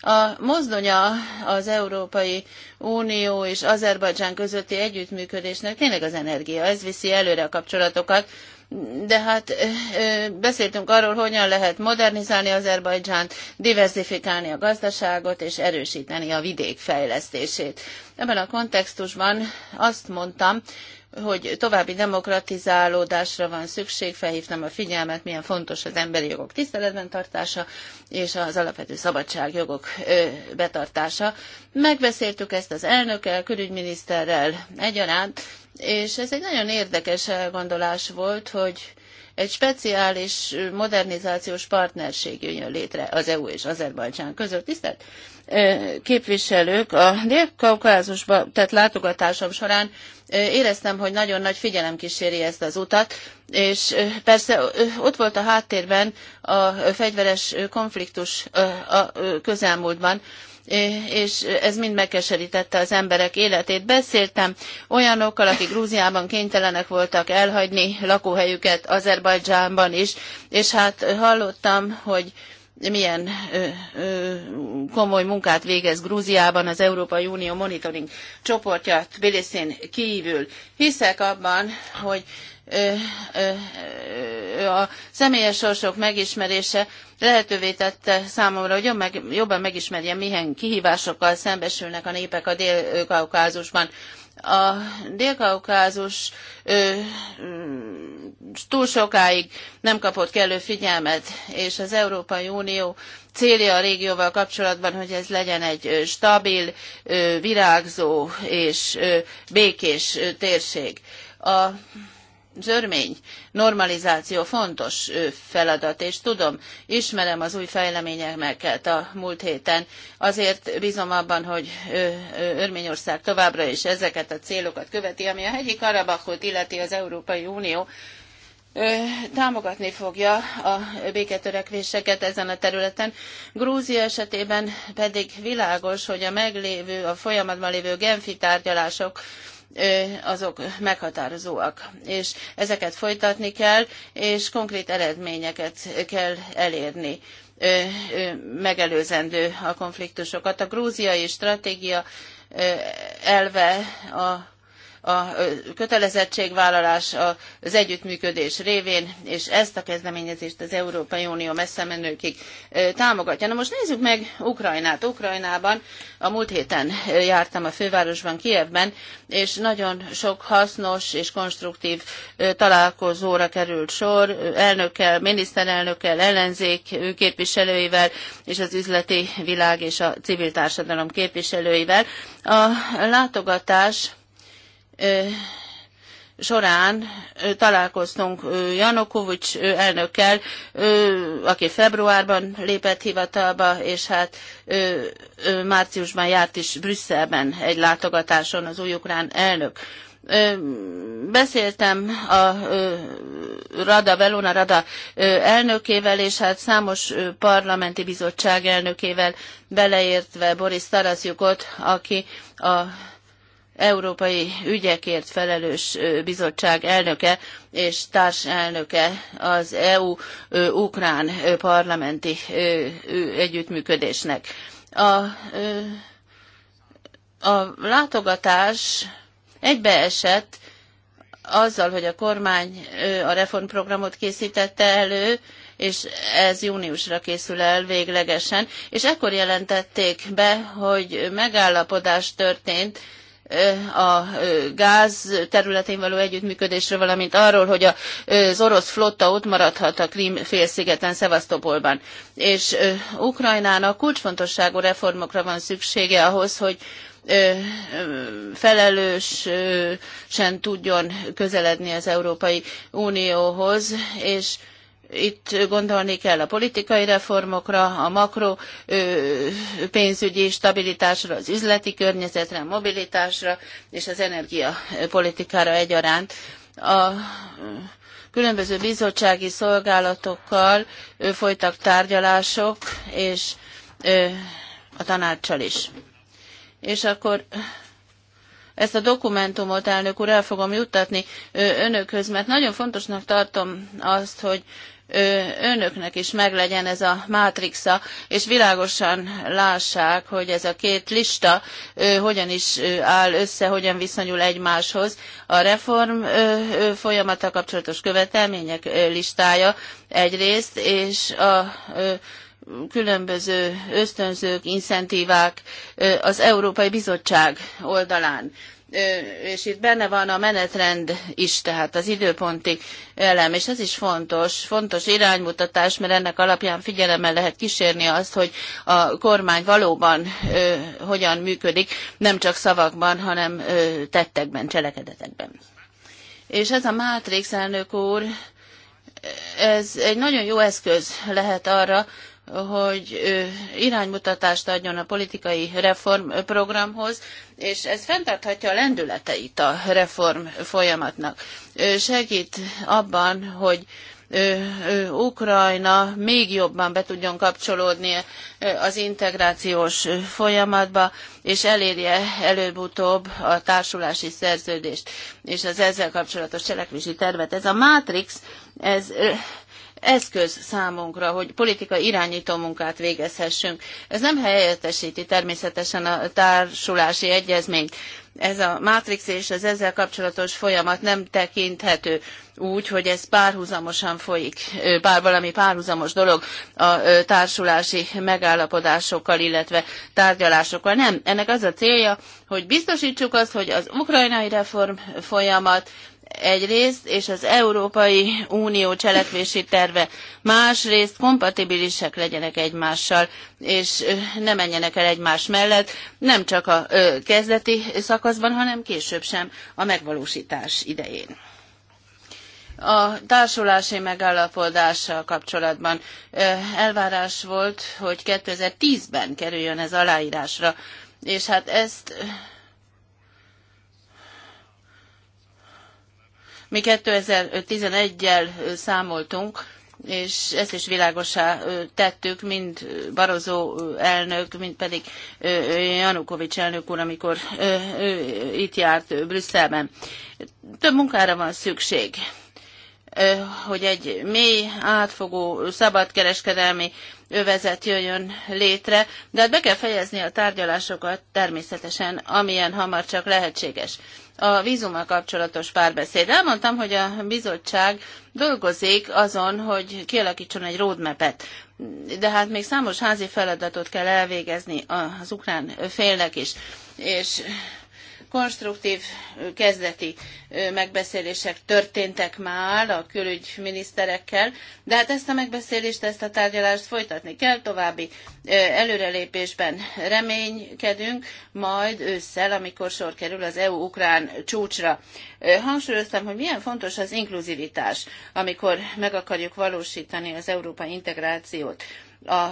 A mozdonya az Európai Unió és Azerbajdzsán közötti együttműködésnek tényleg az energia. Ez viszi előre a kapcsolatokat de hát beszéltünk arról, hogyan lehet modernizálni Azerbajdzsánt, diversifikálni a gazdaságot és erősíteni a vidék fejlesztését. Ebben a kontextusban azt mondtam, hogy további demokratizálódásra van szükség, felhívtam a figyelmet, milyen fontos az emberi jogok tiszteletben tartása és az alapvető szabadságjogok betartása. Megbeszéltük ezt az elnökkel, külügyminiszterrel egyaránt, és ez egy nagyon érdekes elgondolás volt, hogy egy speciális modernizációs partnerség jön létre az EU és Azerbajdzsán között. Tisztelt képviselők, a Dél-Kaukázusba tett látogatásom során éreztem, hogy nagyon nagy figyelem kíséri ezt az utat, és persze ott volt a háttérben a fegyveres konfliktus a közelmúltban, és ez mind megkeserítette az emberek életét. Beszéltem olyanokkal, akik Grúziában kénytelenek voltak elhagyni lakóhelyüket Azerbajdzsánban is, és hát hallottam, hogy milyen ö, ö, komoly munkát végez Grúziában az Európai Unió Monitoring csoportja Tbiliszin kívül. Hiszek abban, hogy a személyes sorsok megismerése lehetővé tette számomra, hogy jobban megismerjem, milyen kihívásokkal szembesülnek a népek a Dél-Kaukázusban. A Dél-Kaukázus túl sokáig nem kapott kellő figyelmet, és az Európai Unió célja a régióval kapcsolatban, hogy ez legyen egy stabil, virágzó és békés térség. A az örmény normalizáció fontos feladat, és tudom, ismerem az új fejleményeket a múlt héten, azért bízom abban, hogy Örményország továbbra is ezeket a célokat követi, ami a hegyi Karabakot illeti az Európai Unió, támogatni fogja a béketörekvéseket ezen a területen. Grúzia esetében pedig világos, hogy a meglévő, a folyamatban lévő Genfi tárgyalások azok meghatározóak, és ezeket folytatni kell, és konkrét eredményeket kell elérni megelőzendő a konfliktusokat. A grúziai stratégia elve a a kötelezettségvállalás az együttműködés révén, és ezt a kezdeményezést az Európai Unió messze menőkig támogatja. Na most nézzük meg Ukrajnát. Ukrajnában a múlt héten jártam a fővárosban, Kievben, és nagyon sok hasznos és konstruktív találkozóra került sor elnökkel, miniszterelnökkel, ellenzék képviselőivel, és az üzleti világ és a civil társadalom képviselőivel. A látogatás során találkoztunk Janukovics elnökkel, aki februárban lépett hivatalba, és hát márciusban járt is Brüsszelben egy látogatáson az új ukrán elnök. Beszéltem a Rada, Velona Rada elnökével, és hát számos parlamenti bizottság elnökével, beleértve Boris Tarasjukot, aki a európai ügyekért felelős bizottság elnöke és társelnöke az EU-Ukrán parlamenti együttműködésnek. A, a látogatás egybeesett azzal, hogy a kormány a reformprogramot készítette elő, és ez júniusra készül el véglegesen, és ekkor jelentették be, hogy megállapodás történt a gáz területén való együttműködésről, valamint arról, hogy az orosz flotta ott maradhat a Krím félszigeten, Szevasztopolban. És Ukrajnának kulcsfontosságú reformokra van szüksége ahhoz, hogy felelősen tudjon közeledni az Európai Unióhoz, és itt gondolni kell a politikai reformokra, a makro pénzügyi stabilitásra, az üzleti környezetre, a mobilitásra és az energiapolitikára egyaránt. A különböző bizottsági szolgálatokkal folytak tárgyalások, és a tanácssal is. És akkor ezt a dokumentumot, elnök úr, el fogom juttatni önökhöz, mert nagyon fontosnak tartom azt, hogy önöknek is meglegyen ez a mátrixa, és világosan lássák, hogy ez a két lista hogyan is áll össze, hogyan viszonyul egymáshoz. A reform folyamata kapcsolatos követelmények listája egyrészt, és a különböző ösztönzők, incentívák az Európai Bizottság oldalán és itt benne van a menetrend is, tehát az időponti elem, és ez is fontos, fontos iránymutatás, mert ennek alapján figyelemmel lehet kísérni azt, hogy a kormány valóban ö, hogyan működik, nem csak szavakban, hanem ö, tettekben, cselekedetekben. És ez a Mátrix elnök úr, ez egy nagyon jó eszköz lehet arra, hogy iránymutatást adjon a politikai reformprogramhoz, és ez fenntarthatja a lendületeit a reform folyamatnak. Segít abban, hogy Ukrajna még jobban be tudjon kapcsolódni az integrációs folyamatba, és elérje előbb-utóbb a társulási szerződést és az ezzel kapcsolatos cselekvési tervet. Ez a Matrix, ez eszköz számunkra, hogy politikai irányító munkát végezhessünk. Ez nem helyettesíti természetesen a társulási egyezményt. Ez a matrix és az ezzel kapcsolatos folyamat nem tekinthető úgy, hogy ez párhuzamosan folyik, bár valami párhuzamos dolog a társulási megállapodásokkal, illetve tárgyalásokkal. Nem, ennek az a célja, hogy biztosítsuk azt, hogy az ukrajnai reform folyamat egyrészt, és az Európai Unió cselekvési terve másrészt kompatibilisek legyenek egymással, és ne menjenek el egymás mellett, nem csak a kezdeti szakaszban, hanem később sem a megvalósítás idején. A társulási megállapodással kapcsolatban elvárás volt, hogy 2010-ben kerüljön ez aláírásra, és hát ezt Mi 2011-el számoltunk, és ezt is világosá tettük, mind Barozó elnök, mind pedig Janukovics elnök úr, amikor itt járt Brüsszelben. Több munkára van szükség hogy egy mély, átfogó, szabadkereskedelmi övezet jöjjön létre, de hát be kell fejezni a tárgyalásokat természetesen, amilyen hamar csak lehetséges. A vízummal kapcsolatos párbeszéd. Elmondtam, hogy a bizottság dolgozik azon, hogy kialakítson egy roadmapet. de hát még számos házi feladatot kell elvégezni az ukrán félnek is, és konstruktív kezdeti megbeszélések történtek már a külügyminiszterekkel, de hát ezt a megbeszélést, ezt a tárgyalást folytatni kell, további előrelépésben reménykedünk, majd ősszel, amikor sor kerül az EU-Ukrán csúcsra. Hangsúlyoztam, hogy milyen fontos az inkluzivitás, amikor meg akarjuk valósítani az európai integrációt a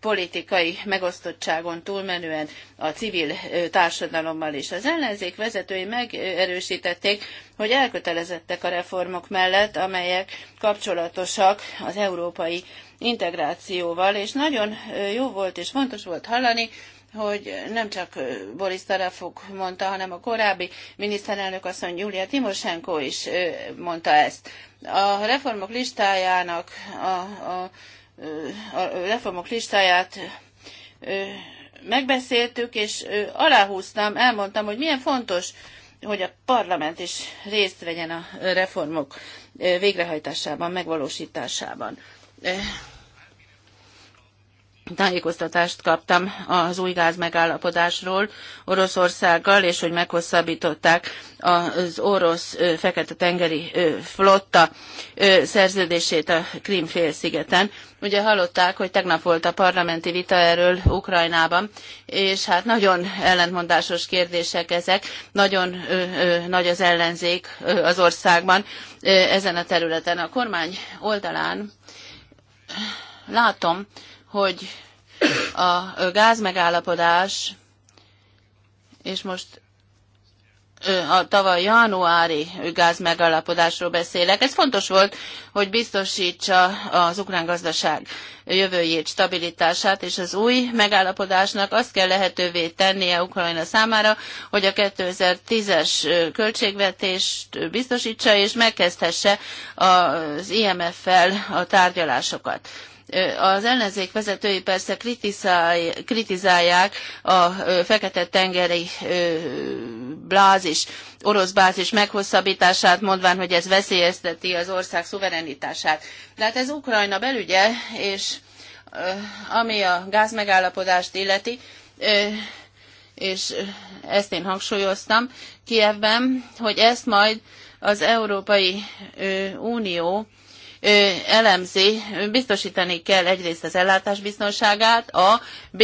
politikai megosztottságon túlmenően a civil társadalommal is. Az ellenzék vezetői megerősítették, hogy elkötelezettek a reformok mellett, amelyek kapcsolatosak az európai integrációval, és nagyon jó volt és fontos volt hallani, hogy nem csak Boris Tarafuk mondta, hanem a korábbi miniszterelnök asszony Julia Timoshenko is mondta ezt. A reformok listájának a, a a reformok listáját megbeszéltük, és aláhúztam, elmondtam, hogy milyen fontos, hogy a parlament is részt vegyen a reformok végrehajtásában, megvalósításában tájékoztatást kaptam az új gáz megállapodásról Oroszországgal, és hogy meghosszabbították az orosz fekete-tengeri flotta szerződését a Krímfélszigeten. Ugye hallották, hogy tegnap volt a parlamenti vita erről Ukrajnában, és hát nagyon ellentmondásos kérdések ezek, nagyon nagy az ellenzék az országban ezen a területen. A kormány oldalán látom, hogy a gázmegállapodás, és most a tavaly januári gázmegállapodásról beszélek. Ez fontos volt, hogy biztosítsa az ukrán gazdaság jövőjét, stabilitását, és az új megállapodásnak azt kell lehetővé tennie Ukrajna számára, hogy a 2010-es költségvetést biztosítsa, és megkezdhesse az IMF-fel a tárgyalásokat az ellenzék vezetői persze kritizálják a Fekete-tengeri blázis, orosz bázis meghosszabbítását, mondván, hogy ez veszélyezteti az ország szuverenitását. De hát ez Ukrajna belügye, és ami a gázmegállapodást illeti, és ezt én hangsúlyoztam Kievben, hogy ezt majd az Európai Unió elemzi, biztosítani kell egyrészt az ellátás biztonságát, a B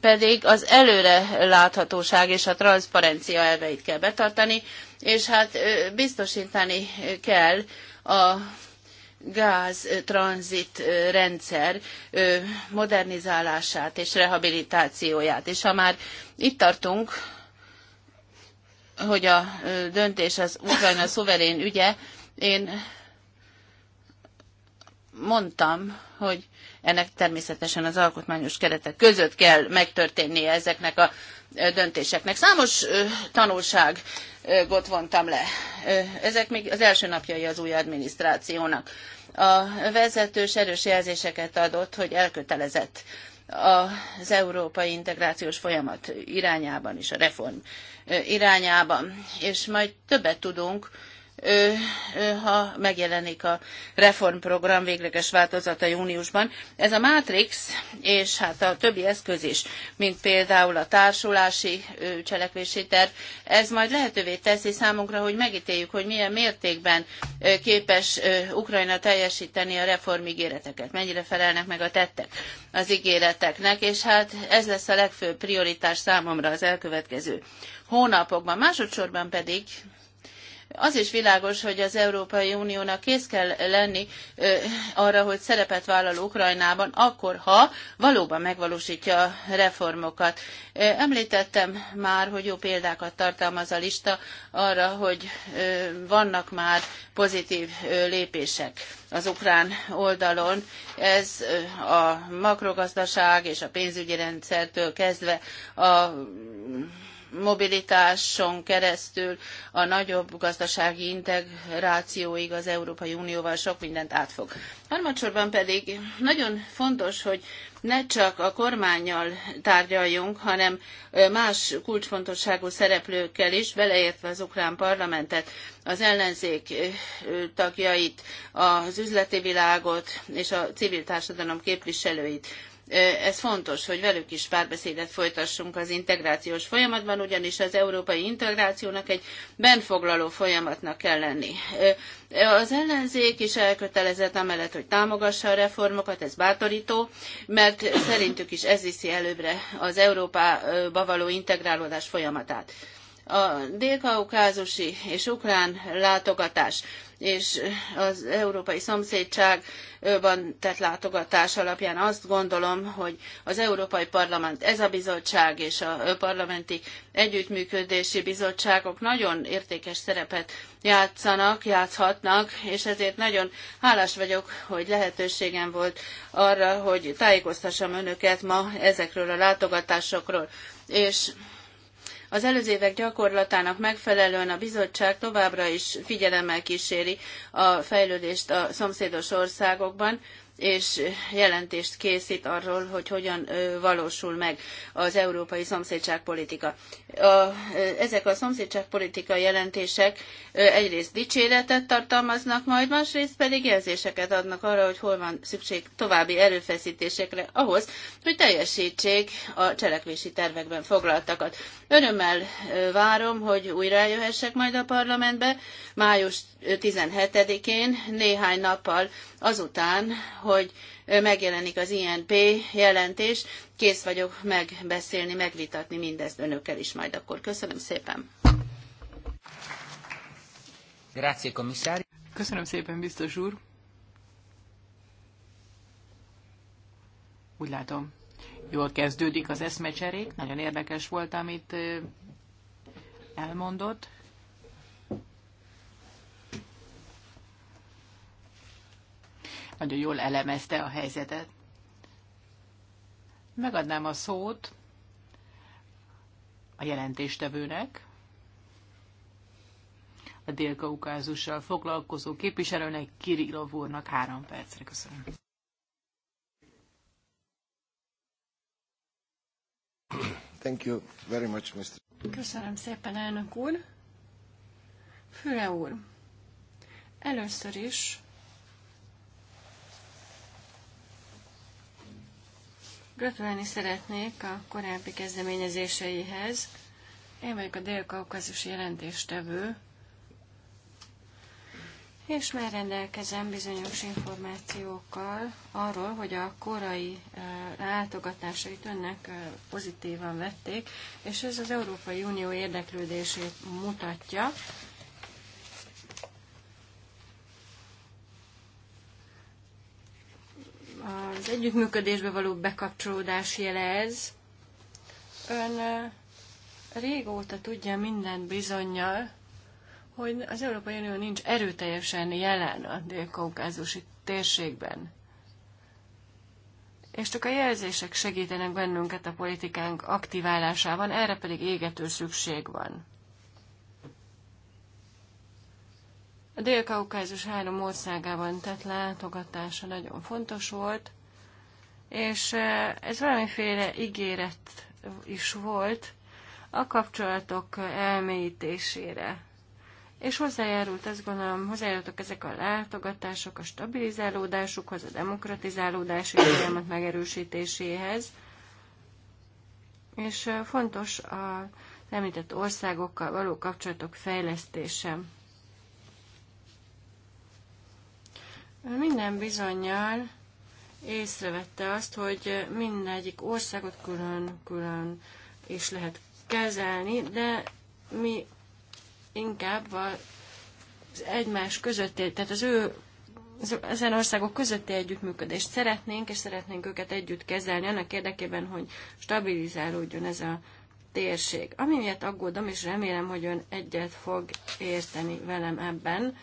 pedig az előre láthatóság és a transzparencia elveit kell betartani, és hát biztosítani kell a gáz tranzit rendszer modernizálását és rehabilitációját. És ha már itt tartunk, hogy a döntés az Ukrajna szuverén ügye, én mondtam, hogy ennek természetesen az alkotmányos keretek között kell megtörténnie ezeknek a döntéseknek. Számos tanulságot vontam le. Ezek még az első napjai az új adminisztrációnak. A vezetős erős jelzéseket adott, hogy elkötelezett az európai integrációs folyamat irányában és a reform irányában. És majd többet tudunk ha megjelenik a reformprogram végleges változata júniusban. Ez a Matrix, és hát a többi eszköz is, mint például a társulási cselekvési terv, ez majd lehetővé teszi számunkra, hogy megítéljük, hogy milyen mértékben képes Ukrajna teljesíteni a reformígéreteket, mennyire felelnek meg a tettek az ígéreteknek, és hát ez lesz a legfőbb prioritás számomra az elkövetkező hónapokban. Másodszorban pedig az is világos, hogy az Európai Uniónak kész kell lenni arra, hogy szerepet vállal Ukrajnában, akkor, ha valóban megvalósítja a reformokat. Említettem már, hogy jó példákat tartalmaz a lista arra, hogy vannak már pozitív lépések az ukrán oldalon. Ez a makrogazdaság és a pénzügyi rendszertől kezdve a mobilitáson keresztül a nagyobb gazdasági integrációig az Európai Unióval sok mindent átfog. Harmadsorban pedig nagyon fontos, hogy ne csak a kormányjal tárgyaljunk, hanem más kulcsfontosságú szereplőkkel is, beleértve az ukrán parlamentet, az ellenzék tagjait, az üzleti világot és a civil társadalom képviselőit ez fontos, hogy velük is párbeszédet folytassunk az integrációs folyamatban, ugyanis az európai integrációnak egy benfoglaló folyamatnak kell lenni. Az ellenzék is elkötelezett amellett, hogy támogassa a reformokat, ez bátorító, mert szerintük is ez viszi előbbre az Európába való integrálódás folyamatát. A délkaukázusi és ukrán látogatás és az európai szomszédságban tett látogatás alapján azt gondolom, hogy az Európai Parlament, ez a bizottság és a parlamenti együttműködési bizottságok nagyon értékes szerepet játszanak, játszhatnak, és ezért nagyon hálás vagyok, hogy lehetőségem volt arra, hogy tájékoztassam önöket ma ezekről a látogatásokról. És az előző évek gyakorlatának megfelelően a bizottság továbbra is figyelemmel kíséri a fejlődést a szomszédos országokban, és jelentést készít arról, hogy hogyan valósul meg az európai szomszédságpolitika. A, ezek a szomszédságpolitikai jelentések egyrészt dicséretet tartalmaznak majd, másrészt pedig jelzéseket adnak arra, hogy hol van szükség további erőfeszítésekre ahhoz, hogy teljesítsék a cselekvési tervekben foglaltakat. Örömmel várom, hogy újra eljöhessek majd a parlamentbe május 17-én, néhány nappal azután, hogy megjelenik az INP jelentés. Kész vagyok megbeszélni, megvitatni mindezt önökkel is majd akkor. Köszönöm szépen. Grazie, commissario. Köszönöm szépen, biztos úr. Úgy látom, jól kezdődik az eszmecserék. Nagyon érdekes volt, amit elmondott. Nagyon jól elemezte a helyzetet. Megadnám a szót a jelentéstevőnek, a dél foglalkozó képviselőnek, Kirillov úrnak három percre. Köszönöm. Thank you very much, Mr. Köszönöm szépen, elnök úr. Füle úr, először is Gratulálni szeretnék a korábbi kezdeményezéseihez. Én vagyok a dél-kaukazusi jelentéstevő és már rendelkezem bizonyos információkkal arról, hogy a korai látogatásait önnek pozitívan vették, és ez az Európai Unió érdeklődését mutatja. Az együttműködésbe való bekapcsolódás jelez. Ön régóta tudja minden bizonyal, hogy az Európai Unió nincs erőteljesen jelen a dél-kaukázusi térségben. És csak a jelzések segítenek bennünket a politikánk aktiválásában, erre pedig égető szükség van. A Dél-Kaukázus három országában tett látogatása nagyon fontos volt, és ez valamiféle ígéret is volt a kapcsolatok elmélyítésére és hozzájárult, azt gondolom, hozzájárultak ezek a látogatások a stabilizálódásukhoz, a demokratizálódási folyamat megerősítéséhez, és fontos a említett országokkal való kapcsolatok fejlesztése. Minden bizonyal észrevette azt, hogy mindegyik országot külön-külön is lehet kezelni, de mi inkább az egymás közötti, tehát az ő ezen országok közötti együttműködést szeretnénk, és szeretnénk őket együtt kezelni annak érdekében, hogy stabilizálódjon ez a térség. Ami miatt aggódom, és remélem, hogy ön egyet fog érteni velem ebben.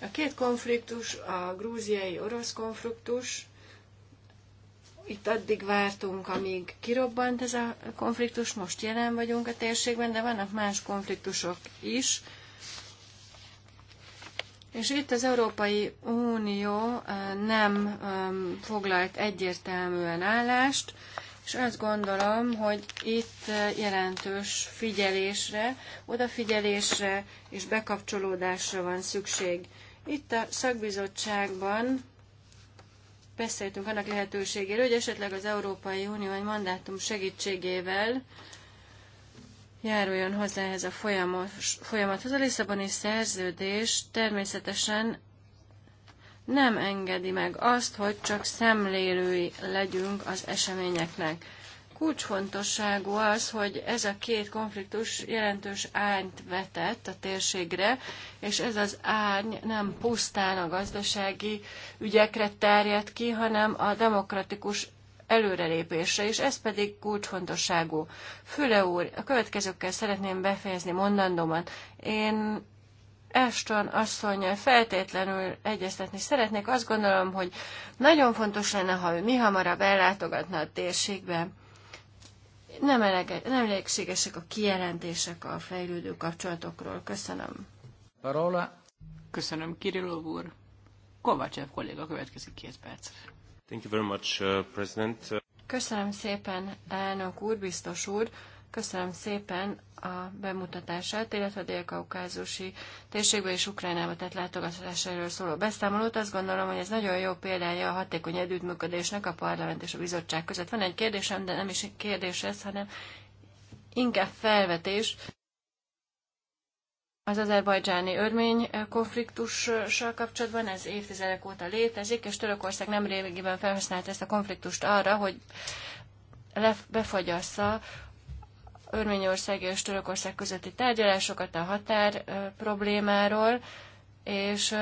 A két konfliktus, a grúziai orosz konfliktus, itt addig vártunk, amíg kirobbant ez a konfliktus, most jelen vagyunk a térségben, de vannak más konfliktusok is. És itt az Európai Unió nem foglalt egyértelműen állást, és azt gondolom, hogy itt jelentős figyelésre, odafigyelésre és bekapcsolódásra van szükség. Itt a szakbizottságban beszéltünk annak lehetőségéről, hogy esetleg az Európai Unió egy mandátum segítségével járuljon hozzá ehhez a folyamos, folyamathoz. A Lisszaboni szerződés természetesen nem engedi meg azt, hogy csak szemlélői legyünk az eseményeknek. Kulcsfontosságú az, hogy ez a két konfliktus jelentős ányt vetett a térségre, és ez az árny nem pusztán a gazdasági ügyekre terjedt ki, hanem a demokratikus előrelépésre, és ez pedig kulcsfontosságú. Füle úr, a következőkkel szeretném befejezni mondandómat. Én Eston asszony feltétlenül egyeztetni szeretnék. Azt gondolom, hogy nagyon fontos lenne, ha ő mi hamarabb ellátogatna a térségbe nem, elege, nem elégségesek a kijelentések a fejlődő kapcsolatokról. Köszönöm. Parola. Köszönöm, Kirillov úr. Kovácsev kolléga következik két perc. Thank you very much, uh, President. Köszönöm szépen, elnök úr, biztos úr. Köszönöm szépen a bemutatását, illetve a dél-kaukázusi térségbe és Ukrajnába tett látogatásáról szóló beszámolót. Azt gondolom, hogy ez nagyon jó példája a hatékony együttműködésnek a parlament és a bizottság között. Van egy kérdésem, de nem is kérdés ez, hanem inkább felvetés. Az azerbajdzsáni örmény konfliktussal kapcsolatban ez évtizedek óta létezik, és Törökország nem régiben felhasználta ezt a konfliktust arra, hogy befagyassza Örményország és Törökország közötti tárgyalásokat a határ problémáról, és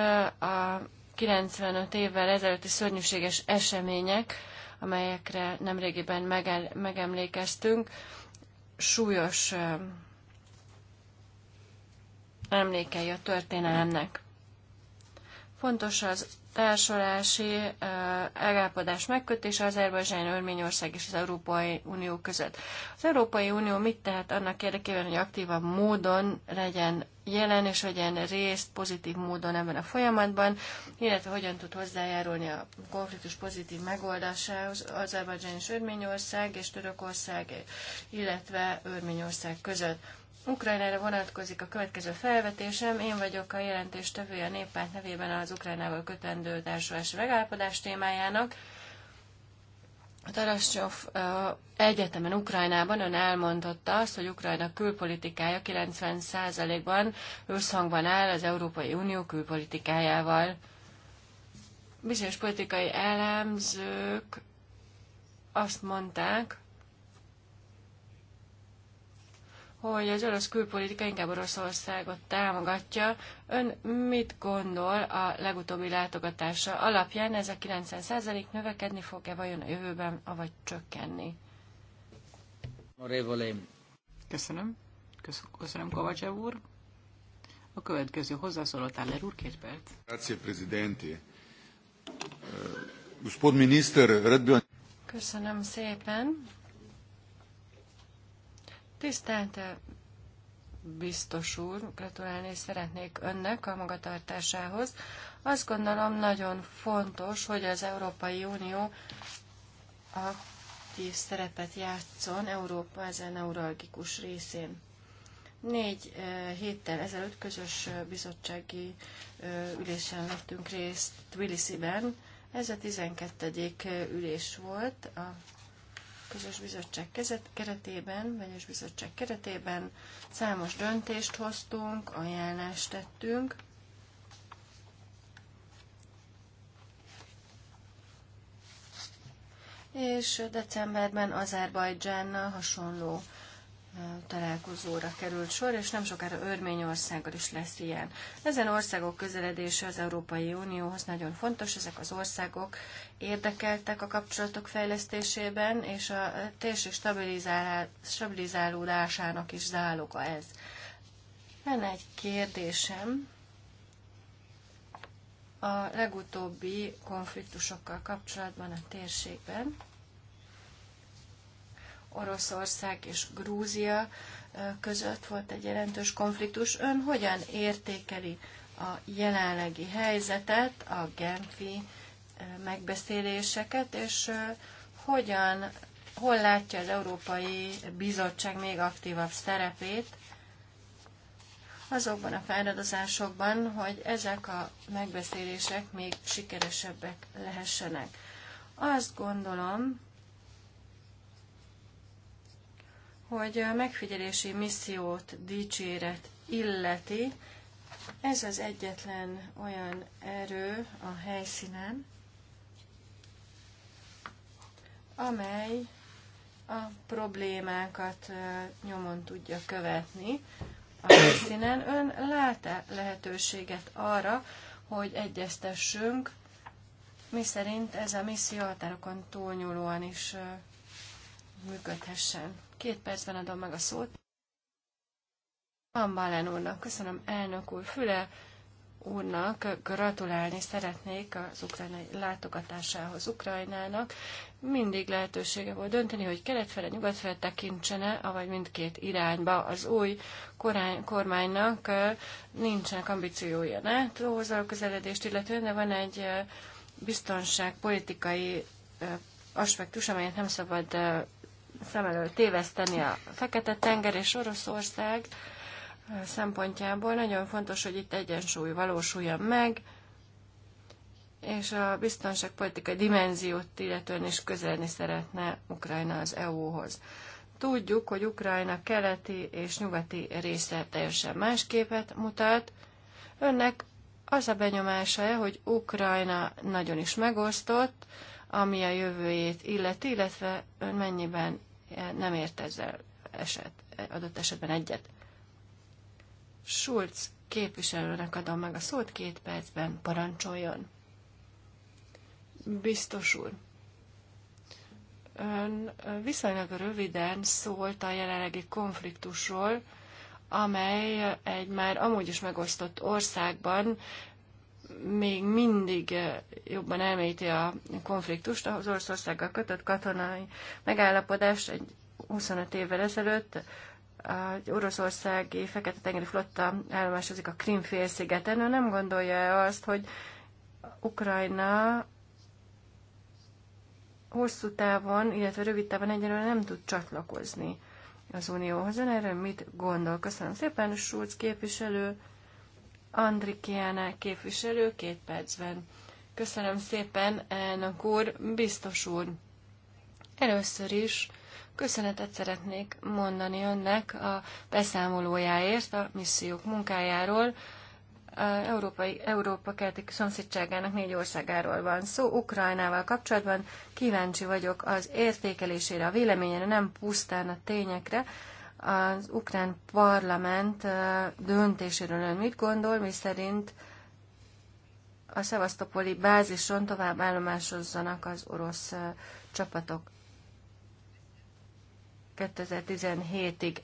a 95 évvel ezelőtti szörnyűséges események, amelyekre nemrégiben megemlékeztünk, súlyos emlékei a történelemnek. Fontos az társulási megállapodás megkötése Azerbajdzsán, Örményország és az Európai Unió között. Az Európai Unió mit tehet annak érdekében, hogy aktívabb módon legyen jelen, és legyen részt pozitív módon ebben a folyamatban, illetve hogyan tud hozzájárulni a konfliktus pozitív megoldásához Azerbajdzsán és Örményország és Törökország, illetve Örményország között. Ukrajnára vonatkozik a következő felvetésem. Én vagyok a jelentéstevője a néppárt nevében az Ukrajnával kötendő társulási megállapodás témájának. A Tarascsov egyetemen Ukrajnában ön elmondotta azt, hogy Ukrajna külpolitikája 90%-ban összhangban áll az Európai Unió külpolitikájával. Bizonyos politikai elemzők azt mondták, hogy az orosz külpolitika inkább Oroszországot támogatja. Ön mit gondol a legutóbbi látogatása alapján? Ez a 90% növekedni fog-e vajon a jövőben, avagy csökkenni? Köszönöm. Köszönöm, Kovacsev úr. A következő hozzászóló Táler úr, két perc. Eh, köszönöm szépen. Tisztelt eh, biztos úr, gratulálni szeretnék önnek a magatartásához. Azt gondolom nagyon fontos, hogy az Európai Unió aktív szerepet játszon Európa ezen neuralgikus részén. Négy eh, héttel ezelőtt közös eh, bizottsági ülésen vettünk részt Tbilisi-ben. Ez a 12. ülés volt a közös bizottság kezet, keretében, vegyes bizottság keretében számos döntést hoztunk, ajánlást tettünk. És decemberben Azerbajdzsánnal hasonló találkozóra került sor, és nem sokára Örményországgal is lesz ilyen. Ezen országok közeledése az Európai Unióhoz nagyon fontos, ezek az országok érdekeltek a kapcsolatok fejlesztésében, és a térség stabilizálódásának is záloga ez. Lenne egy kérdésem a legutóbbi konfliktusokkal kapcsolatban a térségben. Oroszország és Grúzia között volt egy jelentős konfliktus. Ön hogyan értékeli a jelenlegi helyzetet, a Genfi megbeszéléseket, és hogyan, hol látja az Európai Bizottság még aktívabb szerepét azokban a fáradozásokban, hogy ezek a megbeszélések még sikeresebbek lehessenek. Azt gondolom, hogy a megfigyelési missziót dicséret illeti, ez az egyetlen olyan erő a helyszínen, amely a problémákat nyomon tudja követni a helyszínen. Ön lát -e lehetőséget arra, hogy egyeztessünk, mi szerint ez a misszió határokon túlnyúlóan is működhessen. Két percben adom meg a szót. Van Balán úrnak, köszönöm elnök úr, Füle úrnak gratulálni szeretnék az ukrajnai látogatásához Ukrajnának. Mindig lehetősége volt dönteni, hogy keletfele, nyugatfele tekintsene, avagy mindkét irányba az új korány, kormánynak nincsenek ambíciója NATO-hoz a közeledést, illetően de van egy biztonságpolitikai aspektus, amelyet nem szabad szem elől téveszteni a Fekete-tenger és Oroszország eh, szempontjából. Nagyon fontos, hogy itt egyensúly valósuljon meg, és a biztonságpolitikai dimenziót illetően is közelni szeretne Ukrajna az EU-hoz. Tudjuk, hogy Ukrajna keleti és nyugati része teljesen más képet mutat. Önnek az a benyomása hogy Ukrajna nagyon is megosztott, ami a jövőjét illeti, illetve ön mennyiben nem ért ezzel eset, adott esetben egyet. Schulz képviselőnek adom meg a szót két percben, parancsoljon. Biztos úr. Ön viszonylag röviden szólt a jelenlegi konfliktusról, amely egy már amúgy is megosztott országban még mindig eh, jobban elmélyíti a konfliktust. Az Oroszországgal kötött katonai megállapodás egy 25 évvel ezelőtt egy oroszországi Fekete-tengeri flotta állomásozik a Krim félszigeten. Ő nem gondolja -e azt, hogy Ukrajna hosszú távon, illetve rövid távon egyelőre nem tud csatlakozni az Unióhoz. Ön erről mit gondol? Köszönöm szépen, Schulz képviselő. Andrikiánál képviselő két percben. Köszönöm szépen, elnök úr, biztos úr. Először is köszönetet szeretnék mondani önnek a beszámolójáért, a missziók munkájáról. Európai, Európa keleti szomszédságának négy országáról van szó. Ukrajnával kapcsolatban kíváncsi vagyok az értékelésére, a véleményére, nem pusztán a tényekre, az ukrán parlament döntéséről ön mit gondol, mi szerint a szevasztopoli bázison tovább állomásozzanak az orosz csapatok 2017-ig.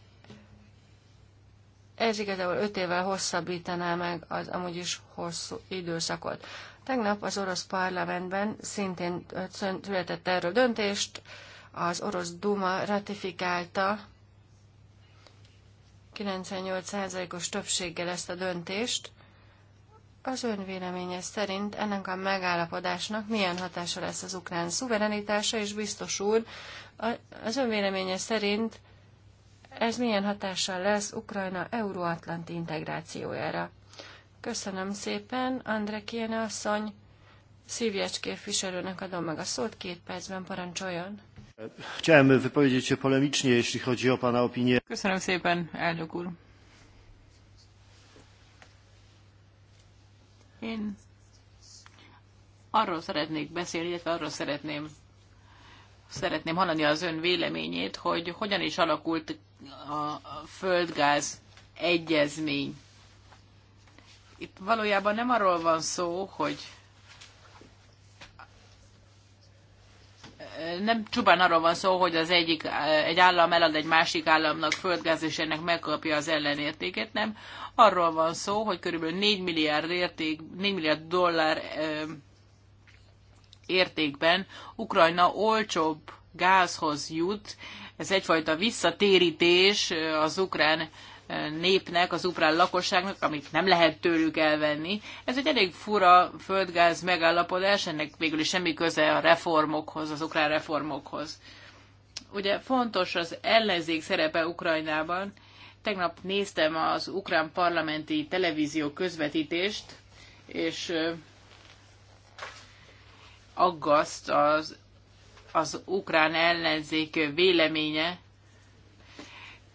Ez igazából 5 évvel hosszabbítaná meg az amúgy is hosszú időszakot. Tegnap az orosz parlamentben szintén született erről döntést, az orosz Duma ratifikálta 98%-os többséggel ezt a döntést. Az ön véleménye szerint ennek a megállapodásnak milyen hatása lesz az ukrán szuverenitása, és biztos úr, az ön véleménye szerint ez milyen hatással lesz Ukrajna euróatlanti integrációjára? Köszönöm szépen, Andre Kiene asszony. Szívjecs képviselőnek adom meg a szót, két percben parancsoljon. Chciałem wypowiedzieć się polemicznie, jeśli chodzi o pana opinię. Köszönöm szépen, elnök úr. Én arról szeretnék beszélni, illetve arról szeretném, szeretném hallani az ön véleményét, hogy hogyan is alakult a földgáz egyezmény. Itt valójában nem arról van szó, hogy nem csupán arról van szó, hogy az egyik, egy állam elad egy másik államnak földgáz, és ennek megkapja az ellenértéket, nem. Arról van szó, hogy körülbelül 4 milliárd, érték, 4 milliárd dollár értékben Ukrajna olcsóbb gázhoz jut. Ez egyfajta visszatérítés az ukrán népnek, az ukrán lakosságnak, amit nem lehet tőlük elvenni. Ez egy elég fura földgáz megállapodás, ennek végül is semmi köze a reformokhoz, az ukrán reformokhoz. Ugye fontos az ellenzék szerepe Ukrajnában. Tegnap néztem az ukrán parlamenti televízió közvetítést, és aggaszt az, az ukrán ellenzék véleménye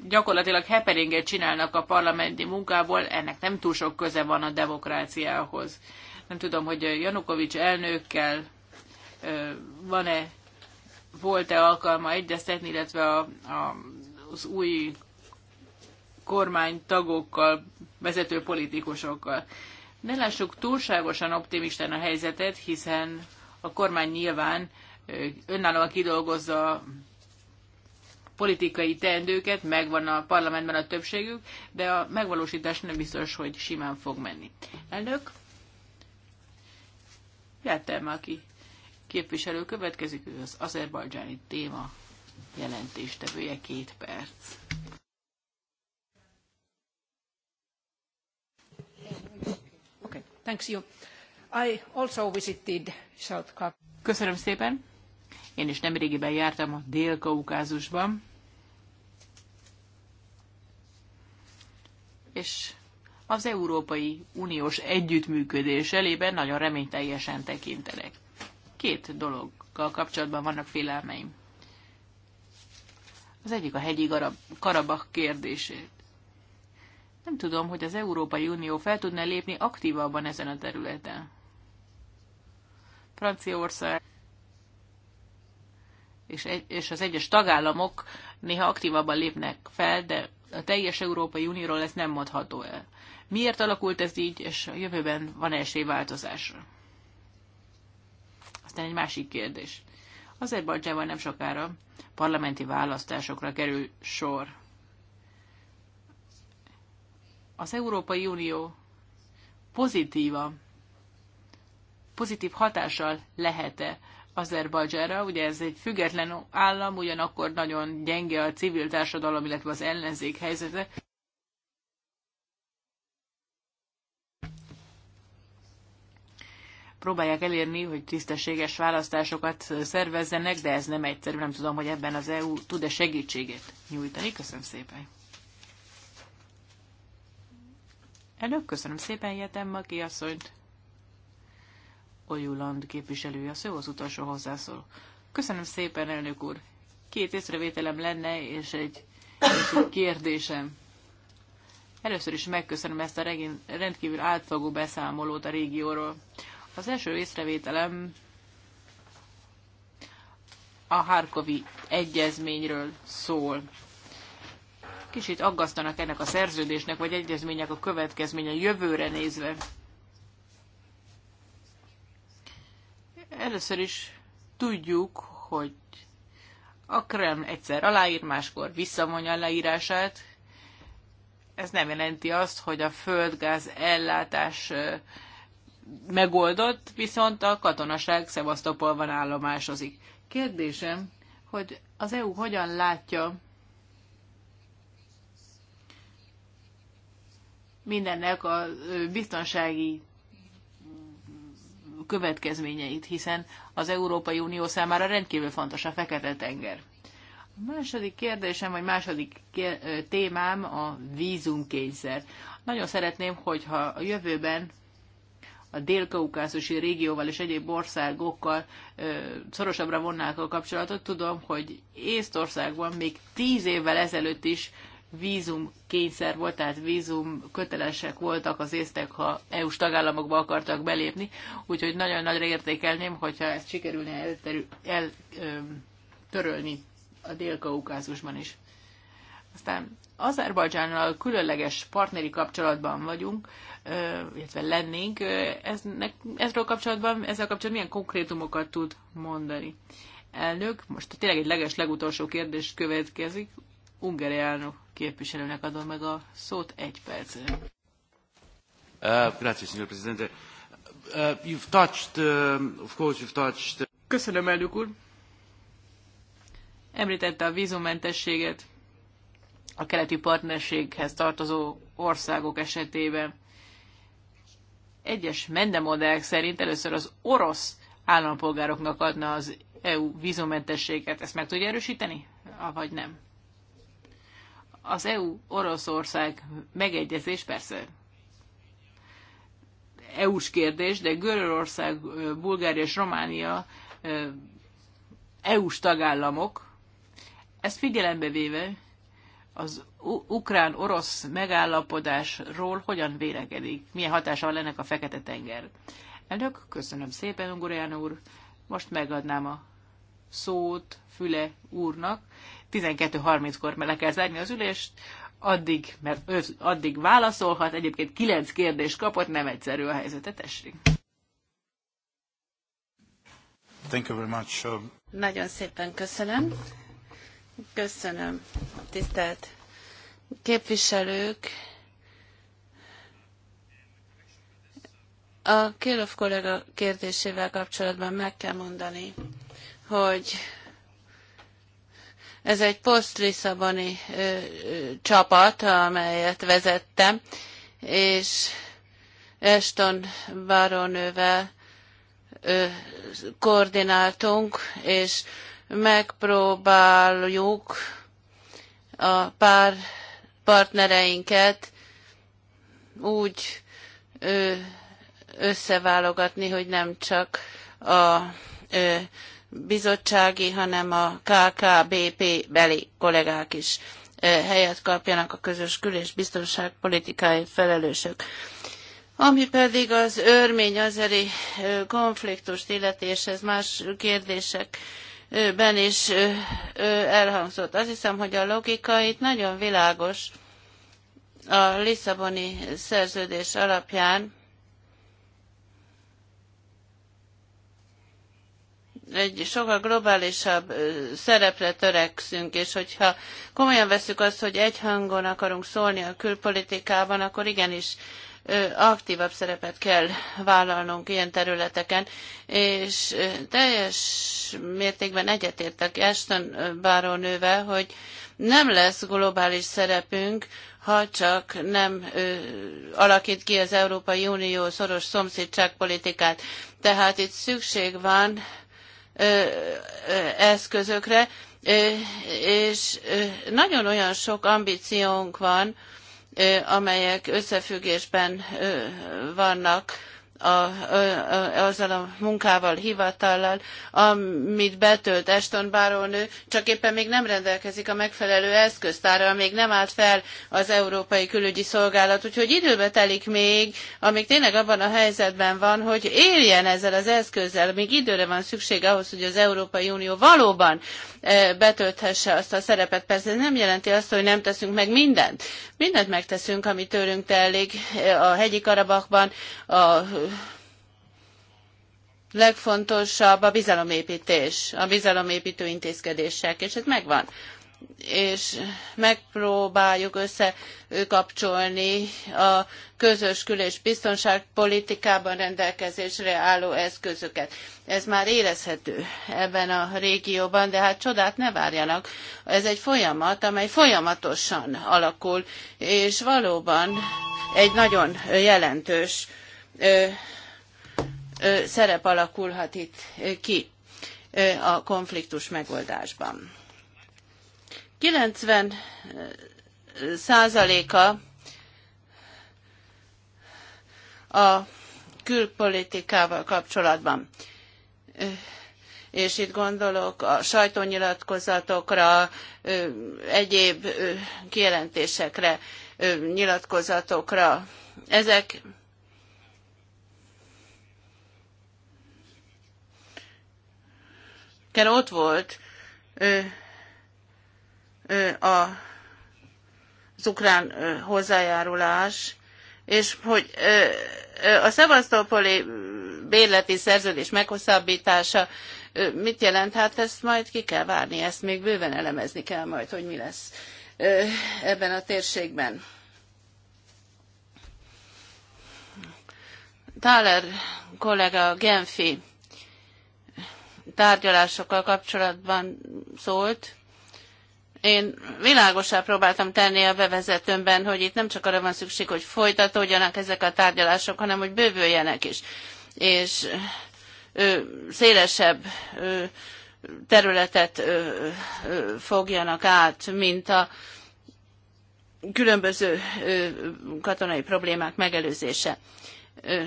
gyakorlatilag heperinget csinálnak a parlamenti munkából, ennek nem túl sok köze van a demokráciához. Nem tudom, hogy Janukovics elnökkel van-e, volt-e alkalma egyeztetni, illetve a, a, az új kormánytagokkal, vezető politikusokkal. Ne lássuk túlságosan optimisten a helyzetet, hiszen a kormány nyilván önállóan kidolgozza politikai teendőket, megvan a parlamentben a többségük, de a megvalósítás nem biztos, hogy simán fog menni. Elnök, jártam aki képviselő következik, ő az azerbajdzsáni téma jelentéstevője két perc. Okay, thanks you. I also visited South Köszönöm szépen. Én is nemrégiben jártam a Dél-Kaukázusban, és az Európai Uniós együttműködés elében nagyon reményteljesen tekintenek. Két dologgal kapcsolatban vannak félelmeim. Az egyik a hegyi Karabak kérdését. Nem tudom, hogy az Európai Unió fel tudna lépni aktívabban ezen a területen. Franciaország és, egy, és az egyes tagállamok néha aktívabban lépnek fel, de a teljes Európai Unióról ez nem mondható el. Miért alakult ez így, és a jövőben van -e esély változásra? Aztán egy másik kérdés. Azerbajdzsában nem sokára parlamenti választásokra kerül sor. Az Európai Unió pozitíva, pozitív hatással lehet-e Azerbajdzsára, ugye ez egy független állam, ugyanakkor nagyon gyenge a civil társadalom, illetve az ellenzék helyzete. Próbálják elérni, hogy tisztességes választásokat szervezzenek, de ez nem egyszerű, nem tudom, hogy ebben az EU tud-e segítséget nyújtani. Köszönöm szépen! Elnök, köszönöm szépen, Jetem Maki asszonyt! Ojuland képviselője, szó az utolsó hozzászól. Köszönöm szépen, elnök úr. Két észrevételem lenne, és egy, és egy kérdésem. Először is megköszönöm ezt a regén, rendkívül átfogó beszámolót a régióról. Az első észrevételem a Harkovi egyezményről szól. Kicsit aggasztanak ennek a szerződésnek, vagy egyezménynek a következménye jövőre nézve. Először is tudjuk, hogy a Kreml egyszer aláír, máskor visszavonja leírását. Ez nem jelenti azt, hogy a földgáz ellátás megoldott, viszont a katonaság Szevasztopolban állomásozik. Kérdésem, hogy az EU hogyan látja mindennek a biztonsági következményeit, hiszen az Európai Unió számára rendkívül fontos a Fekete-tenger. A második kérdésem, vagy második témám a vízumkényszer. Nagyon szeretném, hogyha a jövőben a dél-kaukázusi régióval és egyéb országokkal ö, szorosabbra vonnák a kapcsolatot. Tudom, hogy Észtországban még tíz évvel ezelőtt is vízum kényszer volt, tehát vízum kötelesek voltak az észtek, ha EU-s tagállamokba akartak belépni, úgyhogy nagyon nagyra értékelném, hogyha ezt sikerülne eltörölni el, a Dél-Kaukázusban is. Aztán Azerbajdzsánnal különleges partneri kapcsolatban vagyunk, illetve lennénk. Eznek, ezről kapcsolatban, ezzel kapcsolatban milyen konkrétumokat tud mondani? Elnök, most tényleg egy leges legutolsó kérdés következik. Ungeri elnök képviselőnek adom meg a szót egy percre. Uh, grazie, signor Presidente. Uh, you've touched, uh, of course you've touched... Köszönöm, elnök úr. Említette a vízumentességet a keleti partnerséghez tartozó országok esetében. Egyes mendemodellek szerint először az orosz állampolgároknak adna az EU vízumentességet. Ezt meg tudja erősíteni, vagy nem? Az EU-Oroszország megegyezés persze EU-s kérdés, de Görögország, Bulgária és Románia EU-s tagállamok. Ezt figyelembe véve az ukrán-orosz megállapodásról hogyan vélekedik, milyen hatása van ennek a Fekete-tenger. Elnök, köszönöm szépen, Ungurján úr. Most megadnám a szót Füle úrnak. 12.30-kor le kell zárni az ülést, addig, mert ő addig válaszolhat, egyébként kilenc kérdést kapott, nem egyszerű a helyzete, tessék. Thank you very much. Uh, Nagyon szépen köszönöm. Köszönöm, tisztelt képviselők. A Kélov kollega kérdésével kapcsolatban meg kell mondani, hogy ez egy poszt-Lisszaboni csapat, amelyet vezettem, és Eston Baronővel koordináltunk, és megpróbáljuk a pár partnereinket úgy ö, összeválogatni, hogy nem csak a ö, bizottsági, hanem a KKBP beli kollégák is helyet kapjanak a közös kül- és biztonságpolitikai felelősök. Ami pedig az örmény azeri konfliktust illeti, és ez más kérdésekben is elhangzott. Azt hiszem, hogy a logika itt nagyon világos a Lisszaboni szerződés alapján, egy sokkal globálisabb szerepre törekszünk, és hogyha komolyan veszük azt, hogy egy hangon akarunk szólni a külpolitikában, akkor igenis aktívabb szerepet kell vállalnunk ilyen területeken, és teljes mértékben egyetértek Ashton bárónővel, hogy nem lesz globális szerepünk, ha csak nem ö, alakít ki az Európai Unió szoros szomszédságpolitikát. Tehát itt szükség van eszközökre, és nagyon olyan sok ambíciónk van, amelyek összefüggésben vannak a, a, azzal a munkával, hivatallal, amit betölt Eston Bárónő, csak éppen még nem rendelkezik a megfelelő eszköztárral, még nem állt fel az Európai Külügyi Szolgálat, úgyhogy időbe telik még, amíg tényleg abban a helyzetben van, hogy éljen ezzel az eszközzel, még időre van szükség ahhoz, hogy az Európai Unió valóban betölthesse azt a szerepet. Persze ez nem jelenti azt, hogy nem teszünk meg mindent. Mindent megteszünk, ami tőlünk telik a hegyi Karabakban, a legfontosabb a bizalomépítés, a bizalomépítő intézkedések, és ez megvan és megpróbáljuk összekapcsolni a közös kül- és biztonságpolitikában rendelkezésre álló eszközöket. Ez már érezhető ebben a régióban, de hát csodát ne várjanak. Ez egy folyamat, amely folyamatosan alakul, és valóban egy nagyon jelentős szerep alakulhat itt ki a konfliktus megoldásban. 90 százaléka a külpolitikával kapcsolatban. És itt gondolok a sajtónyilatkozatokra, egyéb kijelentésekre, nyilatkozatokra. Ezek Ken ott volt ö, ö, a, az ukrán ö, hozzájárulás, és hogy ö, ö, a szevasztópoli bérleti szerződés meghosszabbítása ö, mit jelent, hát ezt majd ki kell várni, ezt még bőven elemezni kell majd, hogy mi lesz ö, ebben a térségben. Thaler kollega Genfi tárgyalásokkal kapcsolatban szólt. Én világosá próbáltam tenni a bevezetőmben, hogy itt nem csak arra van szükség, hogy folytatódjanak ezek a tárgyalások, hanem hogy bővüljenek is. És ö, szélesebb ö, területet ö, ö, fogjanak át, mint a különböző ö, katonai problémák megelőzése. Ö,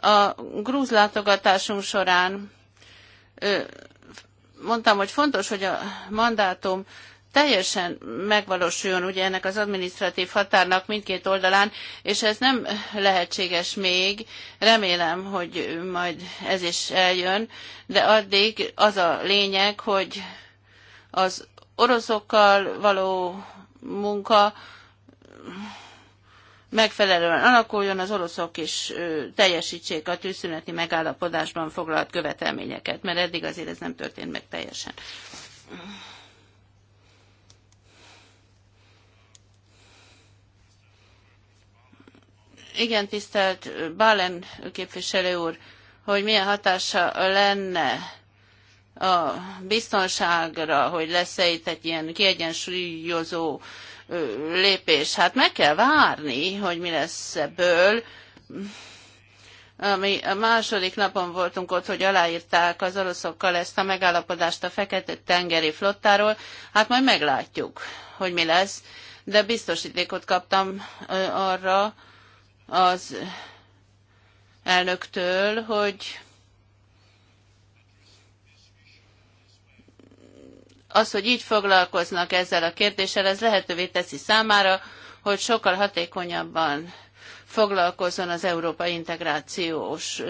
A grúz látogatásunk során mondtam, hogy fontos, hogy a mandátum teljesen megvalósuljon ugye ennek az adminisztratív határnak mindkét oldalán, és ez nem lehetséges még. Remélem, hogy majd ez is eljön, de addig az a lényeg, hogy az oroszokkal való munka megfelelően alakuljon, az oroszok is teljesítsék a tűzszüneti megállapodásban foglalt követelményeket, mert eddig azért ez nem történt meg teljesen. Igen, tisztelt Balen képviselő úr, hogy milyen hatása lenne a biztonságra, hogy lesz-e itt egy ilyen kiegyensúlyozó lépés. Hát meg kell várni, hogy mi lesz ebből. Ami a második napon voltunk ott, hogy aláírták az oroszokkal ezt a megállapodást a fekete tengeri flottáról, hát majd meglátjuk, hogy mi lesz. De biztosítékot kaptam arra az elnöktől, hogy az, hogy így foglalkoznak ezzel a kérdéssel, ez lehetővé teszi számára, hogy sokkal hatékonyabban foglalkozzon az európai integrációs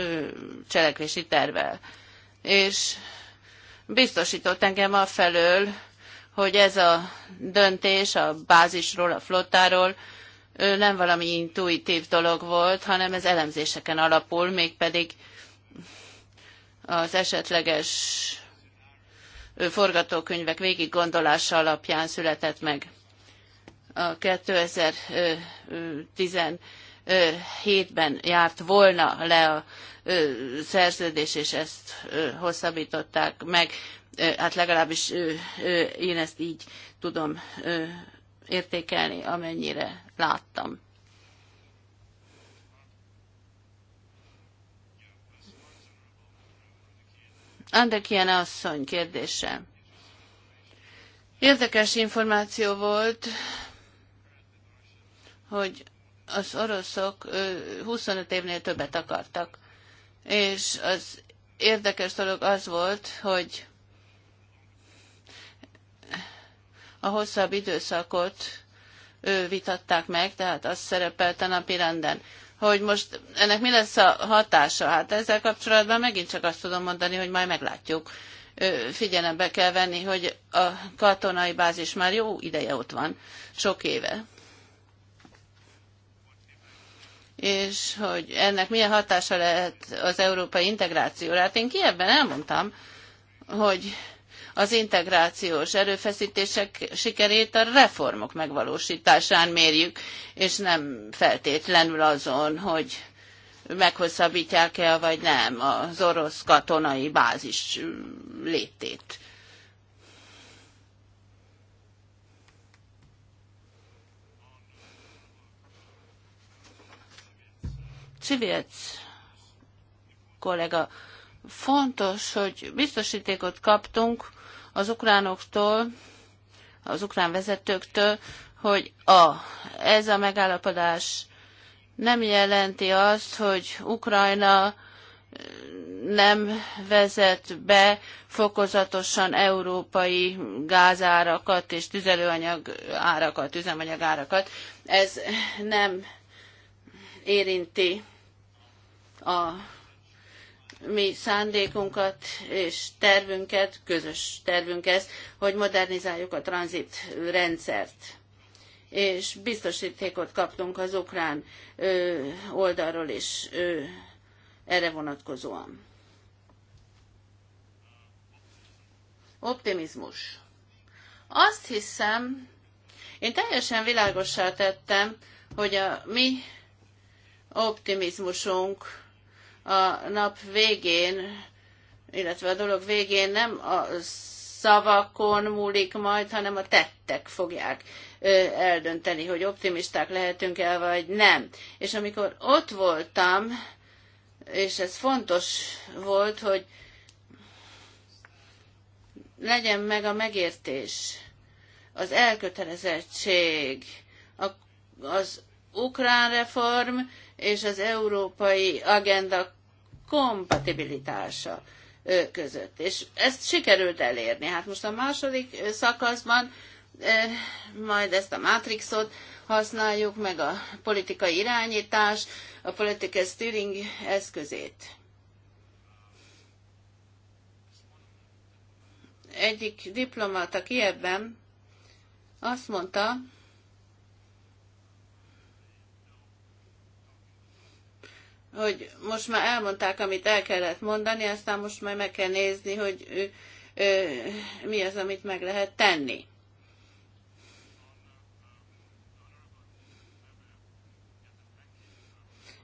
cselekvési tervvel. És biztosított engem afelől, hogy ez a döntés a bázisról, a flottáról nem valami intuitív dolog volt, hanem ez elemzéseken alapul, mégpedig az esetleges forgatókönyvek végig gondolása alapján született meg. A 2017-ben járt volna le a szerződés, és ezt hosszabbították meg. Hát legalábbis én ezt így tudom értékelni, amennyire láttam. Andekiene asszony kérdése. Érdekes információ volt, hogy az oroszok 25 évnél többet akartak. És az érdekes dolog az volt, hogy a hosszabb időszakot ő vitatták meg, tehát az szerepelt a napi renden hogy most ennek mi lesz a hatása. Hát ezzel kapcsolatban megint csak azt tudom mondani, hogy majd meglátjuk. Figyelembe kell venni, hogy a katonai bázis már jó ideje ott van, sok éve. És hogy ennek milyen hatása lehet az európai integrációra. Hát én ki ebben elmondtam, hogy az integrációs erőfeszítések sikerét a reformok megvalósításán mérjük, és nem feltétlenül azon, hogy meghosszabbítják-e vagy nem az orosz katonai bázis létét. Csiviec kollega, fontos, hogy biztosítékot kaptunk az ukránoktól, az ukrán vezetőktől, hogy a, ez a megállapodás nem jelenti azt, hogy Ukrajna nem vezet be fokozatosan európai gázárakat és tüzelőanyag árakat, üzemanyag árakat. Ez nem érinti a mi szándékunkat és tervünket, közös tervünk ez, hogy modernizáljuk a tranzit rendszert és biztosítékot kaptunk az ukrán ö, oldalról is ö, erre vonatkozóan. Optimizmus. Azt hiszem, én teljesen világossá tettem, hogy a mi optimizmusunk a nap végén, illetve a dolog végén nem a szavakon múlik majd, hanem a tettek fogják eldönteni, hogy optimisták lehetünk-e, vagy nem. És amikor ott voltam, és ez fontos volt, hogy legyen meg a megértés, az elkötelezettség, a, az ukrán reform és az európai agenda kompatibilitása között. És ezt sikerült elérni. Hát most a második szakaszban majd ezt a mátrixot használjuk, meg a politikai irányítás, a politikai steering eszközét. Egyik diplomata Kievben azt mondta, hogy most már elmondták, amit el kellett mondani, aztán most már meg kell nézni, hogy ő, ö, mi az, amit meg lehet tenni.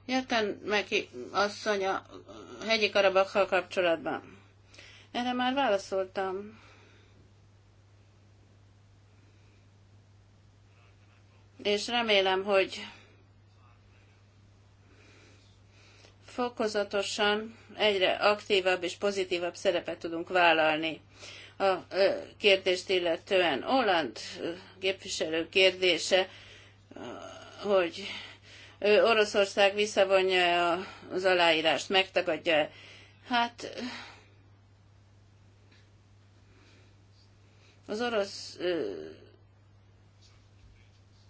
Jöttem neki asszony a hegyi karabakkal kapcsolatban. Erre már válaszoltam. És remélem, hogy fokozatosan egyre aktívabb és pozitívabb szerepet tudunk vállalni a kérdést illetően. Holland képviselő kérdése, hogy Oroszország visszavonja az aláírást, megtagadja -e. Hát az orosz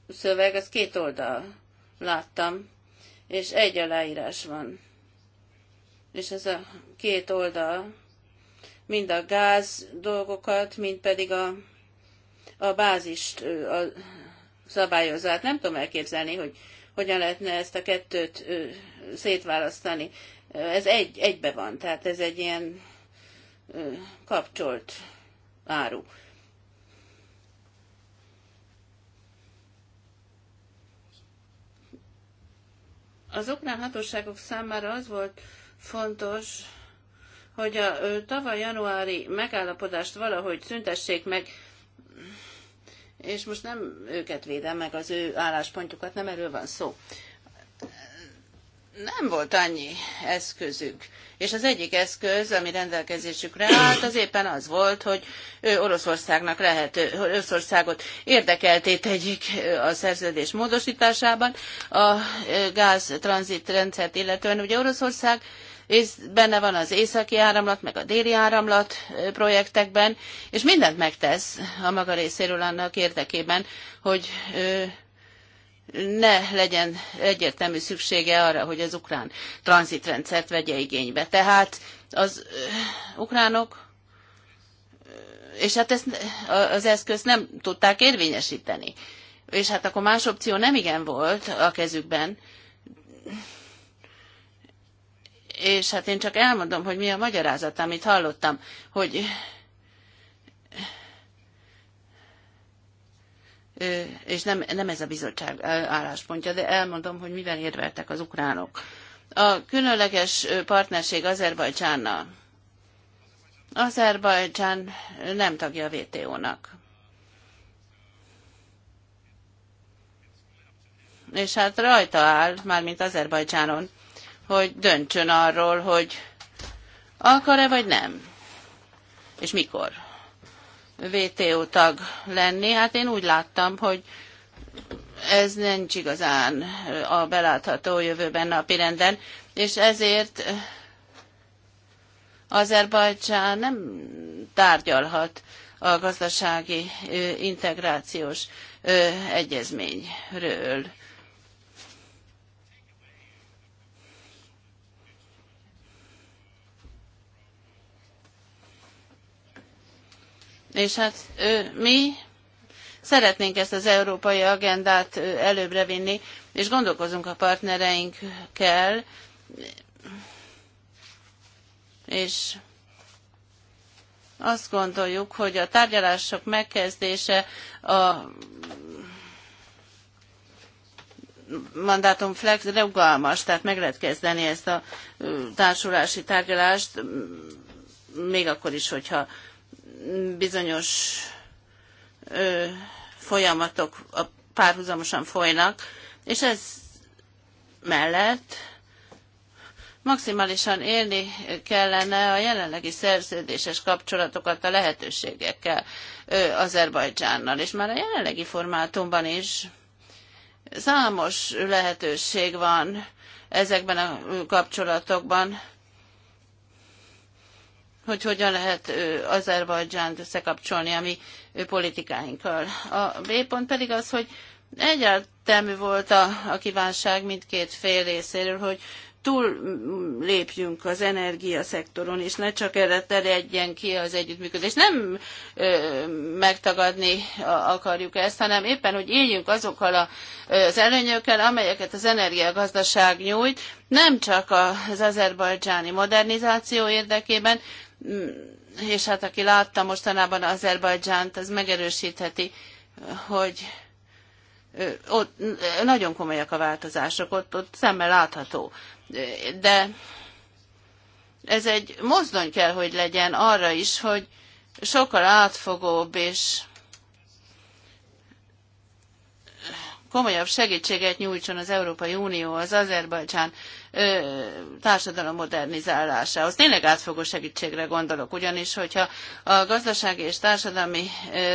szöveg, az két oldal láttam, és egy aláírás van és ez a két oldal mind a gáz dolgokat, mind pedig a, a bázist a szabályozát. Nem tudom elképzelni, hogy hogyan lehetne ezt a kettőt szétválasztani. Ez egy, egybe van, tehát ez egy ilyen kapcsolt áru. Az ukrán hatóságok számára az volt fontos, hogy a tavaly januári megállapodást valahogy szüntessék meg, és most nem őket védem meg, az ő álláspontjukat, nem erről van szó. Nem volt annyi eszközük, és az egyik eszköz, ami rendelkezésükre állt, az éppen az volt, hogy ő Oroszországnak lehet, hogy Oroszországot érdekeltét egyik a szerződés módosításában a gáztranzit rendszert illetően. Ugye Oroszország és benne van az északi áramlat, meg a déli áramlat projektekben, és mindent megtesz a maga részéről annak érdekében, hogy ne legyen egyértelmű szüksége arra, hogy az ukrán tranzitrendszert vegye igénybe. Tehát az ukránok és hát ezt az eszközt nem tudták érvényesíteni. És hát akkor más opció nem igen volt a kezükben, és hát én csak elmondom, hogy mi a magyarázat, amit hallottam, hogy és nem, nem ez a bizottság álláspontja, de elmondom, hogy mivel érveltek az ukránok. A különleges partnerség Azerbajcsánnal. Azerbajcsán nem tagja a WTO-nak. És hát rajta áll, mármint Azerbajcsánon, hogy döntsön arról, hogy akar-e vagy nem, és mikor VTO tag lenni. Hát én úgy láttam, hogy ez nincs igazán a belátható jövőben napirenden, és ezért Azerbajdzsán nem tárgyalhat a gazdasági integrációs egyezményről. És hát mi szeretnénk ezt az európai agendát előbbre vinni, és gondolkozunk a partnereinkkel, és azt gondoljuk, hogy a tárgyalások megkezdése a mandátum flex rugalmas, tehát meg lehet kezdeni ezt a társulási tárgyalást, még akkor is, hogyha bizonyos ö, folyamatok párhuzamosan folynak, és ez mellett maximálisan élni kellene a jelenlegi szerződéses kapcsolatokat a lehetőségekkel Azerbajdzsánnal, és már a jelenlegi formátumban is számos lehetőség van ezekben a kapcsolatokban hogy hogyan lehet Azerbajdzsánt összekapcsolni a mi politikáinkkal. A B pont pedig az, hogy egyáltalán volt a, a kívánság mindkét fél részéről, hogy túl lépjünk az energiaszektoron, és ne csak erre terjedjen ki az együttműködés. Nem ö, megtagadni akarjuk ezt, hanem éppen, hogy éljünk azokkal a, az előnyökkel, amelyeket az energiagazdaság nyújt, nem csak az azerbajdzsáni modernizáció érdekében, Mm, és hát aki látta mostanában Azerbajdzsánt, az megerősítheti, hogy ott nagyon komolyak a változások, ott, ott szemmel látható. De ez egy mozdony kell, hogy legyen arra is, hogy sokkal átfogóbb és komolyabb segítséget nyújtson az Európai Unió az Azerbajdzsán társadalom modernizálásához. Tényleg átfogó segítségre gondolok, ugyanis hogyha a gazdasági és társadalmi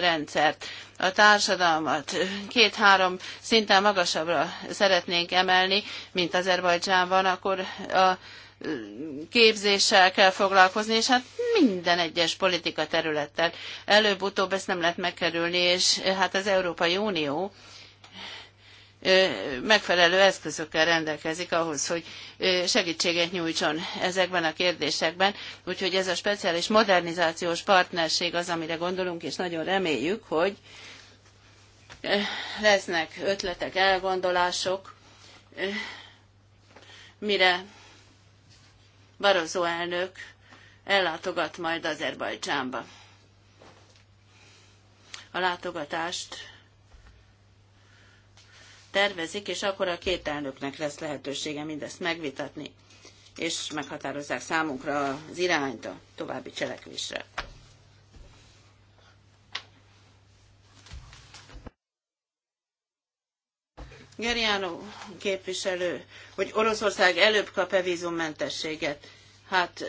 rendszert, a társadalmat két-három szinten magasabbra szeretnénk emelni, mint Azerbajdzsánban, akkor a képzéssel kell foglalkozni, és hát minden egyes politika területtel előbb-utóbb ezt nem lehet megkerülni, és hát az Európai Unió megfelelő eszközökkel rendelkezik ahhoz, hogy segítséget nyújtson ezekben a kérdésekben. Úgyhogy ez a speciális modernizációs partnerség az, amire gondolunk, és nagyon reméljük, hogy lesznek ötletek, elgondolások, mire Barozó elnök ellátogat majd Azerbajdzsánba. A látogatást tervezik, és akkor a két elnöknek lesz lehetősége mindezt megvitatni, és meghatározzák számunkra az irányt a további cselekvésre. Geriano képviselő, hogy Oroszország előbb kap-e vízummentességet. Hát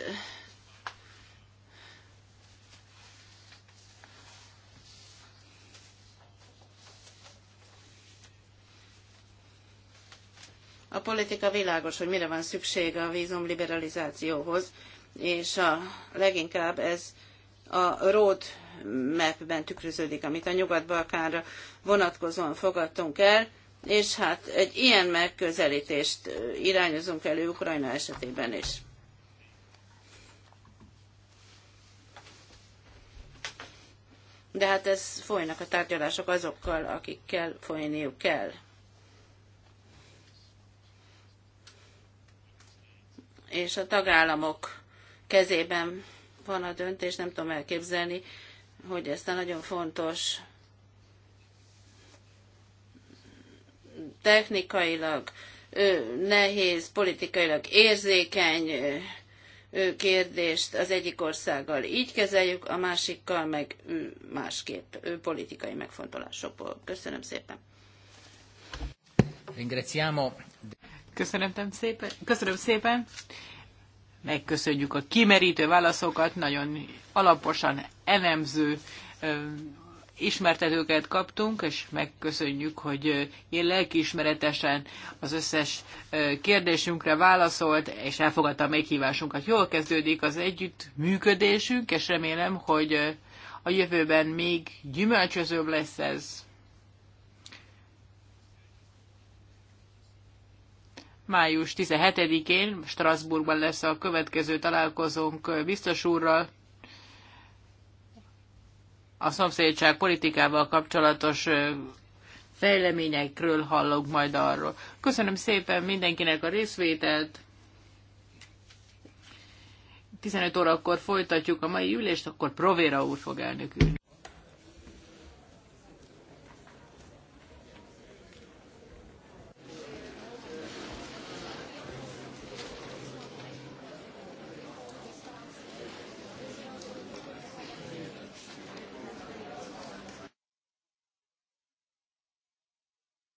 A politika világos, hogy mire van szüksége a vízum liberalizációhoz, és a leginkább ez a road mapben tükröződik, amit a Nyugat-Balkánra vonatkozóan fogadtunk el, és hát egy ilyen megközelítést irányozunk elő Ukrajna esetében is. De hát ez folynak a tárgyalások azokkal, akikkel folyniuk kell. és a tagállamok kezében van a döntés, nem tudom elképzelni, hogy ezt a nagyon fontos technikailag nehéz, politikailag érzékeny kérdést az egyik országgal így kezeljük, a másikkal meg másképp politikai megfontolásokból. Köszönöm szépen. Ringraziamo. Köszönöm szépen. Köszönöm szépen. Megköszönjük a kimerítő válaszokat, nagyon alaposan elemző ismertetőket kaptunk, és megköszönjük, hogy ilyen lelkiismeretesen az összes kérdésünkre válaszolt, és elfogadta a meghívásunkat. Jól kezdődik az együttműködésünk, és remélem, hogy a jövőben még gyümölcsözőbb lesz ez. május 17-én Strasbourgban lesz a következő találkozónk biztos úrral. A szomszédság politikával kapcsolatos fejleményekről hallok majd arról. Köszönöm szépen mindenkinek a részvételt. 15 órakor folytatjuk a mai ülést, akkor Provera úr fog elnökülni.